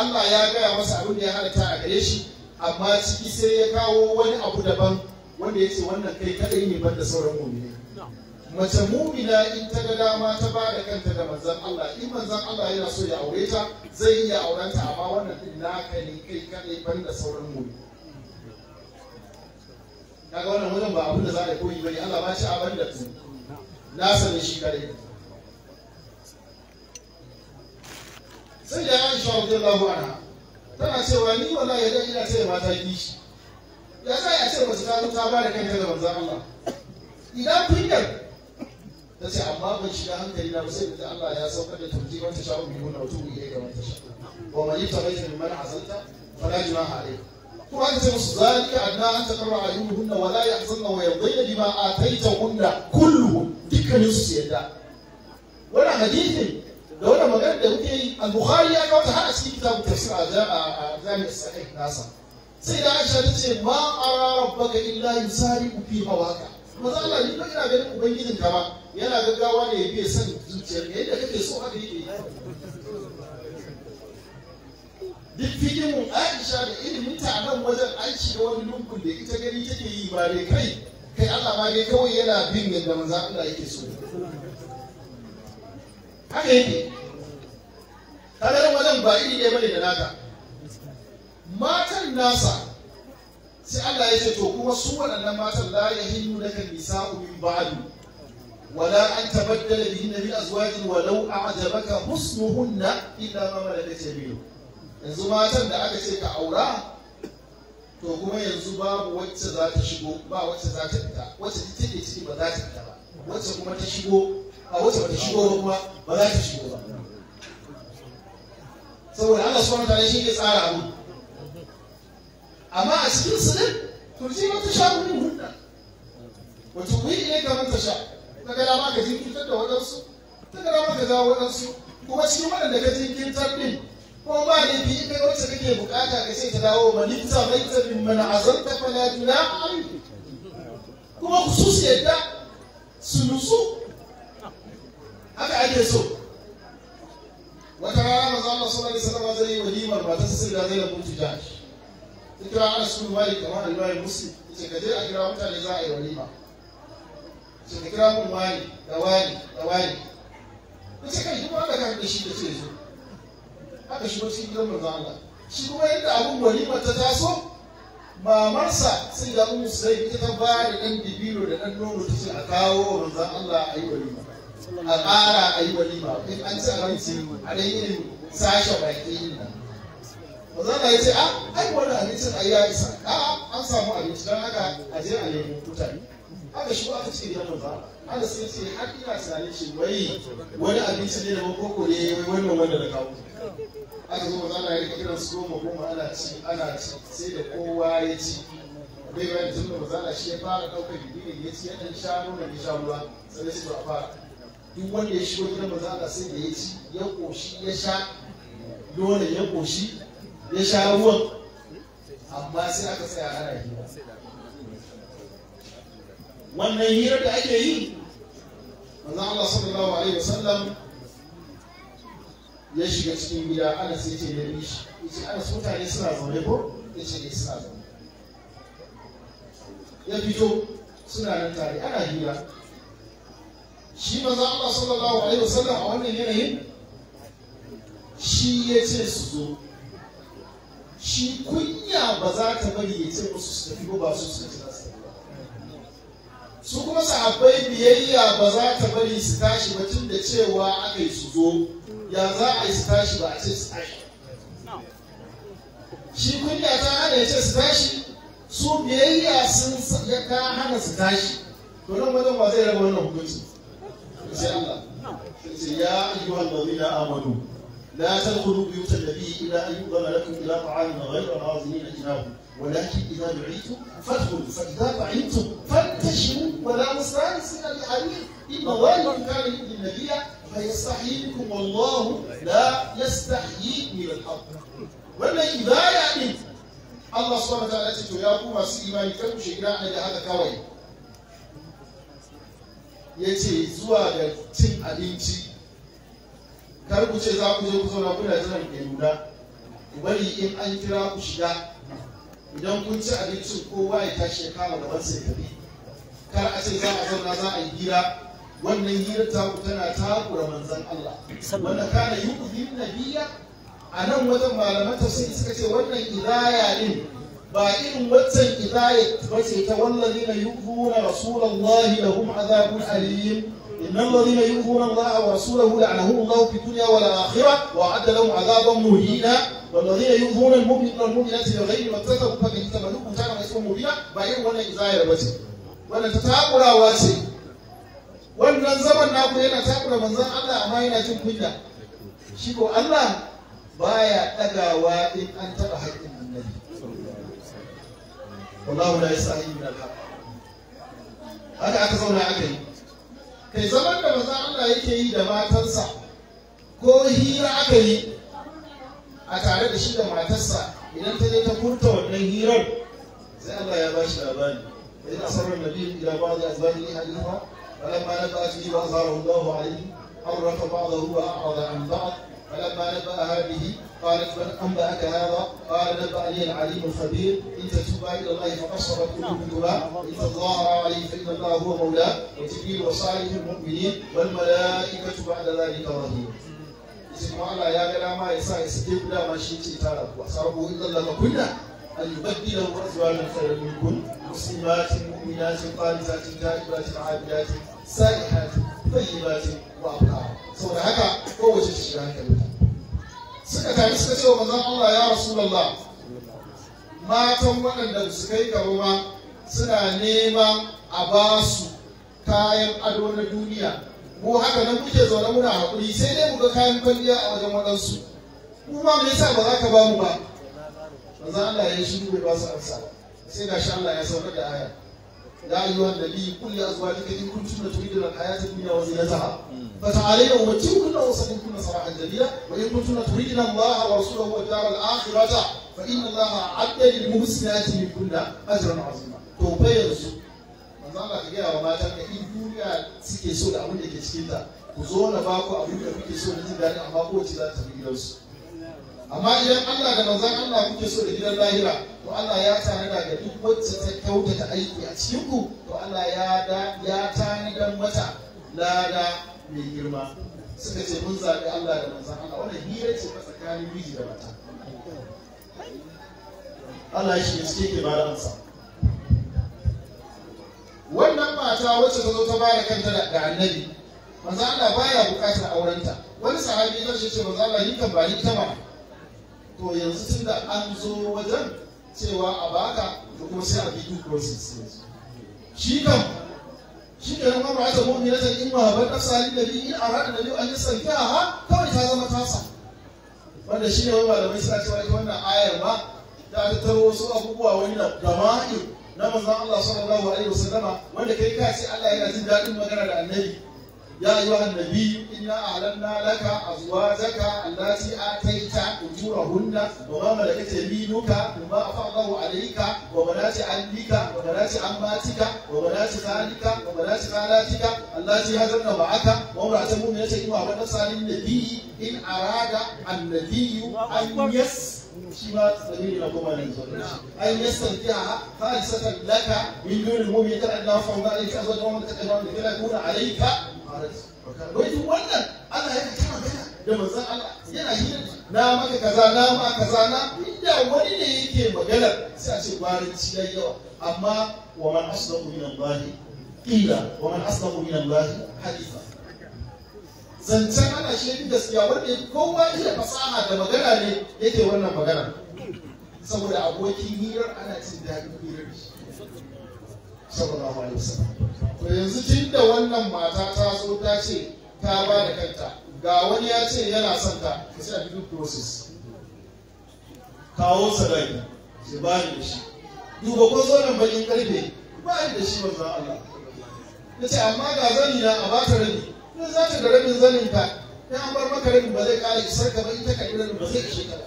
الله يا gaya masa يا da ya halatta a gare shi amma ciki sai ya kawo wani abu daban mace mumina in ta ga dama ta ba da kanta da manzan Allah in manzan Allah yana so ya aure ta zai iya auren ta amma wannan din naka ne kai kadai ban da sauran mu. kaga wannan wajen ba abin da za a koyi bane Allah ba shi abin da tu na sani shi kare sai da Aisha Allah anha tana cewa ni wallahi idan ina sai mata shi ya sai a ce mace ta ta ba da kanta da manzan Allah idan kunyar ta ce amma ban shiga hankali na sai da Allah ya saukar da turji wata sha'u bi nuna wata wuyi ga wata sha'u wa man yatabaita min man azalta fala junaha alayhi kuma an ce musu zalika anna an taqarra ayunuhunna wa la yahzanna wa yardayna bima ataitahunna kulluhum dukkanin su yadda wannan hadithin da wannan magana da muke yi al-bukhari ya kawo ta har a cikin kitabun tafsir a jami'ar sahih nasa sai da Aisha ta ce ma ara rabbaka illa yusari fi hawaka maza Allah ni ba ina ganin ubangijin ka ba yana gaggawa ne ya biya son zuciyar ne yadda kake so haka yake duk fikimin aisha da ilimin a nan wajen aiki da wani lungun da ita gani take yi ba dai kai kai allah ma dai kawai yana bin yadda maza allah yake so haka yake kalar wajen ba iri ɗaya bane da naka matan nasa sai allah ya ce to kuma su waɗannan matan la ya hinnu daga nisa'u min ba'du ولا أن تبدل بهن بأزواج ولو أعجبك حسنهن إلا ما ملكت يمينك yanzu matan da aka ce ka aura to kuma yanzu babu wacce za shigo ba wacce za fita wacce ta take ciki ba za ta fita ba wacce kuma ta shigo a wacce ba shigo ba kuma ba za ta shigo ba saboda Allah subhanahu wataala shi ke tsara abu amma a cikin sunan turji mata sha min hunna wato ku yi ne kamar sha ka ga dama ka da waɗansu ka ga dama ka waɗansu kuma cikin waɗanda ka jinkirtar ɗin ko ba ne bi kai wacce kake bukata ka ce ta dawo ba ni ta bai ta min mana azan ta fala juna kuma ku su su yadda su nutsu haka ake so wata rana manzo Allah sallallahu alaihi wasallam zai yi walimar ba ta da zai da mutu jashi ta ana Anas bin Malik kamar al-Imam Muslim ce ka je a kira mutane za a yi walima ce ka kira mun wani da wani da wani Ku ce kai kuma aka kan shi da ce zo aka shigo cikin gidan manzo Allah shi kuma yadda abun walima ta taso mamarsa sai da ummu sai ita ta ba da dan dibiro da dan nono ta ce a kawo manzo Allah ayi walima a ƙara ayi yi walima in an ci abinci a dan yin sashe baki yin nan manzo Allah ya ce a ah, ai wannan abincin ayi ya isa a an samu abinci don haka a je a nemi mutane haka shi ba aka cike da ba haka sai ce har ina sani ce wai wani abinci ne da makoko ne wai wannan wanda na kawo aka zo maza na rika kiran su goma goma ana ci ana ci sai da kowa ya ci bai bayan tun da maza shi ya fara ɗaukar bibiyar ya ci ya ɗan sha nuna ya sha ruwa sai sai ba fara duk wanda ya shigo gidan maza sai da ya ci ya ƙoshi ya sha nonon ya ƙoshi ya sha ruwan amma sai aka tsaya ana ba. wannan hira da ake yi manzon Allah sallallahu alaihi wasallam ya shiga cikin gida ana sai ce ya bi shi yace ana mutane suna zaune ko yace ne eh, suna zaune ya fito suna nan tare ana hira shi manzon Allah sallallahu alaihi wasallam a wannan yanayin shi ya ce su zo shi kunya ba za ta bari ya ce musu su tafi ba su tafi. su kuma sahabbai biyayya ba za ta bari su tashi ba tun da cewa aka yi su zo ya za a yi su tashi ba a ce su tashi shi kunya ta hana ya ce su tashi su biyayya sun ka hana su tashi to nan wajen ba zai raba wannan hukunci sai Allah sai ya ayyuhal ladina amanu la tadkhulu buyutan nabiyyi ila an yudana lakum ila ta'amin ghayra nazirina jinahu ولكن إذا دعيتم فادخلوا فإذا دعيتم فانتشروا ولا مستأنسين لحديث إن الله إن كان يؤذي النبي فيستحيي منكم والله لا يستحيي من الحق ولا إذا يعني الله سبحانه وتعالى أتيت وياكم ما يكتب شيئا على هذا كوين yace zuwa da cin abinci kar ku ce za ku zo ku zauna kuna jiran ke nuna bari in an kira ku shiga idan kun ci abincin kowa ya tashi shekara kama da wasu ya kar a ce za a zauna za a yi hira wannan hirar taku tana da manzan Allah wanda kana yuqzi nabiyya a nan wajen malaman sun suka ce wannan idaya din ba irin waccan idaya bace ta wallazina yuqzuna rasulullahi lahum azabun alim إن الذين يؤذون الله ورسوله لعنهم الله في الدنيا والآخرة وأعد لهم عذابا مهينا والذين يؤذون المؤمنين والمؤمنات بغير ما اكتسبوا فقد احتملوا بهتانا وإثما مبينا بعير ولا إزاير بس ولا تتاكل واسي wannan zaman naku yana takura manzon Allah amma yana jin kunya shi ko Allah baya dagawa in an taba haƙƙin annabi wallahu la yasahi min al-haq haka aka zauna aka yi kai zaman da maza Allah yake yi da matarsa ko hira aka yi a tare da shi da matarsa idan ta je ta furta wannan hirar sai Allah ya bashi labari idan asarar nabi ila ba'd azwajihi haditha falamma nabati wa azharahu Allah alayhi a ba'dahu a a'rada an ba'd فلما نبأها به قالت من أنبأك هذا؟ قال نبأني العليم الخبير إن تتوبا إلى الله فقصرت كل قلوبكما إن الله عليه فإن الله هو مولاه وجبريل وصالح المؤمنين والملائكة بعد ذلك ظهير. سبحان الله يا جماعة يسعى يستجيب لا ما شئت ترى وأسره إلا الله كنا أن يبدله أزواجا خيرا منكن مسلمات مؤمنات قانتات تائبات عابدات سائحات طيبات وأبكار. سورة هكا هو وجه الشيطان suka tafi suka ce wa mazan Allah ya rasulullah matan waɗanda su yi gaba suna nema a ba su kayan ado na duniya mu haka nan muke zaune muna haƙuri sai dai mu ga kayan kwalliya a wajen waɗansu mu ma me yasa ba za ka ba mu ba za Allah ya yi shiru ba su amsa sai gashi Allah ya saukar da aya يا أيها النبي قل لأزواجك إن كنتن تريدن الحياة الدنيا وزينتها فتعالين أمتعكن وأسلمكن سراحا جميلا وإن كنتن تريدن الله ورسوله والدار الآخرة فإن الله أعد للمحسنات منكن أجرا عظيما توبير سوء ka gaya wa matan ka in duniya suke so da abin da ke cikin ta ku zo na ba ku abin da kuke so na jin daɗi amma kowace za ta tafi gidansu amma idan Allah da manzan Allah kuke so da gidan lahira to Allah ya tanada ga duk wacce ta kyautata aiki a cikin ku to Allah ya da ya tanadar mata lada mai girma suka ce mun zaɓi Allah da manzan Allah wannan hira ce tsakanin miji da mata Allah shi ne ke ba da ansa wannan mata wacce ta zo ta bada kanta da annabi manzan Allah baya bukatar aurenta wani sahabi zai ce manzan Allah yi kan ba ni ta ba to yanzu tun da an zo wajen cewa a baka da kuma sai a bi due process shi kan shi da nan mara ta mu'mina ta in ma ba kasa ni da biyu a rada da biyu an yi a ha kawai ta zama tasa wanda shi ne wanda malamai suna cewa ita wannan ayar ba da ta tattaro wasu abubuwa wani na gama'i na manzon Allah sallallahu alaihi wasallama wanda kai ka ce Allah yana jin daɗin magana da annabi يا أيها النبي إنا أعلنا لك أزواجك التي آتيت أجورهن وما ملكت يمينك وما أفاء الله عليك وبنات عمك وبنات عماتك وبنات خالك وبنات خالاتك التي هاجرن معك وامرأة مؤمنة إن وهبت نفسها للنبي إن أراد النبي أن يس shi ma tsamiri na kuma nan zuwa ai ya santiya khalisatan laka wai wannan ana ya ta magana da manzon Allah yana yi na maka kaza na ma kaza na inda wani ne yake magana sai a ce gwarin ci yayi yawa amma wa man asdaqu min Allah ila wa man asdaqu min Allah haditha zancen ana shi yafi gaskiya wanda yafi kowa iya fasaha da magana ne yake wannan magana saboda abokin hirar ana cin daɗin hirar shi sallallahu alaihi wasallam to yanzu tun da wannan mata ta zo ta ce ta ba da kanta ga wani ya ce yana son ta sai a bi duk process kawo sadaki sai ba ni da shi duba ko zo nan bakin karfe ba ni da shi manzon Allah ya ce amma ga zani na a bata rabi in za ta da rabin zanin ka in an bar maka rabin ba zai kare isar ka ba ita ka rabin ba zai ishe ka ba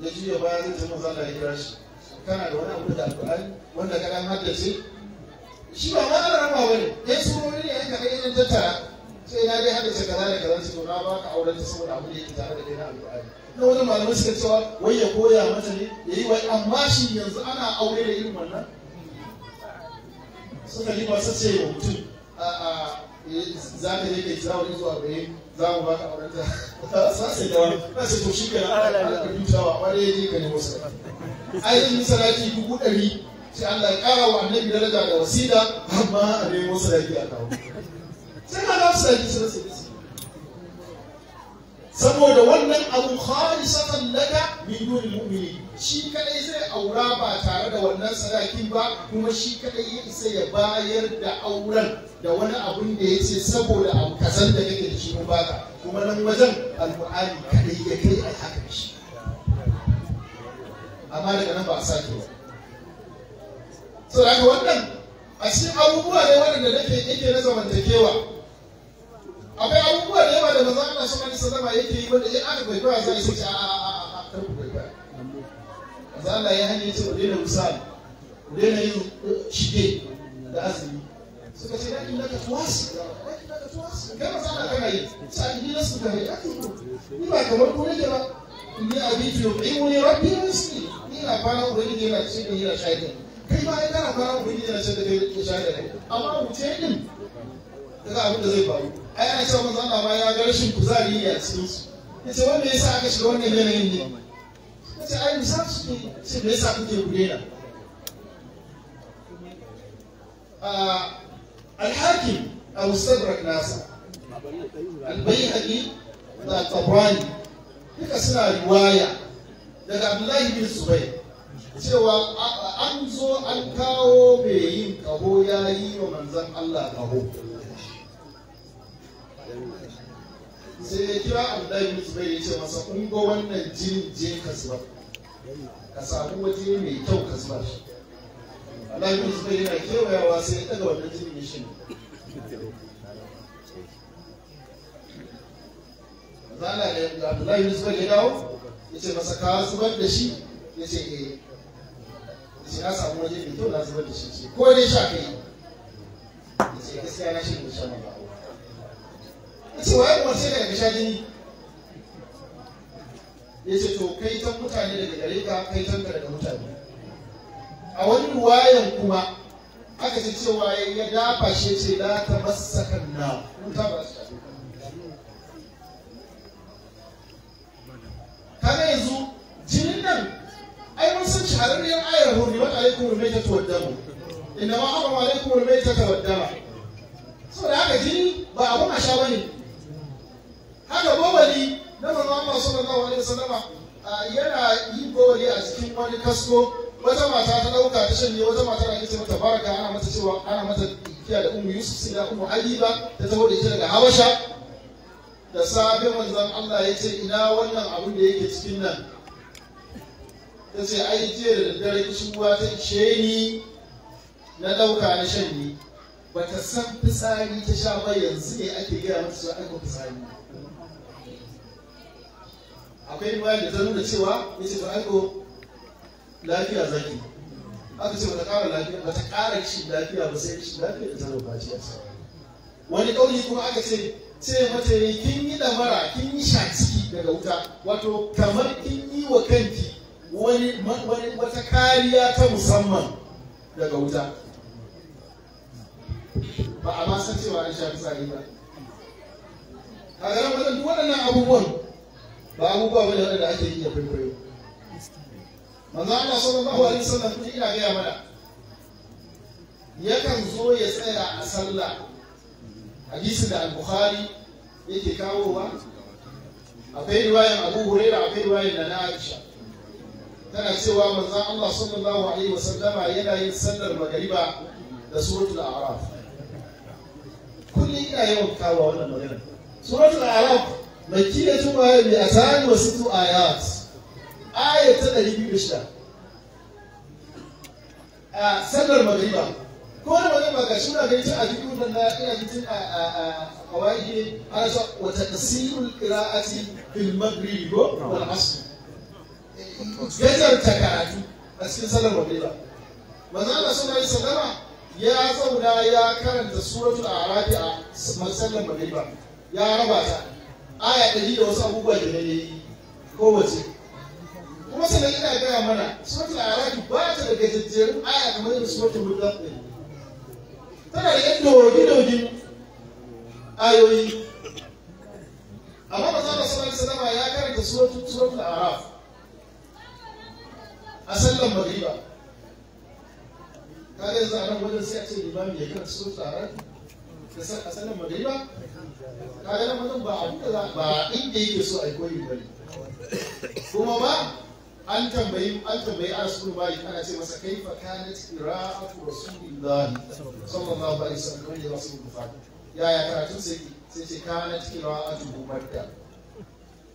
ya juya bayan zai ta manzon Allah ya kira shi kana da wani abu da alƙur'ani wanda ka dan haddace shi ba ma ana rama bane dai surori ne yanka dai irin tattara sai na dai haddace kaza da kaza su na ba ka auren ta saboda abu da yake tare da kai na alƙur'ani na wani malamai suka cewa wai ya koya mata ne ya yi wai amma shi yanzu ana aure da irin wannan suka yi masu ce wa mutum eh, za ka je yi za wani zuwa gare za mu baka auren ta sa sai da wani ba sai to shi kenan ana da hutawa ba dai ya je ka nemo sai ai yi salati dubu ɗari sai Allah ya ƙara wa annabi daraja da wasila amma a nemo salati a kawo sai ka dawo salati sai sai saboda wannan abu kawai laka min dunil mu'mini shi kadai zai aura ba tare da wannan sadaki ba kuma shi kadai ya isa ya bayar da auren da wani abun da ya ce saboda abu kasan da kake da shi mun baka kuma nan wajen alqur'ani kadai ya kai a haka shi amma daga nan ba a sake ba so daga wannan a cikin abubuwa ne waɗanda nake yake na zamantakewa akwai abubuwa da yawa da manzon Allah sallallahu sa zama yake yi wanda in aka kwaikwaya za a yi sai a a a a kar ku kwaikwaya manzon Allah ya hanyar ce ku daina misali ku daina yin eh, shige da azumi suka ce dakin daga tuwasu dakin daga tuwasu kai manzon Allah kana yi sai ni na suka yi dakin ku ni ba kamar ku nake ba inni abitu yu'imuni rabbi rizqi ni na fara ubangiji yana ce da yana kai ma kana fara ubangiji yana ce da kai shaida amma wuce din daga abin da zai faru ai ana cewa manzon Allah ma ya ga rashin kuzari a cikin su yace wanda yasa aka shiga wannan yanayin ne yace ai misal su ne sai me yasa kuke gurena الحاكم أو استدرك ناسا البيهقي الطبراني duka suna riwaya daga abdullahi bin zubair cewa an zo an kawo mai yin kaho ya yi wa manzan Allah kaho sai ya kira abdullahi bin zubair ya ce masa in wannan jirin je ka ka samu waje mai kyau ka zubar abdullahi bin zubair yana kewayawa sai ya daga wannan jirin ya shi zala ne Abdullahi bin Zubair ya dawo ya ce masa ka zubar da shi ya ce eh ya ce na samu waje mai kyau na zubar da shi ce ko dai sha kai ya ce gaskiya na shi ne sha maka ya ce waye kuma sai ka sha jini ya ce to kai tan mutane daga gare ka kai ka daga mutane a wani ruwayan kuma aka ce cewa ya dafa shi ce la ta masaka na wuta ba su kaga yanzu jinin nan ai mun san shahararriyar ayar hurrimat alaikum almaytatu waddamu inna ma harrama alaikum almaytatu waddama saboda haka jini ba abun a sha bane haka bawali na manzo Allah sallallahu alaihi wasallama yana yi bawali a cikin wani kasko wata mata ta dauka ta shanye wata mata na ita mata baraka ana mata cewa ana mata kiya da ummu yusuf sai da ummu aliba ta taho da ita daga habasha da safe manzon Allah ya ce ina wannan abun da yake cikin nan ta ce ai jiya da daddare ruwa ta ishe ni na ɗauka na shan ni bata san fitsari ta sha ba yanzu ne ake gaya mata su aiko fitsari akwai bayan da ta nuna cewa ya ce ba aiko lafiya zaki aka ce bata ƙara lafiya bata ƙara kishin lafiya ba sai shi lafiya da ta roƙa shi a wani ƙauni kuma aka ce ce mata yi kin yi damara kin yi shaciki daga wuta wato kamar kin yi wa kanki wani wata kariya ta musamman daga wuta ba a ma san cewa an shafi tsari ba a garin wajen duk waɗannan abubuwan ba abubuwa bane waɗanda ake yi da kwaikwayo manzo Allah sallallahu alaihi wasallam kuma ina gaya mana yakan zo ya tsaya a sallah hadisin da al-bukhari yake kawowa akwai riwayan abu huraira akwai riwayan da na aisha tana cewa manzon Allah sallallahu alaihi wasallama yana yin sallar magariba da suratul a'raf kullum ina yawan kawo wannan magana suratul a'raf makkiyatu wa bi asani wa sittu ayat ayat ta 206 a sallar magariba ko da wani ba gashi muna ganin a duk wannan na ina jin a a a waje ana sa wa taqsirul qira'ati fil maghrib ko wani asr gajar ta karatu a cikin salar magriba manzo da sallallahu yi wasallama ya zauna ya karanta suratul a'raf a sallar magriba ya raba ta aya ɗari da wasu abubuwa da yayi kowace kuma sannan ina gaya mana suratul a'raf ba ta da gajejjerun aya kamar yadda suratul mulk ɗin tana da yadda dogi-dogin ayoyi amma ba za ka sanar zama ya karanta da araf a sallan magriba ka yanzu a nan wajen sai a ce limami ya karanta da araf a sallan magriba ka ga nan ba abin da ba inda yake so a yi koyi bane kuma ba an tambayi an tambayi Anas bin Malik ana ce masa kai kaifa kanat qira'atu Rasulillah sallallahu alaihi wasallam da Rasul Bukhari yaya karatun sai sai ce kanat qira'atu madda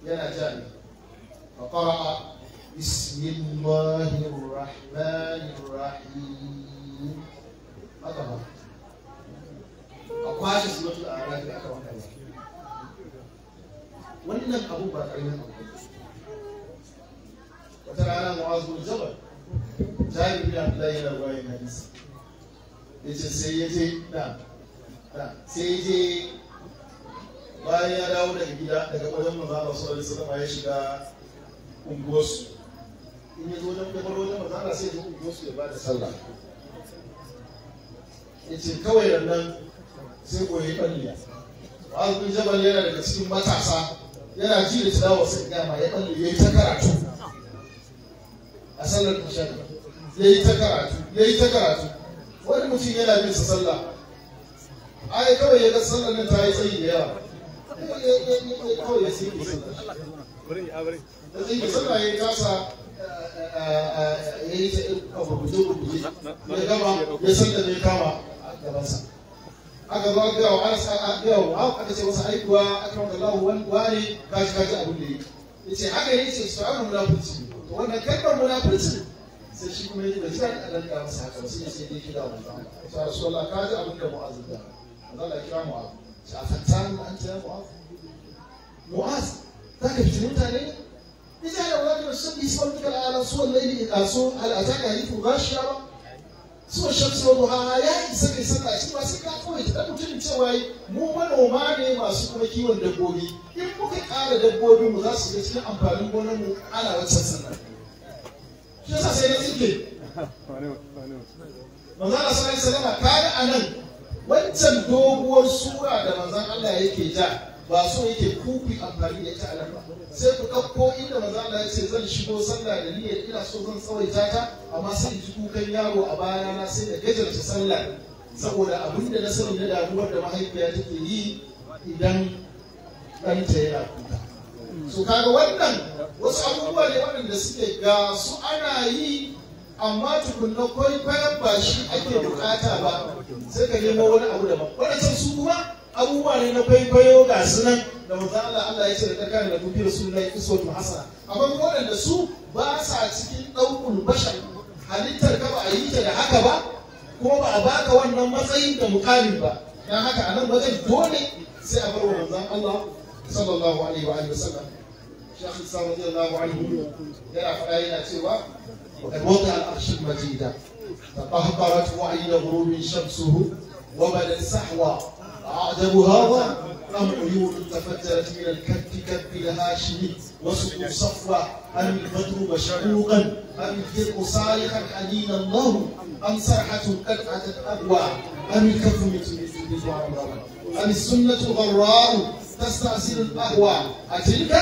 yana jami fa qara'a bismillahir rahmanir rahim haka ba a kwashe suratul a'raf aka wannan wannan abu ba karamin abu wata rana mu'azu jabal jari bin abdullahi yana bayan hadisi ya ce sai ya je da sai ya je bayan ya dawo daga gida daga wajen manzo Allah sallallahu alaihi ya shiga unguwarsu in ya zo wajen da wajen manzo Allah sai ya je unguwarsu ya bada sallah ya ce kawai nan sai koyi balliya wa'azu bin jabal yana daga cikin matasa yana ji da tilawa sai gama ya balliya ya ta karatu a sallar isha'i ya yi ta karatu ya yi ta karatu wani mutum yana bin sa sallah ai kawai ya ga sallar nan ta yi tsayi da yawa kawai ya sai sallah sallah ya kasa eh, eh, eh, ya yi ta guje guje ya gama ya sallar ya kama a gabansa a zo ga wa arsa a a aka ce masa aikuwa aka wanda lahu wani kashi kashi abin da ya ce haka ya ce su ana munafunci to wannan kalmar munafurci sai shi kuma yi da shi a danka masa haka shi ne sai kira manzo Allah sai rasulullah ka ji abin da mu'azz da manzo Allah kira mu'azz sai a fatta an ta mu'azz mu'azz za ka fitin mutane ne إذا لو لم يصب بصوتك على رسول الليل إذا سوء هل ba shi غاشية suwa shamsu wa duha ya isa mai sallah shi ba sai ka kawai ta dan mutum cewa mu manoma ne masu kuma kiwon dabbobi in muka ƙara dabbobin mu za su ga cikin amfanin gonar mu ana wancan sallah shi yasa sai na tsike manzon Allah sallallahu alaihi wasallam a nan. wancan doguwar sura da manzan Allah yake ja ba so yake kuku amfani da ita a nan ba sai ku ɗauko inda maza Allah ya ce zan shigo sallah da niyyar ina so zan tsawaita ta amma sai in ji kukan yaro a baya na sai da gajarta sallah saboda abin da na sani na damuwar da mahaifiya take yi idan ɗanta yana kuka su kaga wannan wasu abubuwa ne waɗanda suke ga su ana yi amma tukunna kwaikwayon ba shi ake bukata ba sai ka nemo wani abu daban waɗancan su kuma abubuwa ne na kwaikwayo ga su nan da manzon Allah Allah ya ce da kan da kubiyar suna ya iso da hasana akwai waɗanda su ba sa cikin ɗaukun bashar halittar ka ba a yi ta da haka ba kuma ba a baka wannan matsayin da mukamin ba dan haka a nan wajen dole sai a bar wa manzon Allah sallallahu alaihi wa alihi wasallam shekhu sallallahu alaihi wa alihi yana faɗa yana cewa وقد وضع العرش المجيد تقهقرت وعين غروب شمسه وبدا سحوى أعذب هذا أم عيون تفتلت من الكف كف لهاشم وسط صفوة أم البدر مشعوقا أم الفرق صارخا حنين الله أم صرحة قد عدت أبوى أم الكف مثل تلك أم السنة غراء تستأصل الأهوى أتلك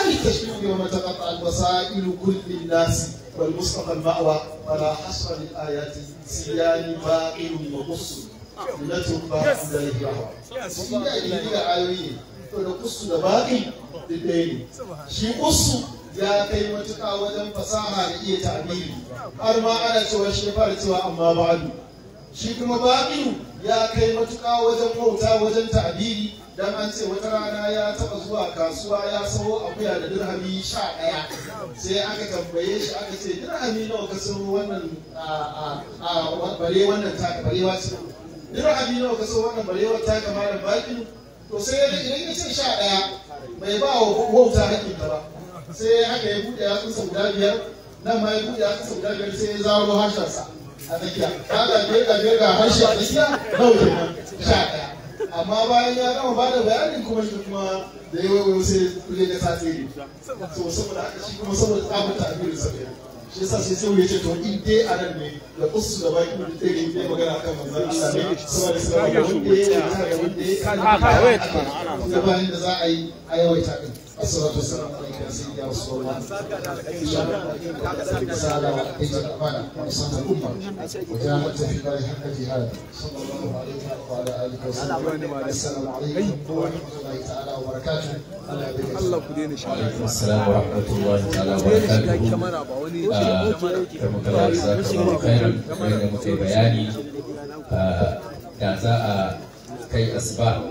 أم التشريع يوم تقطع الوسائل كل الناس والمصطفى المأوى فلا حصر للآيات سيان باقي وقص na su da ba shi da ake da ayoyi to da kusu da baƙi duk ɗaya ne shi kusu ya kai matuƙa wajen fasaha da iya tabiri har ma ana cewa shi fara cewa amma ba'adu shi kuma baƙi ya kai matuƙa wajen bauta wajen tabiri dan an ce wata rana ya taɓa zuwa kasuwa ya sawo akuya da dirhami sha ɗaya sai aka tambaye shi aka ce dirhami nawa ka sayo wannan bare wannan ta barewa ce dirhami nawa ka so wannan barewar ta kama da bakin to sai ya idan ya ce sha daya bai ba wa wauta hakkin ta ba sai haka ya buɗe yatsunsa guda biyar nan ma ya buɗe yatsunsa guda biyar sai ya zaro harshensa a tsakiya kaga girga girga harshe a tsakiya wuce kenan sha daya amma bayan ya gama ba da bayanin kuma shi kuma da yawa sai kule da tasiri so saboda haka shi kuma saboda tsabar abin da kenan shi yasa sai sai ya ce to in dai a nan ne da kusu da baki da yi ne magana akan manzon Allah ne saboda saboda wanda ya ce ta da wanda ya ka da bayan da za a yi a yawaita din الصلاة والسلام عليك سيدي رسول الله إشارة رسالة أتيت الأمانة ونصحت الأمة وجاهدت في الله حق جهاد صلى الله عليك وعلى آلك السلام عليكم ورحمة الله تعالى وبركاته الله كدين وعليكم السلام ورحمة الله تعالى وبركاته كما قال جزاك الله خيرا وين متبياني da za a kai asuba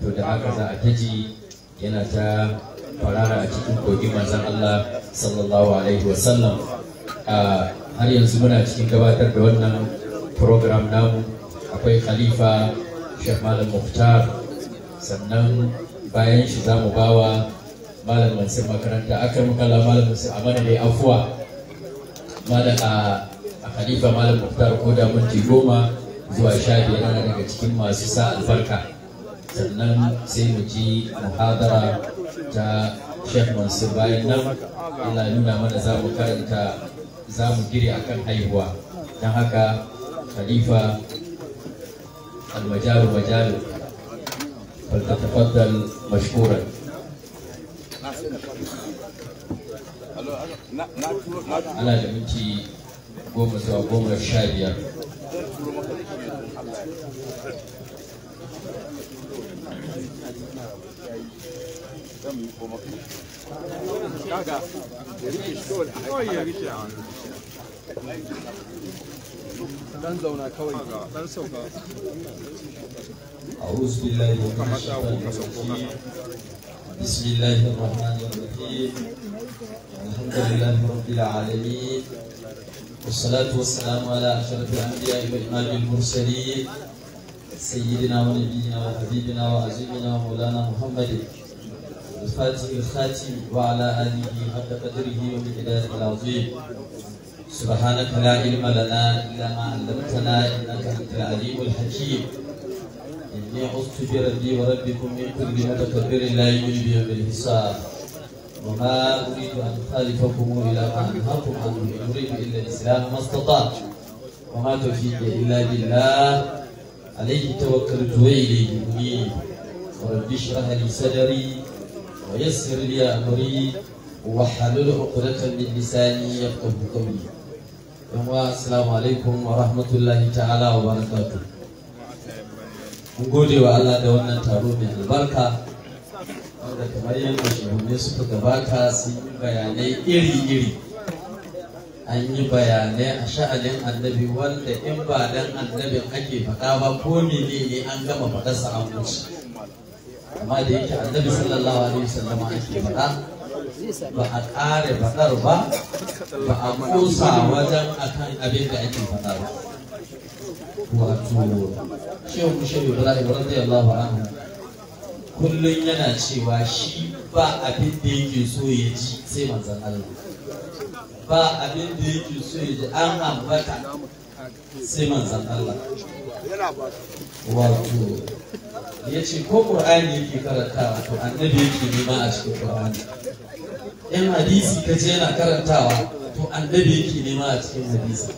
to da haka za a taji yana ta kwarara a cikin kogin manzan Allah sallallahu alaihi wasallam har yanzu muna cikin gabatar da wannan program namu akwai khalifa Sheikh Malam Muftar sannan bayan shi za mu bawa Malam Mansur makaranta aka makala Malam Mansur a mana dai afuwa Malam a khalifa Malam Muftar ko da minti goma zuwa sha biyar daga cikin masu sa albarka sannan sai mu ji muhadara ta Sheikh Mansur bayan nan Allah nuna mana za mu karanta za mu gire akan haihuwa don haka khalifa almajaru majalu فلتتفضل مشكورا ana da minti goma zuwa goma sha biyar أعوذ بالله من الشيطان بسم الله الرحمن الرحيم الحمد لله رب العالمين والصلاة والسلام على أشرف الأنبياء وإمام المرسلين سيدنا ونبينا وحبيبنا وعزيزنا مولانا محمد الفاتح الخاتم وعلى آله حق قدره ومقداره العظيم سبحانك لا علم لنا إلا ما علمتنا إنك أنت العليم الحكيم إني عصت بربي وربكم من كل متكبر لا يؤمن بيوم الحساب وما أريد أن أخالفكم إلى ما أنهاكم عنه إن أريد إلا الإسلام ما استطعت وما توفيقي إلا بالله عليه توكلت وإليه أنيب ورب اشرح لي صدري ويسر لي أمري وحلل عقدة من لساني يفقه قولي yanwa assalamu alaikum wa rahmatullahi ta'ala wa gode wa Allah da wannan taro mai albarka wanda kamar yadda shugabane suka gabata sun yi bayanai iri-iri an yi bayanai a sha'anin annabi wanda in ba dan annabin ake faɗa ba ko ne an gama faɗarsa an wuce amma da yake annabi sallallahu alaihi wasallam ake faɗa ba a ƙare faɗar ba ba a kusa wajen akan abin da ake faɗa ba wato shehu shehu ibrahim radiyallahu anhu kullum yana cewa shi ba abin da yake so ya ji sai manzon Allah ba abin da yake so ya ji an ambata sai manzon Allah wato ya ce ko ƙur'ani yake karantawa to annabi yake nema a cikin ƙur'ani yan hadisi ka ce yana karantawa to annabi yake nema a cikin hadisi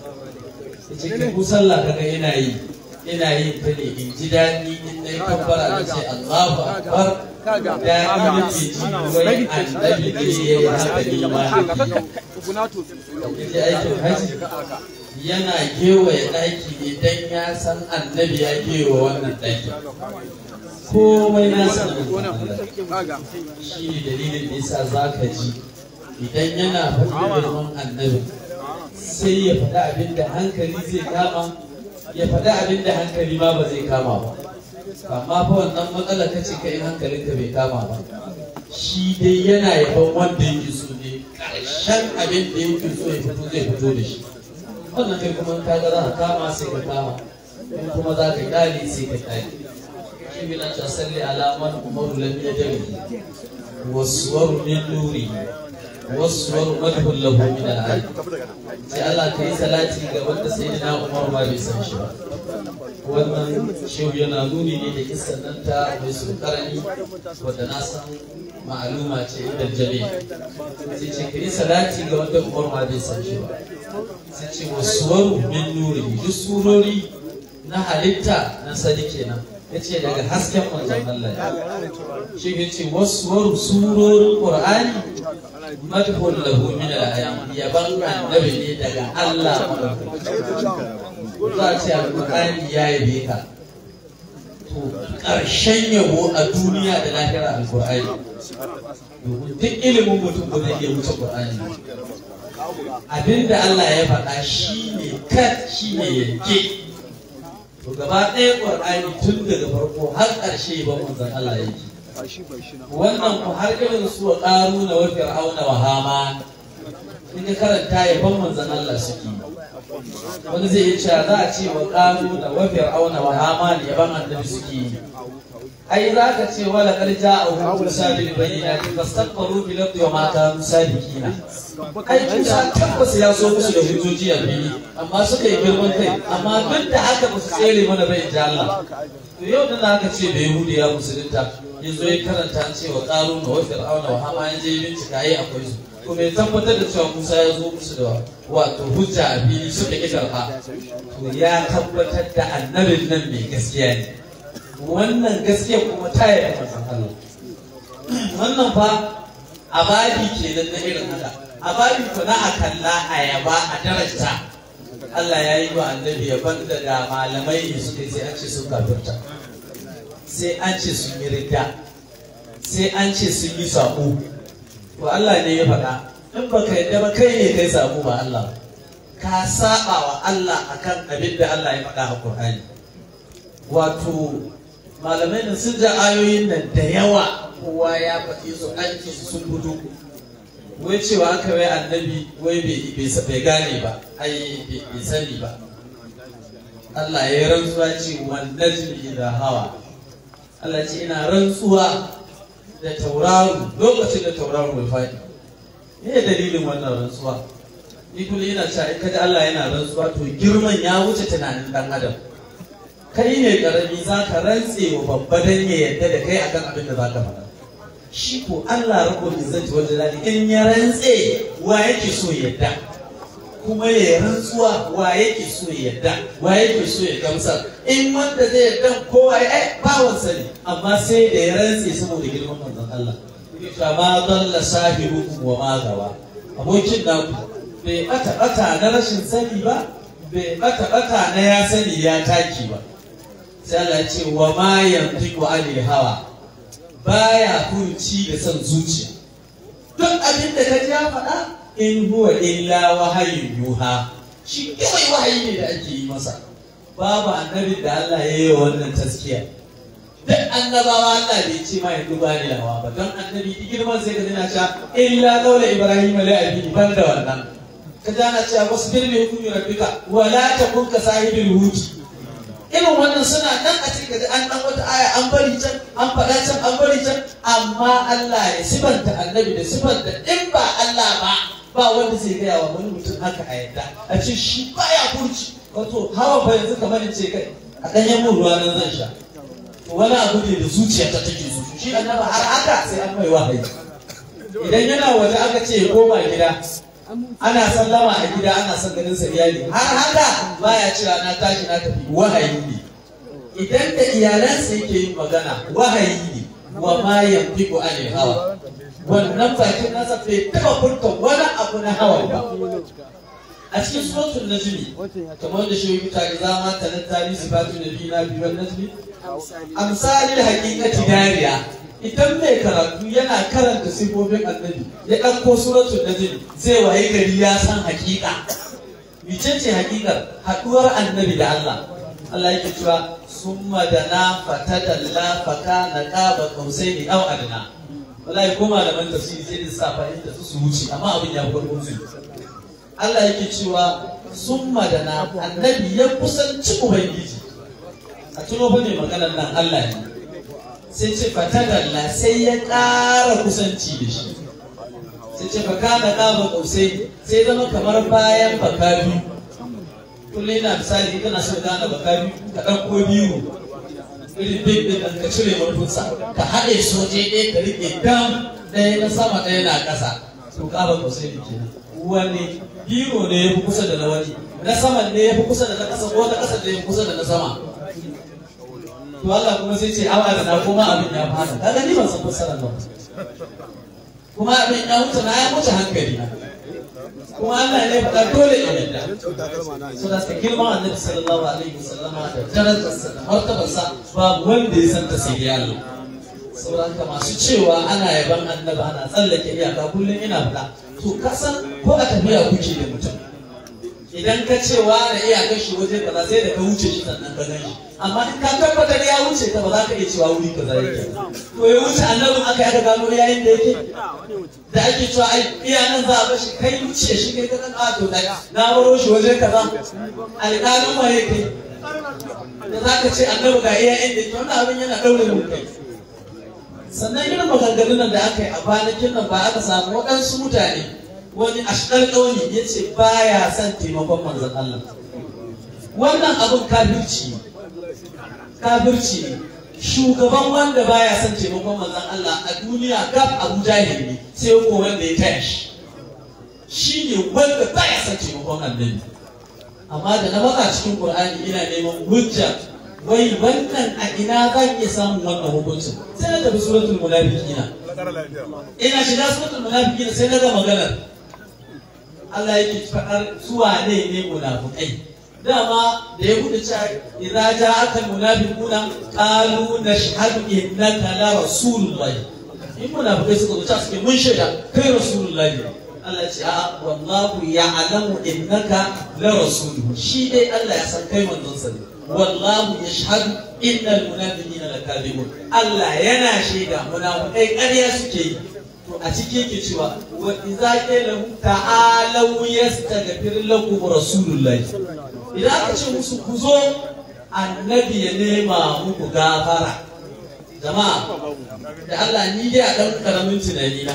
ya ce ka ku sallah kaga yana yi yana yin ta ne in ji daɗi in na yi kabbara na ce Allahu akbar daɗi na ke ji wai annabi ne ya yi haka ne ma haka ne. Aikin haji yana kewaye ɗaki idan ya san annabi ya gewa wannan ɗaki komai na sanin shi ne dalilin da yasa za ka ji idan yana faɗi da annabi sai ya faɗi abin da hankali zai kama ya faɗi abin da hankali ma ba zai kama ba amma fa wannan matsala ta ce ka kai hankalinka bai kama ba shi dai yana yaban wanda yake so ne ƙarshen abin da yake so ya fito zai fito da shi wannan kai kuma ka ga za ka kama sai ka kama in kuma za ka kare sai ka kare shi bi nan tasalli alamar umaru lam yadawi waswar min nuri waswar madhul lahu min al sai Allah yi salati ga wanda sayyidina Umar ma bai san shi ba wannan shehu yana nuni ne da kissan nan ta mai surkarani wadda na san ma'aluma ce idan jami'a. sai ce ka yi salati ga wanda umar ma bai san shi ba sai ce wasu waru min nuri duk surori na halitta na sani kenan ya ce daga hasken manzon Allah ya shi ya ce wasu waru surorin Qur'ani madhul lahu min al-ayam yaban annabi ne daga Allah za a ce al-Qur'ani ya yabe ka ƙarshen yabo a duniya da lahira alƙur'ani domin duk ilimin mutum ko zai iya wuce Abin abinda Allah ya faɗa shi ne kat shi ne yanke to gaba ɗaya ƙur'ani tun daga farko har ƙarshe ba manzon Allah yake wannan ku har irin su wa ƙaru na wa fir'auna wa hama in ka karanta ya ban manzon Allah suke wani zai yi cewa za a ce wa ƙaru da wa fir'auna wa ya ban annabi suke yi ai za ka ce wala kar ja'ahu musa bil bayyinati fastakbaru bil ardi wa ma kanu sabiqina ai musa tabbas ya so musu da hujjoji a fili amma suka yi girman kai amma duk da haka ba su tsere mana bai ji Allah to yau da na ka ce da hudu ya musulunta yanzu ya karanta an ce wa ƙaru da wa auna wa haman ya je bincika ai akwai su kuma ya tabbatar da cewa musa ya zo musu da wa? wato hujja a fili suka ƙi karɓa to ya tabbatar da annabin nan mai gaskiya ne wannan gaskiya kuma ta yi da Allah wannan fa abadi kenan na irin haka abadi ku na kalla a yaba a daraja Allah ya yi wa annabi yaban da da malamai ne suka sai an ce sun kafirta sai an ce sun yi ridda sai an ce sun yi sako to Allah ne ya faɗa in ka yadda ba kai ne kai samu ba Allah ka saba wa Allah akan abin da Allah ya faɗa a Qur'ani wato malamai da sun ja ayoyin nan da yawa kowa ya faɗi su an ce su sun gudu wai cewa aka wai annabi wai bai gane ba ai bai sani ba Allah ya rantsuwa ce wannan jini da hawa Allah ce ina rantsuwa da tauraro lokacin da tauraro mai faɗi me ya dalilin wannan rantsuwa ni kuma yana cewa in kaji Allah yana rantsuwa to girman ya wuce tunanin dan adam kai ne karami za ka rantse wa babba dan ya yadda da kai akan abin da za ka faɗa shi ko Allah rabbul zanci wajen dadi in ya rantse wa yake so yadda kuma ya rantsuwa wa yake so yadda wa yake so ya gamsar in wanda zai yadda kowa ya ai bawansa ne amma sai da ya rantse saboda girman manzon Allah fa ma dalla sahibukum wa ma abokin naku bai bata bata na rashin sani ba bai bata bata na ya sani ya taki ba sai Allah ya ce wa ma yantiqu anil hawa baya furuci da son zuciya duk abin da kaji ya faɗa in huwa illa wahayin yuha shi kawai wahayi ne da ake yi masa babu annabin da Allah ya yi wa wannan taskiya dan annabawa Allah bai ce ma yanzu ba ni lawa ba don annabi ki girman sai ka tana cewa illa daula ibrahim la abini ban da wannan ka tana cewa wasbir li hukmi rabbika wa la takun ka sahibil huti irin wannan suna nan a cikin an dan wata aya an bari can an faɗa can an bari can amma Allah ya sifanta annabi da sifanta in ba Allah ba ba wanda zai gaya wa wani mutum haka a yadda a ce shi baya kurci wato hawa fa yanzu kamar ce kai a ɗanyen mun ruwa nan zan sha wani abu ne da zuciya ta take so shi annabi har haka sai an mai wahayi idan yana waje aka ce ya koma gida ana sallama a gida ana son ganin sa iyali har haka baya cewa na tashi na tafi wahayi ne idan da iyalansa yake yin magana wahayi ne wa ma yanfiqu anil hawa wannan bakin nasa bai taba furta wani abu na hawa ba a cikin suratul najmi kamar da shi mutane zama tanan tarihi sifatu nabiyina bi wan najmi da hakikati dariya idan mai karatu yana karanta sifofin annabi ya ɗauko suratul najm zai waye gari ya san haƙiƙa ce haƙiƙar haɗuwar annabi da Allah Allah yake cewa summa dana fatadalla faka na qaba qausaini aw adna wallahi ko malaman tafsiri sai da safa inda su wuce amma abin ya farko su Allah yake cewa summa dana annabi ya kusanci ubangiji a tuno ba mai maganar nan Allah ne sai ce fa tadalla sai ya ƙara kusanci da shi sai ce fa kana ƙaba ƙausai sai zama kamar bayan bakari kullum yana misali ita na son gane bakari ka ɗauko biyu irin big ɗan ka cire manufinsa ka haɗe soje ɗaya ka riƙe dam ɗaya na sama ɗaya na ƙasa to ƙaba ƙausai ne kenan wani biro ne ya fi kusa da na wani na saman ne ya fi kusa da na ƙasa ko na ƙasa ne ya fi kusa da na sama to Allah kuma sai ce awa da kuma abin ya fada kaga ni ban san fassara ba kuma abin ya mutu na ya mutu hankali kuma Allah ne faɗa dole in yadda so da ka kilma annabi sallallahu alaihi wasallam da darajarsa da martabarsa ba wanda ya san ta sai ya Allah saboda masu cewa ana yaban annabi ana tsallake iyaka kullum ina faɗa to kasan ko a tafiya kuke da mutum idan ka ce wa da iya shi waje kaza sai da ka wuce shi sannan ka gani amma in ka tabbatar ya wuce ta ba za ka iya cewa wuri kaza yake to ya wuce annabin aka ya gano yayin da yake da ake cewa ai iya nan za a bar shi kai wuce shi kai ka san a ah, to da na baro shi waje kaza alƙalin ma yake da za ka ce annabi ga iya inda yake wannan abin yana daure mu kai sannan irin maganganun da aka yi a kwanakin nan ba aka samu waɗansu mutane wani ashkaldau ne ya ce baya son taimakon manzan Allah wannan abin kafirci kabirci ne shugaban wanda baya son taimakon manzan Allah a duniya gab Abu Jahil ne sai ko wanda ya taya shi shi ne wanda baya son taimakon annabi amma da na maka cikin Qur'ani ina neman hujja wai wannan a ina zan iya samun wannan hukuncin sai na tafi suratul munafiqina ina shiga suratul munafiqina sai na ga maganar Allah yake faɗar zuwa ne ne munafukai dama da ya gudu cewa idza ja'aka munafiquna qalu nashhadu innaka la rasulullah in munafukai suka zo suke mun shaida kai rasulullah Allah ya ce a wallahu ya'lamu innaka la rasuluhu shi dai Allah ya san kai manzon sa ne wallahu yashhadu innal munafiqina lakadibun Allah yana shaida munafukai ƙarya suke yi a ciki yake cewa wa idza qila ta'alu yastaghfir lakum rasulullahi idan aka ce musu ku zo annabi ya nema muku gafara jama'a da Allah ni dai a dan karamin tunani na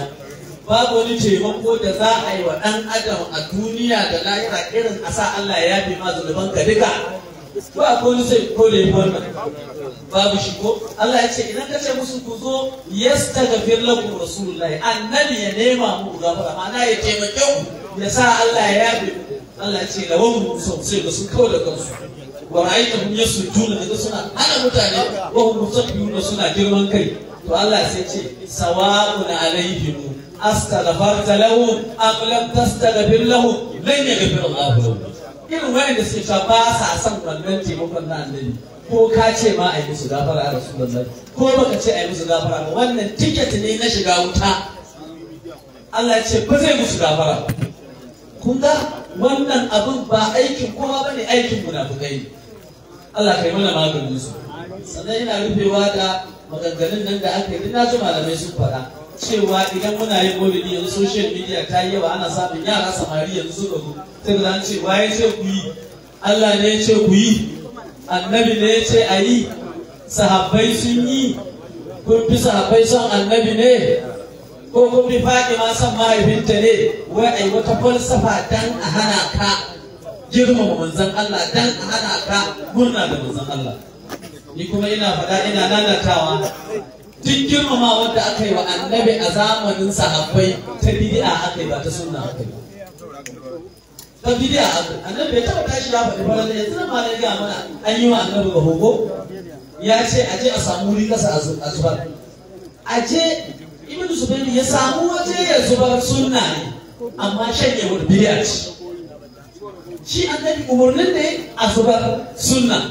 babu wani taimako da za a yi wa dan adam a duniya da lahira irin a sa Allah ya yafe ma zunubanka duka ba ko ni sai ko ne ba wannan babu shi ko Allah ya ce idan ka ce musu ku zo yastaghfir lakum rasulullahi annabi ya nema mu gafara ma'ana ya taimake kyau ya sa Allah ya yabe Allah ya ce lawan mu sai ba su kawo da kansu wa hum yasujjuna daga suna ana mutane wa hum musabbihuna suna girman kai to Allah sai ce sawa'un alaihim astaghfarta lahum am lam tastaghfir lahum lan yaghfir Allah lahum irin wayan da suke cewa ba sa son wannan taimakon na annabi ko ka ce ma a yi musu gafara a rasu rasulullahi ko baka ce a yi musu gafara ba wannan tiket ne na shiga wuta Allah ya ce ba zai musu gafara kun ga wannan abin ba aikin kowa ba ne aikin munafukai Allah kai mana maganin su sannan yana rufewa da maganganun nan da aka yi na ji malamai sun faɗa cewa idan muna yin maulidi yanzu social media ta yi yawa ana samun yara samari yanzu suka zo sai da ce wa ya ce ku yi Allah ne ya ce ku yi annabi ne ya ce a yi sahabbai sun yi kun fi sahabbai son annabi ne ko kun fi faɗi ma son mahaifinta ne wai ai wata falsafa dan a hana ka girmama manzon Allah dan a hana ka murna da manzon Allah ni kuma ina faɗa ina nanatawa duk girmama wanda aka yi wa annabi a zamanin sahabbai ta bid'a aka yi ba ta sunna aka yi ta bid'a aka annabi ya taba tashi ya faɗi faran da yanzu ma ya ga mana an yi wa annabi ga hogo ya ce a je a samu wuri kasa a zubar a je ibn Zubairu ya samu waje ya zubar sunna ne amma shanye wani bid'a ce shi annabi umarnin ne a zubar sunna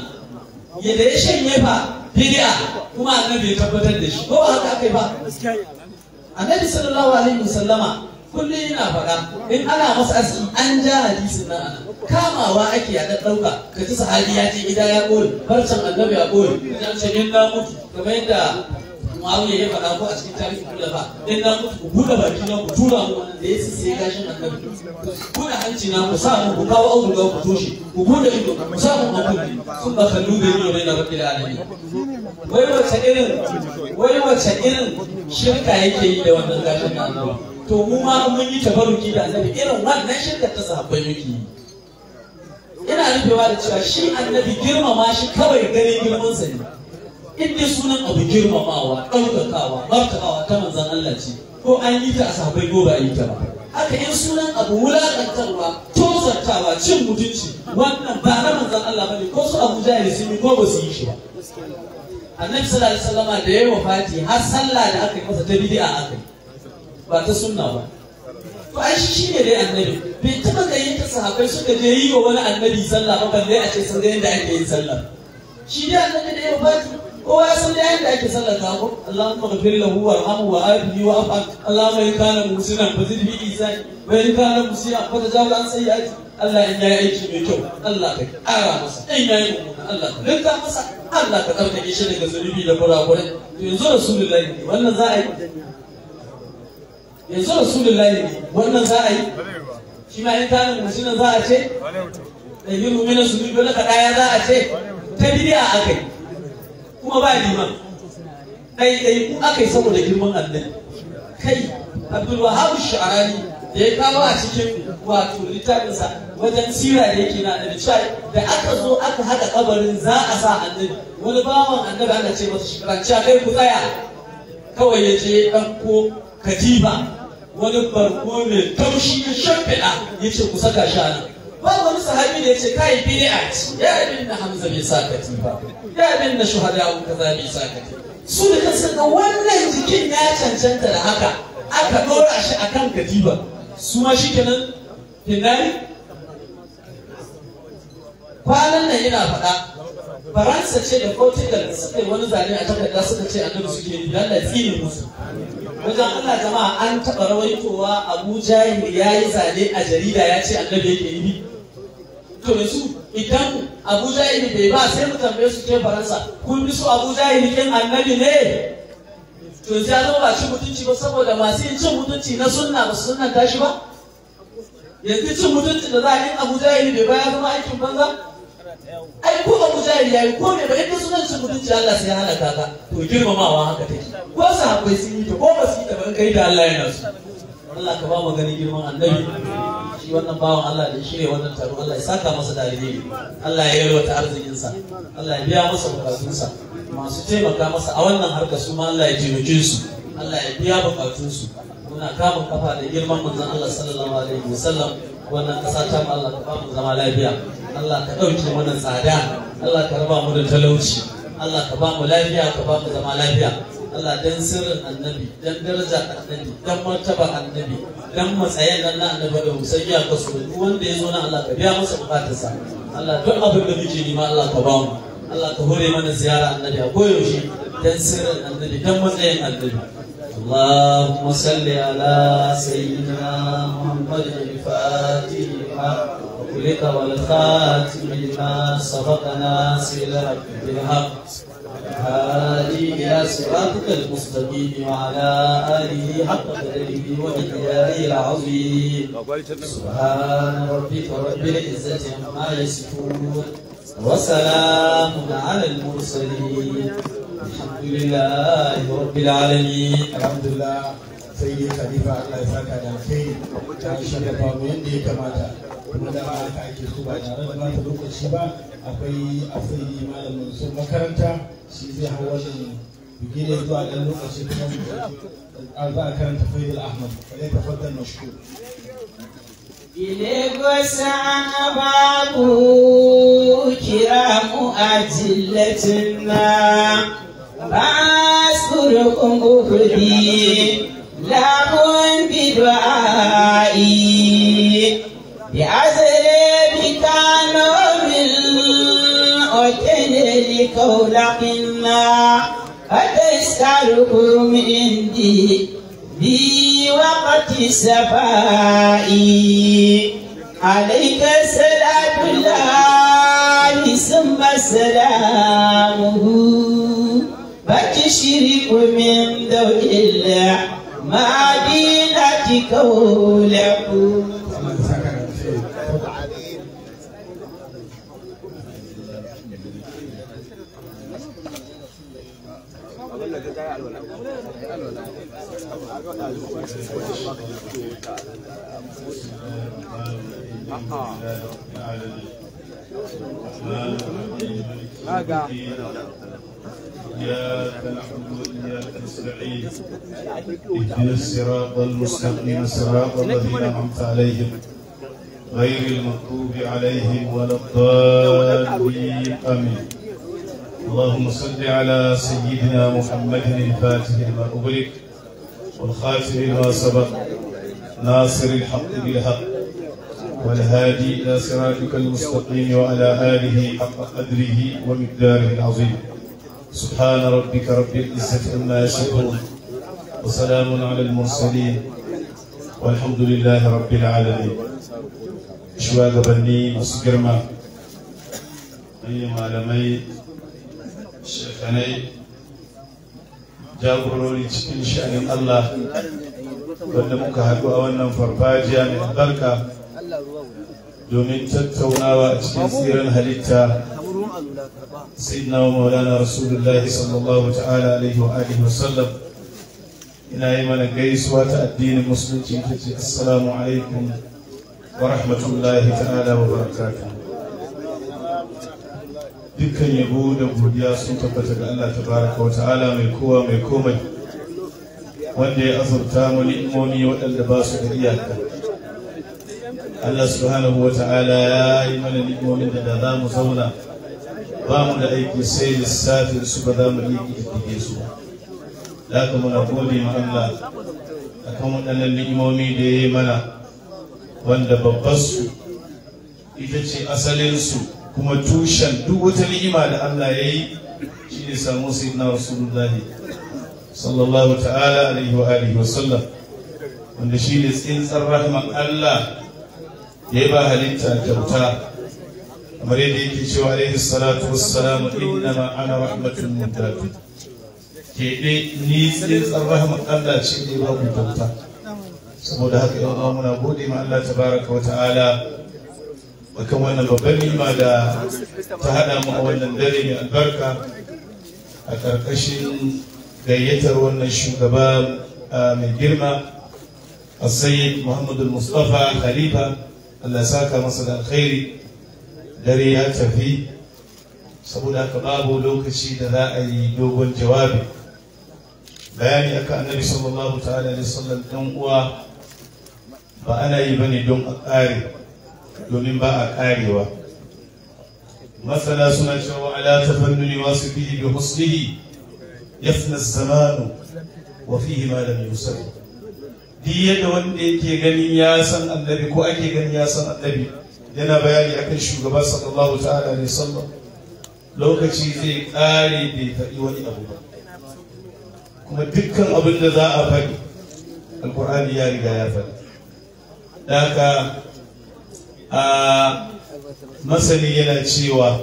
yadda ya shanye fa bid'a kuma annabi ya tabbatar da shi ko ba haka kai ba annabi sallallahu alaihi wasallama kullum yana faɗa in ana masa asin an ja hadisin nan ana kamawa ake yaɗa ɗauka ka ji sahabi ya je gida ya kore barcan annabi ya kore idan ce in na mutu kamar yadda muawiya ya faɗa ko a cikin tarihin kula ba dan na mutu ku buɗe baki na ku tura mu da ya sai gashin annabi ku da hanci na ku sa mu ku kawo auduga ku toshe ku buɗe ido ku sa mu makuli sun ba kallu bai yi bai na rabbil alamin wai wace irin wai wace irin shirka yake yi da wannan gashin annabi to mu ma mun yi tabaruki da annabi irin wannan shirka ta sahabbai yake yi ina rufewa da cewa shi annabi girmama shi kawai ganin girmansa ne in dai sunan abu girmamawa ɗaukakawa martabawa ta manzan Allah ce ko an yi ta a sahabbai ko ba a yi ta ba haka in sunan abu wulaƙantarwa tozartawa cin mutunci wannan ba na manzan Allah ne, ko su Abu Jahil sun yi ko ba su yi shi ba annabi sallallahu alaihi wasallama da yayi wafati har sallah da aka yi masa ta bid'a aka yi ba ta sunna ba to ai shi shine dai annabi bai taba gayyata sahabbai suka je yi wa wani annabi sallah ba balle a ce sun ga yadda ake yin sallah shi dai annabi da yayi wafati kowa ya san da yadda ake sallar kago Allahumma ghfir lahu warhamhu wa afihi wa afaq Allahumma in kana musinan fa zid bi ihsan wa in kana musiyan fa tajawaz an sayyi'ati Allah in yayi aiki mai kyau Allah ka kara masa in yayi Allah ka rinka masa Allah ka tsarkake shi daga zunubi da kurakurai to yanzu rasulullahi ne wannan za a yi yanzu rasulullahi ne wannan za a yi shi ma in kana musinan za a ce da yi mummuna zunubi wani kaɗaya za a ce ta bidiya a kai kuma ba liman ɗai ɗai ku aka saboda girman annabi kai abdul wahab shu'arani da ya kawo a cikin wato littafinsa wajen sira da yake na annabi cewa da aka zo aka haɗa kabarin za a sa annabi wani bawan annabi ana ce masa shukranci kai ku tsaya kawai ya je ko kajiba wani barko mai taushi ya shimfiɗa ya ce ku saka shana ba wani sahabi da ya ce kai bid'a ya abin na hamza bai sa katiba da abinda da shuhada ka zabi sakati su da kansu ga wannan jikin ya cancanta da haka aka dora shi kan katiba su ma shi kenan kinari kwanan nan yana faɗa faransa ce da portugal suke wani zane a takarda suka ce annabi suke dan da tsinin musu wajen allah jama'a an taɓa rawaitowa abu jahil ya yi zane a jarida ya ce annabi yake yi to da su idan abu jahili bai ba sai mu tambaye su ke faransa kun bi su abu jahili kin annabi ne to ya zama ba cin mutunci ba saboda masu yin cin mutunci na sunna ba su sunnan tashi ba yanzu cin mutunci da za a yi abu jahili bai ba ya zama aikin banza ai ko abu jahili ya yi ko ne ba inda sunan cin mutunci Allah sai ya hana kaka to girmamawa haka take ko su haƙuri sun yi ta ko ba su yi ta ban kai da Allah yana su Allah ka ba mu ganin girman annabi wannan bawan Allah da shirya wannan taro Allah ya saka masa da Allah ya ta arzikinsa Allah ya biya masa bukatunsa masu taimaka masa a wannan harka su ma Allah ya taimake su Allah ya biya bukatunsu muna kama kafa da girman manzon Allah sallallahu alaihi wasallam wannan kasa ta Allah ka ba mu zama lafiya Allah ka dauke mana tsada Allah ka raba mu da talauci Allah ka ba mu lafiya ka ba mu zama lafiya Allah dan sirrin annabi dan daraja annabi dan martaba annabi dan matsayin nan na annabi da Hussein ya kaso duk wanda ya zo na Allah ka biya masa bukatar sa Allah duk abin da muke nima Allah ka ba mu Allah ka hore mana ziyara annabi a koyaushe dan sirrin annabi dan matsayin annabi اللهم صل على سيدنا محمد الفاتح وكلك والخاتم لما سبق ناصر الحق هذه إلى صراطك المستقيم وعلى آله حق قدره ومقداره العظيم سبحان ربك رب العزة عما يصفون وسلام على المرسلين الحمد لله رب العالمين الحمد لله سيدي خليفة الله يسعدك على الخير أن شاء الله كما wanda da ba aka ake so ba tare da bata lokaci ba akwai asali malamin mansur makaranta shi zai hau wannan biki ne zuwa ɗan lokaci kuma an za a karanta faidul ahmad kalai tafaddal a بلغس عباكو كرام أجلتنا بأسركم أهدي لهم بدعائي يأزل بكان وجن لقول قنا أتسألكم عندي بوقت سفائي عليك سلام الله ثم سلامه فتشرك من دون الله ما دينتك ولكم إياك نعبد وإياك نستعين اهدنا الصراط المستقيم صراط الذين أنعمت عليهم غير المكتوب عليهم ولا الضالين آمين اللهم صل على سيدنا محمد الفاتح لما والخاتم ما سبق ناصر الحق بالحق والهادي إلى صراطك المستقيم وعلى آله حق قدره ومقداره العظيم سبحان ربك رب العزة عما يصفون وسلام على المرسلين والحمد لله رب العالمين اشواق بني مسجرما أي معلمي الشيخ jagorori cikin sha'anin Allah wanda muka haɗu a wannan farfajiya mai albarka domin tattaunawa a cikin tsirin halitta sayyidina maulana rasulullahi sallallahu ta'ala alaihi wa alihi wa sallam ina yi mana gaisuwa ta addinin musulunci ta ce assalamu alaikum wa rahmatullahi ta'ala wa barakatuh dukkan yabo da godiya sun tabbata ga Allah tabaraka wa ta'ala mai kowa mai komai wanda ya azurta mu ni'imomi waɗanda ba su da iyaka Allah subhanahu wa ta'ala ya yi mana ni'imomin da da za mu zauna ba mu da aiki sai lissafin su ba za mu yi ƙididdige su da aka muna gode ma Allah akan waɗannan ni'imomi da ya yi mana wanda babbar su ita ce asalinsu kuma tushen duk wata ni'ima da Allah ya yi shi ne samu wasu lullahi. sallallahu ta'ala alaihi wa alihi wa sallam wanda shi ne tsintsar rahman Allah ya ba halitta kyauta kamar yadda yake cewa alaihi salatu wassalamu innama ana rahmatun mutatu keɓe ni tsintsar rahman Allah ce ne ba mu kyauta saboda haka yawan muna gode ma Allah tabaraka wa ta'ala akan wannan babban nima da ta hada mu a wannan dare mai albarka a ƙarƙashin gayyatar wannan shugaba mai girma asayid muhammadu mustapha khalifa allah saka masa da alkhairi dare ya tafi saboda haka babu lokaci da za a yi dogon jawabi bayani aka annabi sallallahu ta'ala alaihi wasallam uwa ba ana yi bane don a ƙare domin ba a karewa masana suna cewa ala ne wasu biyu da husnihi yafna zamanu wa fihi ma lam yusal duk yadda wanda yake ganin ya san annabi ko ake ganin ya san annabi yana bayani akan shugaba sallallahu ta'ala alaihi wasallam lokaci zai kare bai faɗi wani abu ba kuma dukkan abin da za a faɗi alkur'ani ya riga ya faɗi haka masani yana cewa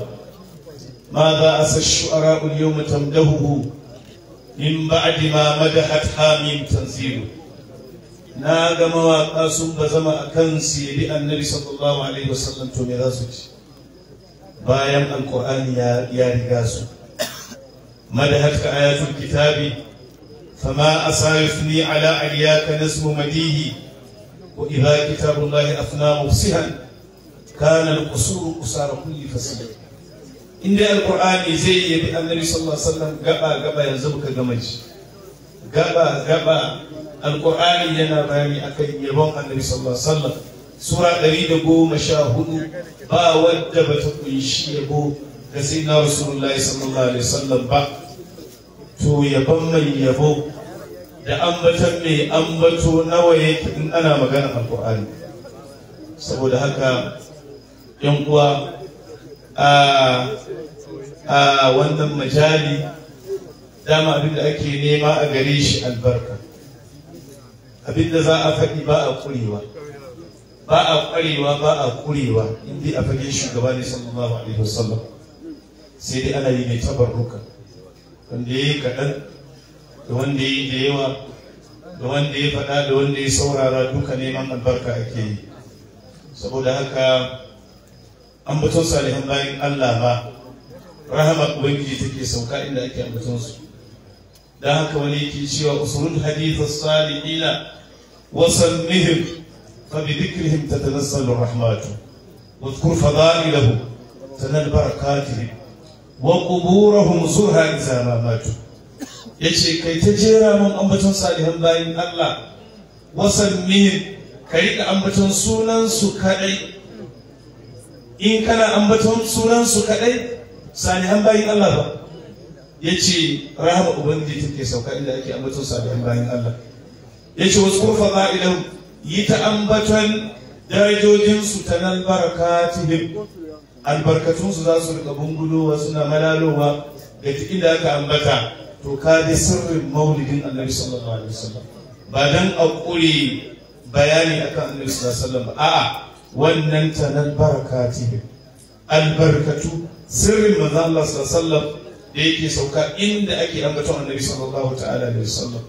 ma za a sa shu'ara yau mutum dahuhu in ba'di ma madahat hamim tanzilu na ga mawaƙa sun ba zama a kan yi annabi sallallahu alaihi wasallam to me za su ci bayan alƙur'ani ya riga su madahat ka ayatul kitabi فما أسى يثني على ألياك نسم مديه وإذا كتاب الله أفنى مفسها kana al-qusuru kulli fasl in dai alqur'ani zai yabi annabi sallallahu alaihi wasallam gaba gaba yanzu muka gama shi gaba gaba alqur'ani yana bayani akan yabon annabi sallallahu da goma sura 114 ba wadda bata kunshi yabo ga sayyidina rasulullahi sallallahu alaihi wasallam ba to yabon mai yabo da ambatan mai ambato nawa yake in ana magana Alƙur'ani? saboda haka yan uwa a wannan majali dama abin da ake nema a gare shi albarka abin da za a faɗi ba a kurewa ba a kwarewa ba a kurewa inda a fage shugaba ne sallallahu alaihi wasallam sai dai ana yi mai tabarruka wanda ya yi kaɗan da wanda ya yi da yawa da wanda ya faɗa da wanda ya saurara duka neman albarka ake yi saboda haka ambaton salihan bayan Allah ba rahama ubangiji take sauka inda ake ambaton su dan haka wani yake cewa usulul hadith as-salihina wa sannihim fa bi dhikrihim tatanassalu rahmatu واذكر فضائلهم تنال بركاتهم وقبورهم زرها إذا ما ماتوا yace kai ta jera mun ambaton salihan bayin Allah wasan mihim ka riƙa ambaton su kadai. in kana ambaton sunansu sani salihan bayin Allah ba ya ce rahama ubangiji take sauka inda ake ambaton salihan bayin Allah ya ce wasu kurfa za'ilan yi ta ambaton darajojin su ta nan Albarkatun su za su rika bungulowa suna malalowa Da duk inda aka ambata to ka dai sirrin maulidin annabi sallallahu alaihi wasallam ba dan a bayani akan annabi sallallahu alaihi wasallam ba a'a wannan tanar barakati albarkatu sirrin manzo Allah sallallahu da yake sauka inda ake ambaton annabi sallallahu ta'ala alaihi wasallam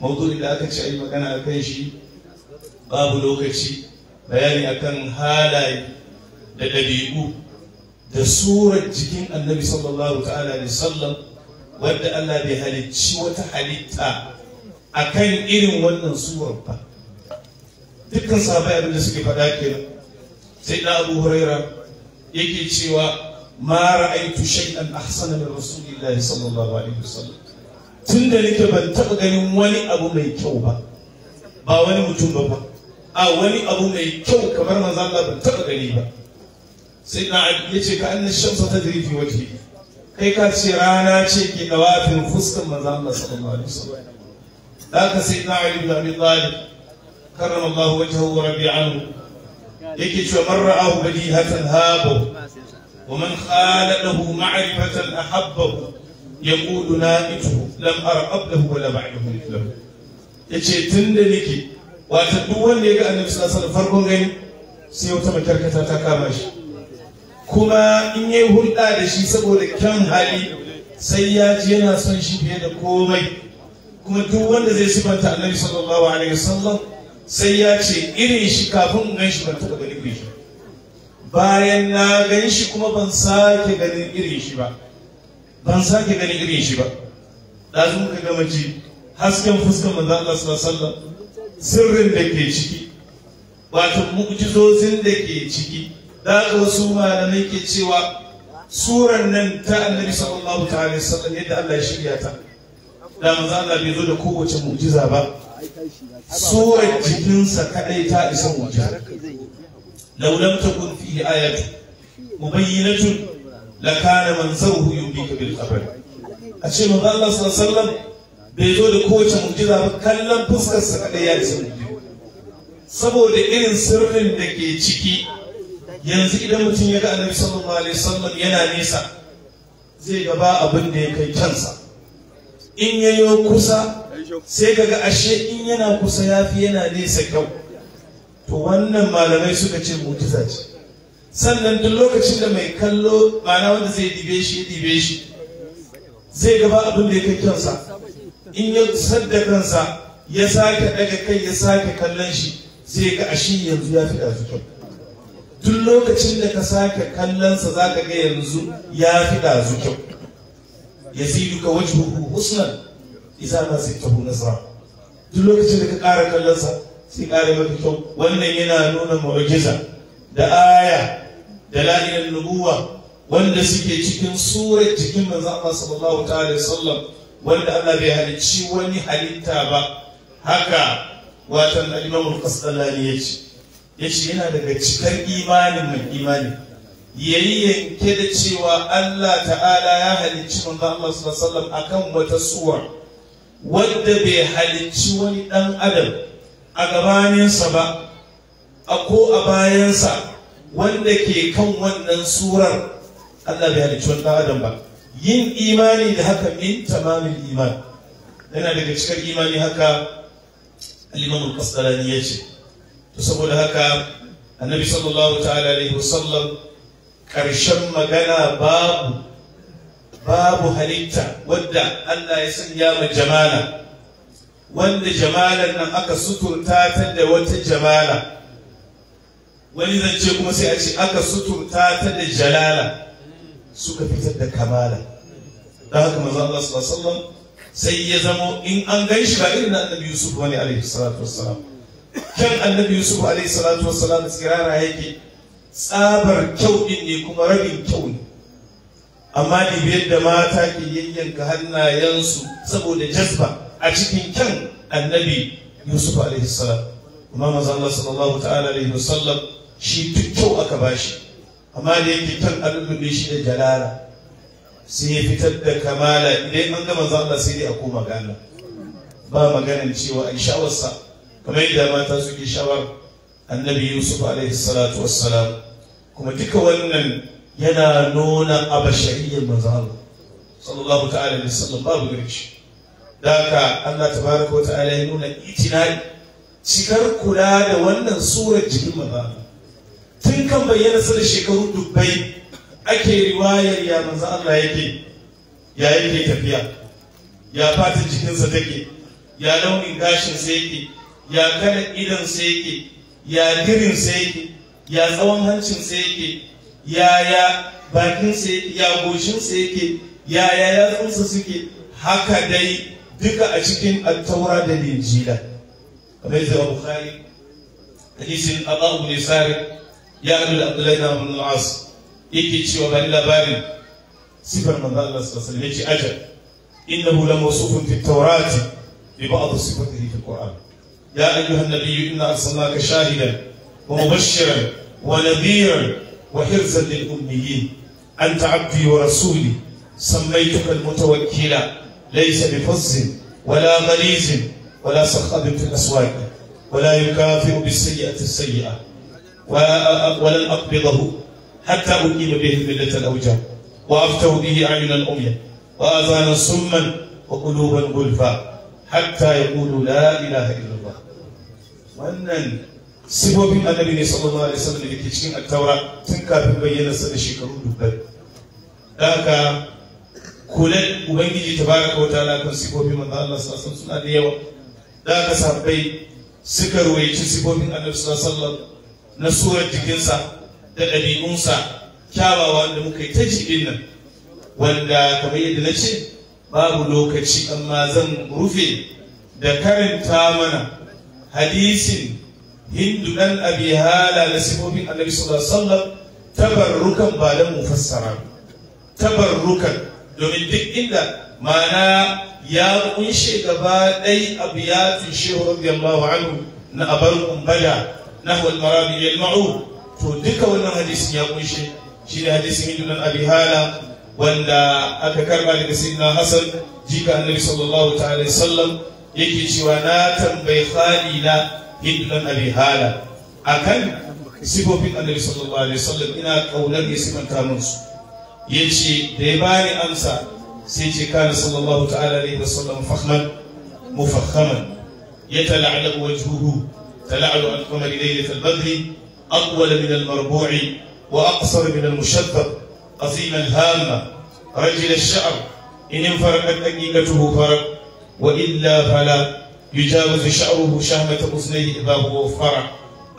mawdu'in da aka a yi magana a kai shi babu lokaci bayani akan halaye da ɗabi'u da surar jikin annabi sallallahu ta'ala alaihi wasallam wadda Allah bai halicci wata halitta akan irin wannan surar ba dukkan sahabai abin da suke faɗa kenan sai da Abu Huraira yake cewa ma ra'aitu shay'an ahsana min rasulillahi sallallahu alaihi wasallam Tunda da nake ban taɓa ganin wani abu mai kyau ba ba wani mutum ba ba a wani abu mai kyau kamar manzo Allah ban taɓa gani ba sai na ya yace ka annas shamsa tajri fi wajhi kai ka ce rana ce ke dawafin fuskan manzo Allah sallallahu alaihi wasallam ka sai na Ali ibn Abi Talib karrama Allah wajhahu wa rabbi anhu yake cewa man ra'ahu badihatan habahu wa man khalalahu ma'rifatan ahabbahu yaqulu na'ituhu lam ara qablahu wala ba'dahu mithlahu yace tunda nake wato duk wanda ya ga annabi sallallahu alaihi farkon gani sai wata makarkata ta kama shi kuma in yayi hulɗa da shi saboda kyan hali sai ya ji yana son shi fiye da komai kuma duk wanda zai sifanta annabi sai ya ce irin shi kafin gan shi ban taɓa ganin irin shi bayan na gan shi kuma ban sake ganin irin shi ba ban sake ganin irin shi ba ɗazu ka gama ji hasken fuskar manzo Allah sallallahu sirrin da ke ciki wato mu'jizozin da ke ciki da ga wasu malamai ke cewa suran nan ta annabi sallallahu alaihi wasallam yadda Allah ya shirya ta da manzo Allah bai zo da kowace mu'jiza ba surar jikinsa kadai ta isa mu'jiza law lam takun fihi ayatu mubayyinatun lakana man sawhu yubika bil qabr a ce manzo Allah sallallahu alaihi wasallam bai zo da kowace mu'jiza ba kallon fuskarsa kadai ya isa mu'jiza saboda irin sirrin da ke ciki yanzu idan mutum ya ga annabi sallallahu alaihi wasallam yana nesa zai ga ba abin da ya kai kansa in ya yi kusa sai kaga ashe in yana kusa ya fi yana nesa kyau to wannan malamai suka ce mutuza ce sannan duk lokacin da mai kallo ma'ana wanda zai dibe shi dibe shi zai gaba abin da ya kai kyansa in ya sadda kansa ya sake daga kai ya sake kallon shi sai ga ashe yanzu ya fi dafi kyau duk lokacin da ka sake kallonsa za ka ga yanzu ya fi dafi kyau yaziduka wajhuhu husnan idza ma zittahu nasra duk lokacin da ka ƙara kallon sa sai ƙara maka kyau wannan yana nuna mu'jiza da aya da la'ilan nubuwa wanda suke cikin surar jikin manzo Allah sallallahu ta'ala alaihi wasallam wanda ana bai halicci wani halitta ba haka watan al-Imam al-Qasdalani yace yace yana daga cikar imanin mai imani yayi yanke da cewa Allah ta'ala ya halicci manzo Allah sallallahu akan wata suwa wadda bai halicci wani dan adam a gabaninsa ba a ko a bayansa wanda ke kan wannan surar Allah bai halicci wani dan adam ba yin imani da haka min tamamin iman yana daga cikar imani haka al-imam al-qasdalani yace to saboda haka annabi sallallahu ta'ala alaihi wasallam Karshen magana babu babu halitta wadda Allah ya sanya ma jamala wanda jamalan nan aka suturta ta da wata jamala wani zance kuma sai a ce aka suturta ta da jalala suka fitar da kamala da haka manzo Allah sallallahu alaihi sai ya zamo in an gan shi ba irin annabi Yusuf wani alaihi salatu wassalam kan annabi Yusuf alaihi salatu wassalam tsirara yake tsabar kyau din ne kuma rabin kyau ne amma da mata ke yayyanka hannayensu saboda jazba a cikin kyan annabi yusuf alaihi salam kuma maza Allah sallallahu ta'ala alaihi wasallam shi duk kyau aka bashi amma da yake kyan alulube shi da jalala sai ya fitar da kamala idan an gama za Allah sai dai a koma ga ba maganan cewa ai shawarsa kamar yadda mata suke shawar annabi yusuf alaihi salatu wassalam kuma duka wannan yana nuna abashariyyar manzo Allah sallallahu ta'ala alaihi sallam babu Da daka Allah tabaraka wa ta'ala ya nuna itinai cikar kula da wannan surar jikin maza tun kan bayyana sa da shekaru dubbai ake riwayar ya manzo Allah yake ya yake tafiya ya fata jikinsa take ya launin gashin sa yake ya kada idan sa yake ya dirin sa yake ya tsawon hancinsa yake yaya bakinsa yake ya goshinsa yake yaya yatsunsa suke haka dai duka a cikin attaura da linjila kamar yadda bukhari hadisin abu ne sari ya hadu da abdullahi na mun as yake cewa bari labarin sifar manzo Allah sallallahu alaihi wasallam ajab innahu la mawsufun fi at-taurati bi ba'd sifatihi fi al-qur'an ya ayyuhan nabiyyu inna arsalnaka shahidan ومبشرا ونذيرا وحرزا للأميين أنت عبدي ورسولي سميتك المتوكلا ليس بفظ ولا مليز ولا صخب في الأسواق ولا يكافئ بالسيئة السيئة ولن أقبضه حتى أقيم به ملة الأوجاع وافتوا به أعينا أميا وآذانا سما وقلوبا غلفا حتى يقولوا لا إله إلا الله وأنني sifofin annabi ne sallallahu alaihi wasallam da ke cikin attaura tun kafin bayyana sa da shekaru dubbai da haka kulan ubangiji ta tabaraka wa ta'ala kan sifofin manzo Allah sallallahu alaihi suna da yawa da haka sahabbai suka ruwaici sifofin annabi sallallahu alaihi wasallam na surar jikinsa da ɗabi'unsa kyawawa da muka yi ta jiɗin nan wanda kamar yadda na ce babu lokaci amma zan rufe da karanta mana hadisin Hindunan dan abi hala da sifofin annabi sallallahu alaihi wasallam tabarrukan ba da mufassara tabarrukan domin duk inda ma'ana ya kunshe gaba ɗai abu ya tushe radiyallahu anhu na abar kumbada na wal marami yalma'u to duka wannan hadisin ya kunshe shi ne hadisin hindu nan abi hala wanda aka karba daga sayyidina hasan jika annabi sallallahu ta'ala sallam yake cewa na tambayi na. hillan abi hala akan sifofin annabi sallallahu alaihi wasallam ina kaunar ya sifanta musu yace da ya bani amsa sai ce kana sallallahu ta'ala alaihi wasallam fakhman mufakhaman yatala'alu wajhuhu تلعل عن قمر ليلة البدر أطول من المربوع وأقصر من المشبب قصيم الهامة رجل الشعر إن انفرقت أكيكته فرق وإلا فلا يجاوز شعره شهمة أذنيه إذا هو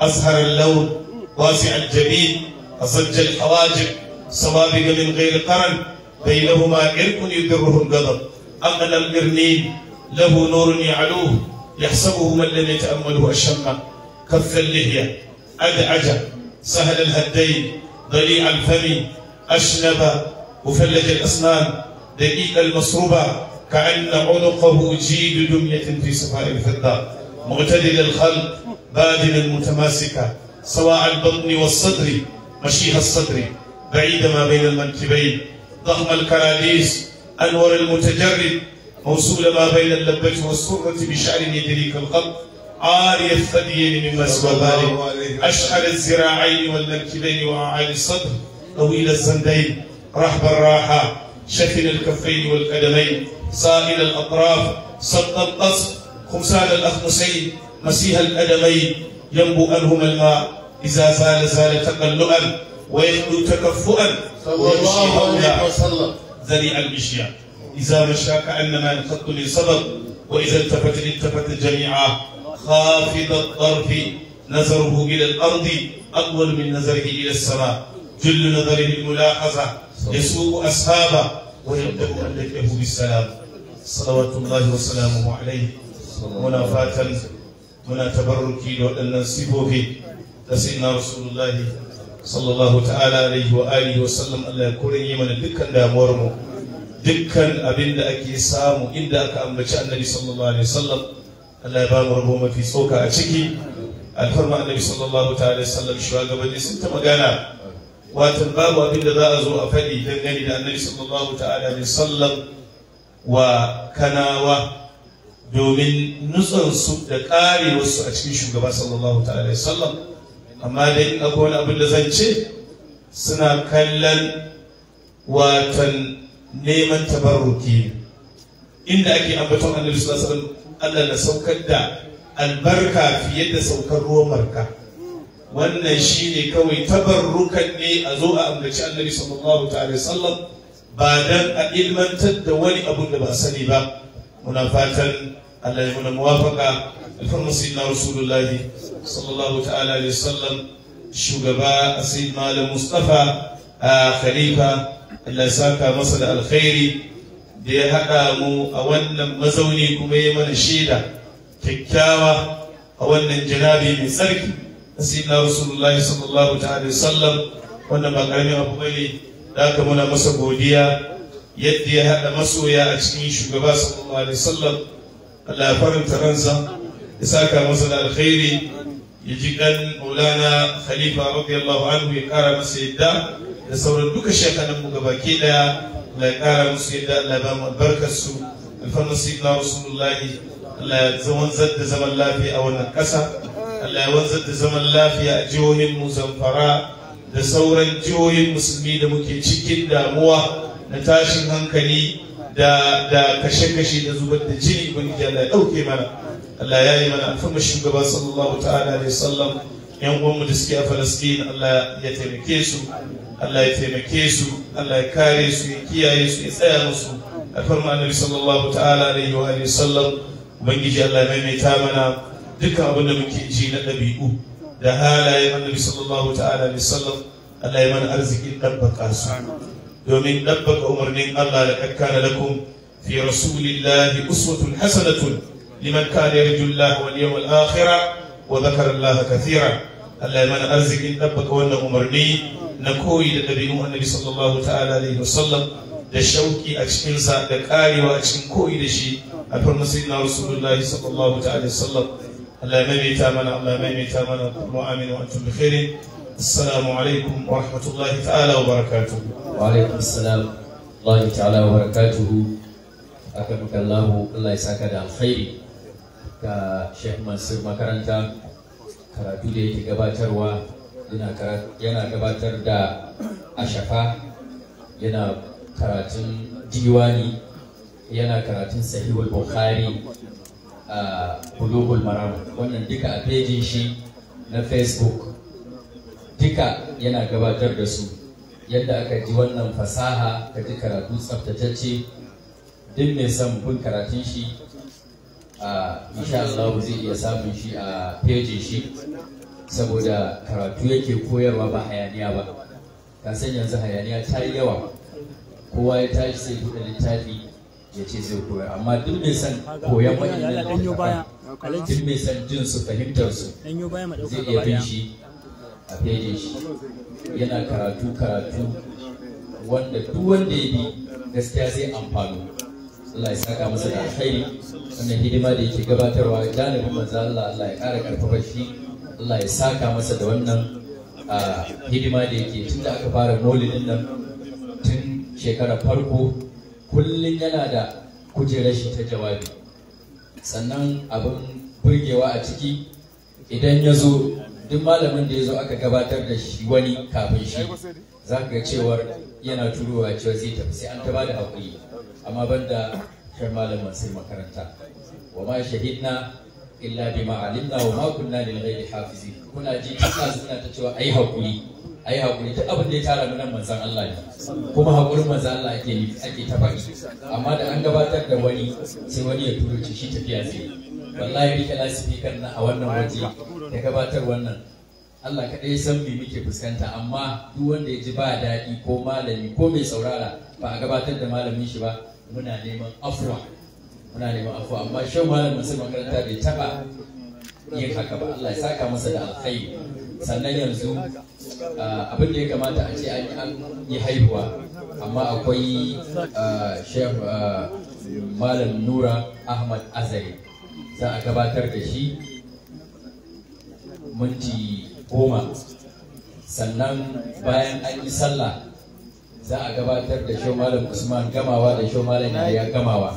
أزهر اللون واسع الجبين أصج الحواجب سوابق من غير قرن بينهما إرك يدره القدر أقل المرنين له نور يعلوه يحسبه من لم يتأمله أشمة كف اللحية أدعج سهل الهدين ضليع الفم أشنب مفلج الأسنان دقيق المصروبة كأن عنقه جيد دمية في صفاء الفضة معتدل الخلق بادل متماسكا سواع البطن والصدر مشيها الصدر بعيد ما بين المنكبين ضخم الكراديس أنور المتجرد موصول ما بين اللبة والسرة بشعر يدريك الخلق عاري الثديين مما سوى ذلك أشعل الذراعين والمنكبين وأعالي الصدر طويل الزندين رحب الراحة شفن الكفين والقدمين سائل الأطراف سط القصف خمسان الأخمسين مسيح الأدمين ينبو أنهما الماء إذا زال زال تقلؤا ويخلو تكفؤا ويمشي هولا ذريع المشياء إذا مشى كأنما انخط من وإذا التفت التفت جميعا خافض الطرف نظره إلى الأرض أطول من نظره إلى السماء جل نظره الملاحظة يسوق أصحابه ويبدأ أهله بالسلام صلوات الله وسلامه عليه muna fatan muna tabarruki da waɗannan sifofi da sayyidina rasulullahi sallallahu ta'ala alaihi wa alihi wa sallam Allah ya kore yi mana dukkan damuwar mu dukkan abin ake samu inda aka ambaci annabi sallallahu alaihi wasallam Allah ya ba mu mafi tsoka a ciki alfarma annabi sallallahu ta'ala sallam shugabanni sun ta magana watan babu abin da za a zo a faɗi dangane da annabi sallallahu ta'ala alaihi sallam wa kanawa domin nutsansu da ƙarewarsu a cikin shugaba sallallahu ta'ala alaihi sallam amma dai akwai wani abin da zan ce suna kallon watan neman tabarruki inda ake ambaton annabi sallallahu alaihi wasallam Allah na saukar da albarka fiye da saukar ruwan marka wannan shi ne kawai tabarrukan ne a zo a ambaci annabi sallallahu ta'ala sallam ba dan a ilmantar da wani abun da ba sani ba muna fatan Allah ya muna muwafaka alfarma sayyidina rasulullahi sallallahu ta'ala alaihi sallam shugaba a sayyid malam mustafa a khalifa Allah saka masa da alkhairi da ya hada mu a wannan mazauni kuma ya mana shaida kyakkyawa a wannan janabi mai tsarki sayyidina rasulullahi sallallahu ta'ala sallam wannan ba karamin abu bane da aka muna masa godiya yadda ya haɗa masoya a cikin shugaba sallallahu alaihi wasallam Allah ya faranta ransa ya saka masa da alkhairi ya ji dan maulana khalifa radiyallahu anhu ya kara masa yadda da sauran duka shekanan mu gabaki daya Allah ya kara musu yadda Allah ba mu albarkar su alfarma sayyidina rasulullahi Allah ya wanzar da zaman lafiya a wannan ƙasa Allah ya wanzar da zaman lafiya a jihohin mu zamfara da sauran jihohin musulmi da muke cikin damuwa na tashin hankali da kashe-kashe da zubar da jini ubangiji Allah ya dauke mana Allah ya yi mana alfarma shugaba sallallahu ta'ala alaihi wasallam yan uwanmu da suke a Falastin Allah ya taimake su Allah ya taimake su Allah ya kare su ya kiyaye su ya tsaya musu alfarma annabi sallallahu ta'ala alaihi wa sallam ubangiji Allah ya maimaita mana duka abin da muke ji na ɗabi'u da halayen annabi sallallahu ta'ala alaihi wasallam Allah ya mana arzikin ɗabbaka su domin ɗabbaka umarnin Allah da kakkana lakum fi rasulillahi uswatun hasanatun liman kana yarju Allah wal yawmal akhir wa dhakara Allah kathira Allah ya mana arzikin ɗabbaka wannan umarni na koyi da ɗabi'un annabi sallallahu ta'ala alaihi wasallam da shauki a cikinsa da karewa a cikin koyi da shi a farmasin na rasulullahi sallallahu ta'ala sallam Allah mai maimaita mana Allah mai maimaita mana kuma amin wa antum bi khairin assalamu alaikum wa rahmatullahi ta'ala wa barakatuh wa alaikum assalam Allah ta'ala wa barakatuh aka muka Allah Allah ya saka da alkhairi ga Sheikh Mansur makaranta karatu da yake gabatarwa yana gabatar da ashafa yana karatun diwani yana karatun sahihul bukhari bulugul ah, maram wannan duka a pejin shi na facebook duka yana gabatar da su yadda aka ji wannan fasaha ka ji karatu tsaftatacce duk mai son bin karatun shi a ah, insha Allah zai iya samun shi a pejin shi saboda karatu yake koyarwa ba hayaniya ba ka san yanzu hayaniya ta yi yawa kowa ya tashi sai buɗe littafi ya ce zai koya amma duk mai san koyan wa'annan da duk mai san jin su fahimtar su zai iya bin shi a fejin shi yana karatu karatu wanda duk wanda ya bi gaskiya zai amfano Allah ya saka masa da alkhairi wannan hidima da yake gabatarwa janibin manzo Allah Allah ya kara karfafa shi Allah ya saka masa da wannan hidima da yake tun da aka fara maulidin nan tun shekarar farko kullum yana da kujerar shi ta jawabi sannan abin burgewa a ciki idan ya zo duk malamin da ya zo aka gabatar da shi wani kafin shi za ka cewar yana turowa cewa zai tafi sai an taba da haƙuri amma banda shan malamin sai makaranta wa ma shahidna illa bima na wa ma kunna lil ghairi hafizi kuna ji kana suna ta cewa ai haƙuri Ayi hakuri, duk abin da ya tara nan manzan Allah ne kuma hakurin manzan Allah ake yi ake ta amma da an gabatar da wani sai wani ya turo shi tafiya zai wallahi rike lasifikan na a wannan waje da gabatar wannan Allah kaɗai san me muke fuskanta amma duk wanda ya ji ba daɗi ko malami ko mai saurara ba a gabatar da malamin shi ba muna neman afuwa muna neman afuwa amma shan malamin sun makaranta bai taɓa yin haka ba Allah ya saka masa da alkhairi sannan yanzu Ah, abin da ya kamata a ce an yi haihuwa amma akwai ah, shef ah, malam nura ahmad azari za a gabatar da shi minti goma sannan bayan an yi sallah za a gabatar da shau malam usman gamawa da shau malam yaya gamawa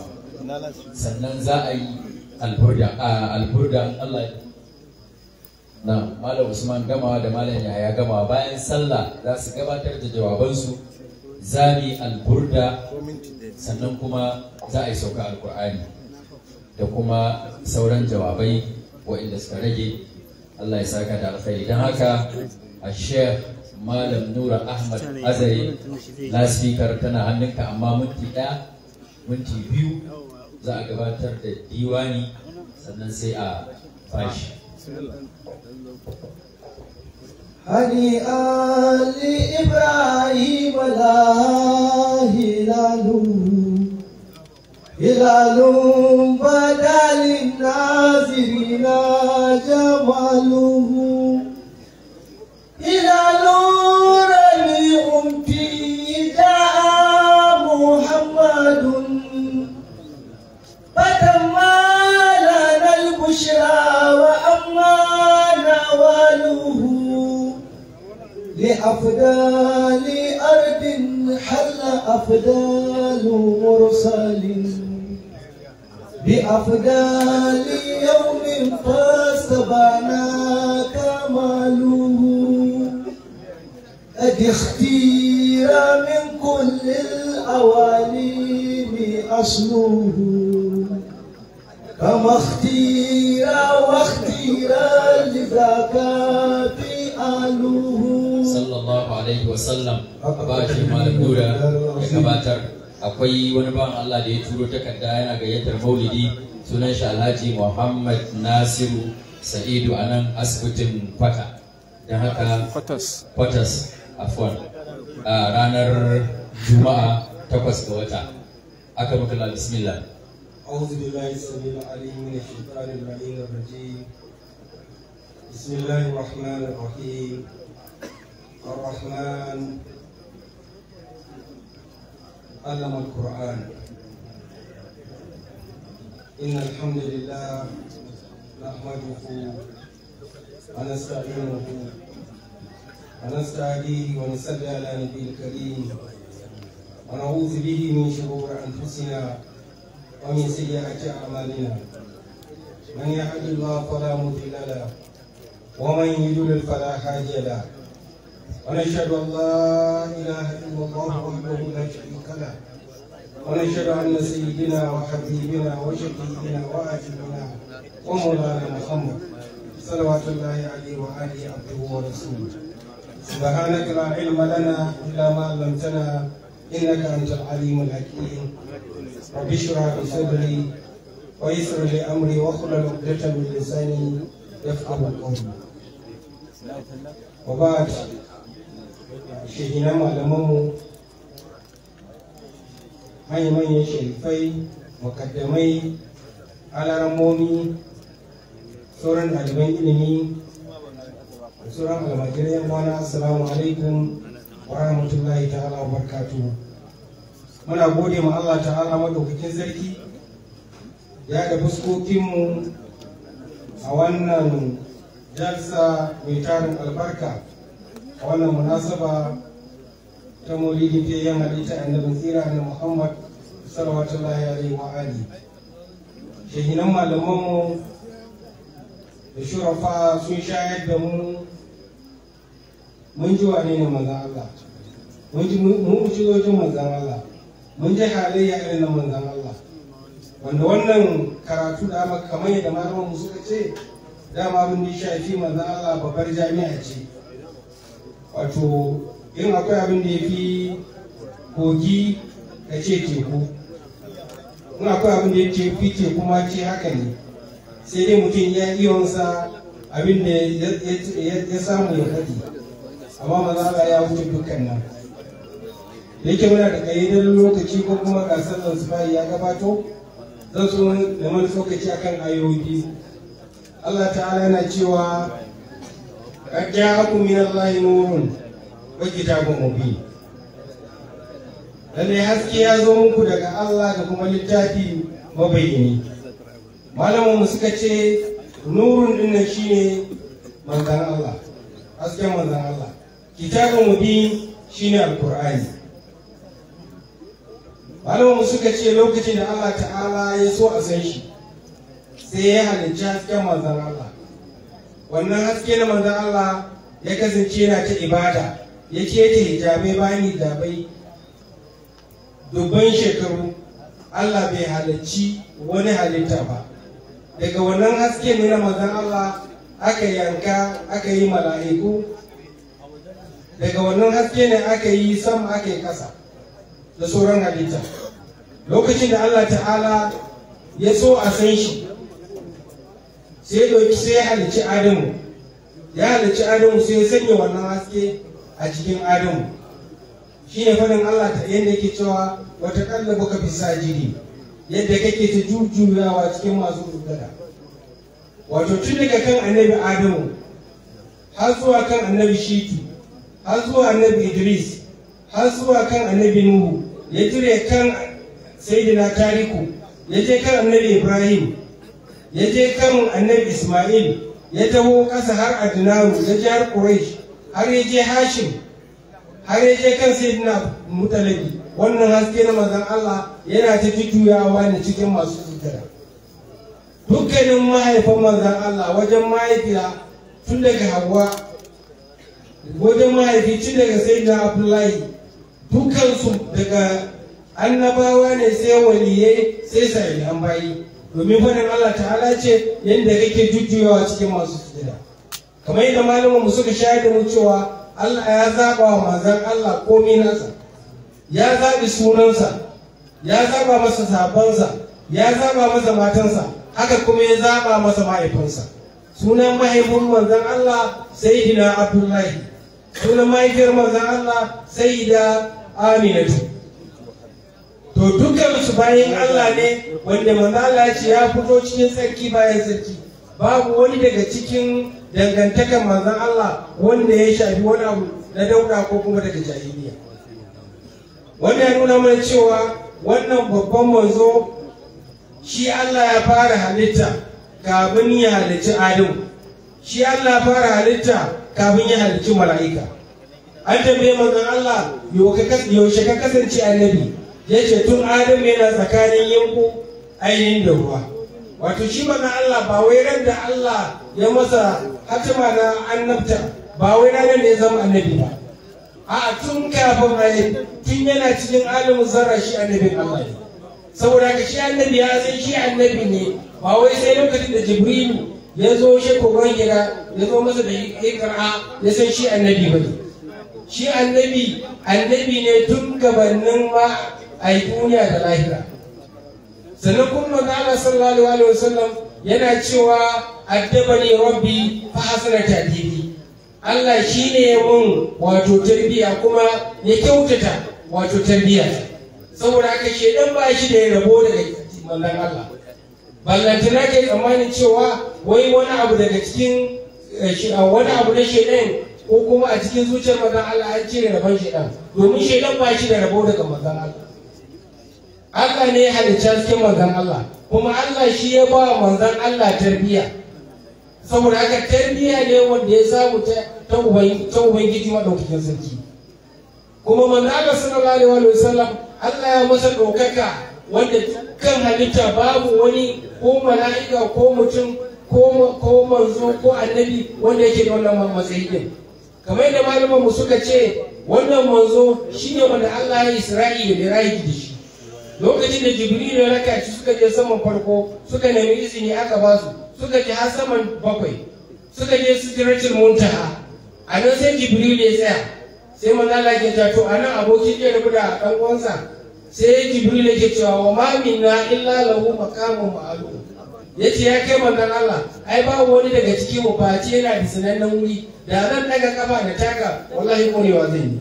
sannan za a yi alburda alburda allah na malam usman gamawa da malam Yahaya gama bayan sallah za su gabatar da jawabansu zami alburda sannan kuma za a yi sauka alkur'ani da kuma sauran jawabai waɗanda suka rage allah ya saka da alkhairi don haka a sheikh malam nura ahmad azari speaker tana hannunka amma minti ɗaya minti biyu za a gabatar da diwani sannan sai a fashi هني آل إبراهيم لا هلال هلال بدا للناظرين جماله هلال ربيع جاء محمد فتم بشرى وأمان نواله لأفضال أرض حل أفضال مرسل بأفضال يوم فاستبانا كماله قد اختير من كل الأوالي أصله كما اختير واختير لذاك آله صلى الله عليه وسلم أباشي مالك دورة يكباتر akwai wani ban Allah da ya turo takarda yana gayyatar maulidi sunan shi Alhaji Muhammad Nasiru Sa'idu a nan asibitin Kwata don haka Kwatas Afwan a ranar Juma'a takwas ga wata aka maka أعوذ بالله السميع العليم من الشيطان اللعين الرجيم بسم الله الرحمن الرحيم الرحمن علم القرآن إن الحمد لله نحمده ونستعينه ونستهديه ونصلي على نبي الكريم ونعوذ به من شرور أنفسنا ومن سيئات أعمالنا من يهد الله فلا مضل له ومن يضلل فلا هادي له ونشهد أن لا إله إلا الله وحده لا شريك له ونشهد أن سيدنا وحبيبنا وشقيقنا وآجلنا ومولانا محمد صلوات الله عليه وآله عبده ورسوله سبحانك لا علم لنا إلا ما علمتنا إنك أنت العليم الحكيم وبشرى في صدري ويسر لامري وخل عقده من لساني يفقه القول وبعد شهينا نعم معلمه هاي من يشرفي مقدمي على رموني سورة الألبين إلمي سورة المجرية وانا السلام عليكم ورحمة الله تعالى وبركاته muna gode ma Allah ta'ala madaukakin sarki ya da fuskokinmu a wannan jalsa mai tarin albarka a wannan munasaba ta muridin fiyayyen halitta annabin tsira na muhammad salawatullahi alaihi wa ali shahinan malamanmu da shurafa sun shayar da mu mun ji wane ne manzan Allah mun ji mun ji Allah mun yi halayya irin na manzan Allah wanda wannan karatu da aka kamar yadda malaman mu suka ce dama abin da shafi manzan Allah babbar jami'a ce wato in akwai abin da ya fi kogi ka ce teku in akwai abin da ya fi teku ma ce haka ne sai dai mutum ya sa abin da ya samu ya faɗi amma maza ya wuce dukkan nan yake muna da ƙayyadar lokaci ko kuma gasar nan ya gabato zan so da wani tsokaci akan ayoyi Allah ta'ala yana cewa qad aku min Allah nurun wa kitabun mubin lalle haske ya zo muku daga Allah da kuma littafi mabayyani malamu mu suka ce nurun din nan shine manzan Allah hasken manzan Allah kitabun mubin shine alqur'ani malaman suka ce lokacin da Allah ta'ala ya so a san shi sai ya halicci hasken manzan Allah wannan haske na manzan Allah ya kasance yana ta ibada ya ta hijabai bayan hijabai dubban shekaru Allah bai halarci wani halitta ba daga wannan haske ne na manzan Allah aka yanka aka yi mala'iku daga wannan haske ne aka yi sama aka yi ƙasa da sauran halitta lokacin da Allah ta'ala ya so a san shi sai ɗauki sai ya halici adamu ya halici adamu sai ya sanya wannan haske a cikin adamu shi ne faɗin Allah ta yadda yake cewa wata kalla baka fi jiri yadda kake ta jujjuyawa cikin masu dogara wato tun daga kan annabi adamu har zuwa kan annabi shitu har zuwa annabi idris har zuwa kan annabi nuhu ya cire kan sayyidina tariku ya je kan annabi ibrahim ya je kan annabi isma'il ya taho kasa har adinaru ya je har quraish har ya je hashim har ya je kan sayyidina mutalabi wannan haske na mazan Allah yana ta juyawa ne cikin masu tutara dukkanin mahaifan mazan Allah wajen mahaifiya tun daga hawa wajen mahaifi tun daga sayyidina abdullahi dukansu daga annabawa ne sai waliyai sai sa'ilan bayi domin fadin Allah ta'ala ce yadda kake jujjuyawa cikin masu sujada kamar yadda malamin mu suka shaida mu cewa Allah ya zaba wa manzon Allah komai nasa ya zabi sunansa ya zaba masa sabansa ya zaba masa matansa haka kuma ya zaba masa mahaifinsa sunan mahaifin manzon Allah sayyidina Abdullahi sunan mahaifiyar manzon Allah sayyida aminatu to dukansu bayan Allah ne wanda manzo Allah ya ce ya fito cikin tsarki bayan tsarki babu wani daga cikin dangantakar manzon Allah wanda ya shafi wani abu na dauda ko kuma daga jahiliya wanda ya nuna mana cewa wannan babban manzo shi Allah ya fara halitta kafin ya halicci Adamu shi Allah ya fara halitta kafin ya halicci mala'ika an tambaye manzon Allah yaushe ka kasance annabi ya ce tun adam yana tsakanin yanko ainihin da ruwa wato shi mana Allah ba wai ran da Allah ya masa hatima na annabta ba wai ranar da ya zama annabi ba a tun kafin ayi tun yana cikin alimin zara shi annabi Allah ne saboda ka shi annabi ya san shi annabi ne ba wai sai lokacin da Jibrilu ya zo shi kogon gida ya zo masa da ikra ya san shi annabi ba ne shi annabi annabi ne tun gabanin ma a yi duniya da lahira sannan kuma Allah sallallahu alaihi wasallam yana cewa addabani rabbi fa hasana tadidi Allah shine mun wato tarbiya kuma ya kyautata wato tarbiya saboda haka dan ba shi da ya rabo daga mallan Allah ballantana ke tsammanin cewa wai wani abu daga cikin eh, wani abu na shedan ko kuma a cikin zuciyar manzon Allah an cire rabon shaidan domin shaidan ba shi da rabo daga manzon Allah Allah ne ya halicci cikin manzon Allah kuma Allah shi ya ba wa manzon Allah tarbiyya saboda haka tarbiyya ne wanda ya samu ta ubangiji maɗaukakin sarki kuma manzon Allah sallallahu alaihi wasallam Allah ya masa ɗaukaka wanda kan halitta babu wani ko mala'ika ko mutum ko manzo ko annabi wanda yake da wannan matsayi din kamar yadda malaman mu suka ce wannan manzo shine wanda Allah ya Isra'ila da rayu da shi lokacin da Jibril ya raka shi suka je saman farko suka nemi izini aka ba su suka je har saman bakwai suka je su sitiratul muntaha a nan sai Jibril ya tsaya sai manzo Allah ya ce to anan abokin ya rubu da dan uwansa sai Jibril ya ke cewa wa ma minna illa lahu maqamun ma'lum ya ce ya ke manzan Allah ai babu wani daga ciki mu face yana da sanannen wuri da zan daga kafa da taka wallahi korewa zan yi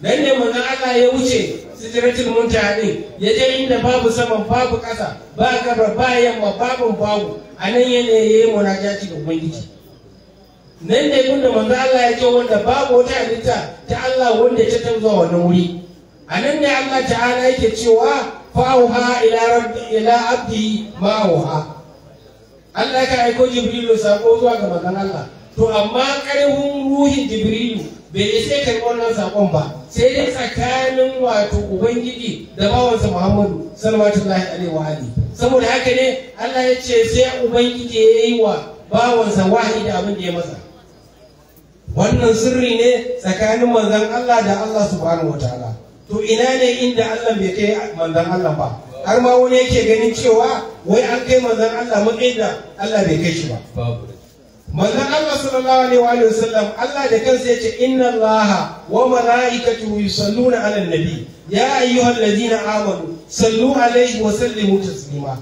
dan ne manzan Allah ya wuce sitiratul muntaha ne ya je inda babu saman babu ƙasa ba kafa ba yamma babu babu a nan ya ne ya yi munajati da ubangiji nan ne inda manzon Allah ya ce wanda babu wata halitta ta Allah wanda ta zuwa wannan wuri a nan ne Allah ta'ala yake cewa fa'uha ila rabbi ila abdi ma'uha Allah ya aiko Jibrilu sako zuwa ga manzon Allah to amma karfin ruhin Jibrilu bai yi sai kai wannan sakon ba sai dai tsakanin wato ubangiji da bawansa Muhammadu sallallahu alaihi wa alihi saboda haka ne Allah ya ce sai ubangiji ya yi wa bawansa wahayi da abin da ya masa wannan sirri ne tsakanin manzon Allah da Allah subhanahu wataala to ina ne inda Allah bai kai manzon Allah ba har ma wani yake ganin cewa wai an kai manzan Allah matsayin da Allah bai kai shi ba Manzan Allah sallallahu alaihi wa alihi Allah da kansa yace inna Allah wa mala'ikatu yusalluna ala nabi ya ladina amanu sallu alaihi wa sallimu taslima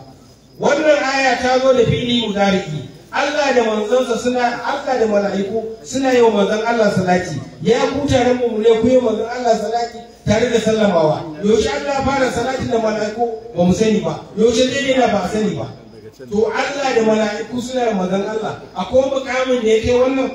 wannan aya ta zo da fili mudariki Allah da manzansa suna Allah da mala'iku suna yi wa manzan Allah salati ya ku taron mu ne ku yi manzan Allah salati tare da sallamawa yaushe Allah fara salati da mala'iku ba mu sani ba yaushe dai da ba sani ba to Allah da mala'iku suna da manzan Allah akwai mukamin da yake wannan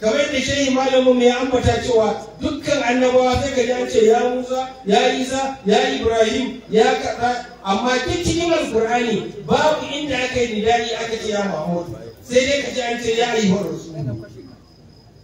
kamar da shehi malamin mu ya ambata cewa dukkan annabawa sai ga ya ce ya Musa ya Isa ya Ibrahim ya kaza amma duk cikin alkur'ani babu inda aka yi nidani aka ce ya mahmud sai dai ka ji an ce ya ayyuhar rasul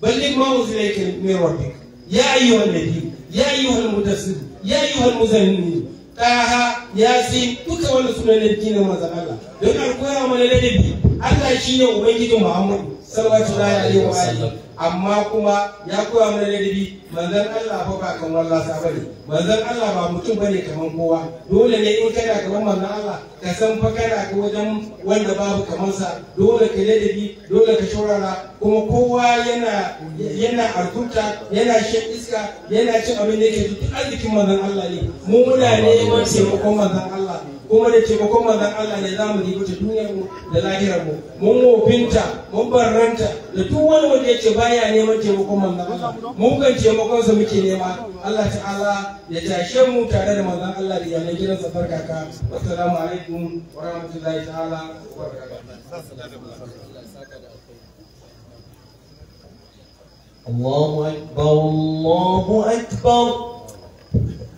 balle kuma musulai ke mai wata ya ayyuhar nabi ya ayyuhar mudassir ya ayyuhar muzanni taha yasin duka wannan sunan na dinin manzon Allah don alkoya mana ladabi Allah shine ubangijin Muhammad sallallahu alaihi wa sallam amma kuma ya koya mana ladabi manzon Allah fa ba kan wallah bane manzon Allah ba mutum bane kaman kowa dole ne in kana kaman manzon Allah ka san fa kana ka wajen wanda babu kaman sa dole ka ladabi dole ka shaurara kuma kowa yana yana arkuta yana shan iska yana cin abin da yake duk arzikin manzon Allah ne mu muna neman taimakon manzon Allah kuma da taimakon mazan Allah ne za mu ributa duniyar mu da lahirar mu mun wofinta mun barranta da duk wani wanda yake baya neman taimakon manzon Allah mun kan taimakon su muke nema Allah ta'ala ya tashe mu tare da mazan Allah da yanan gidan sa barkaka assalamu alaikum wa rahmatullahi ta'ala wa barakatuh الله أكبر الله أكبر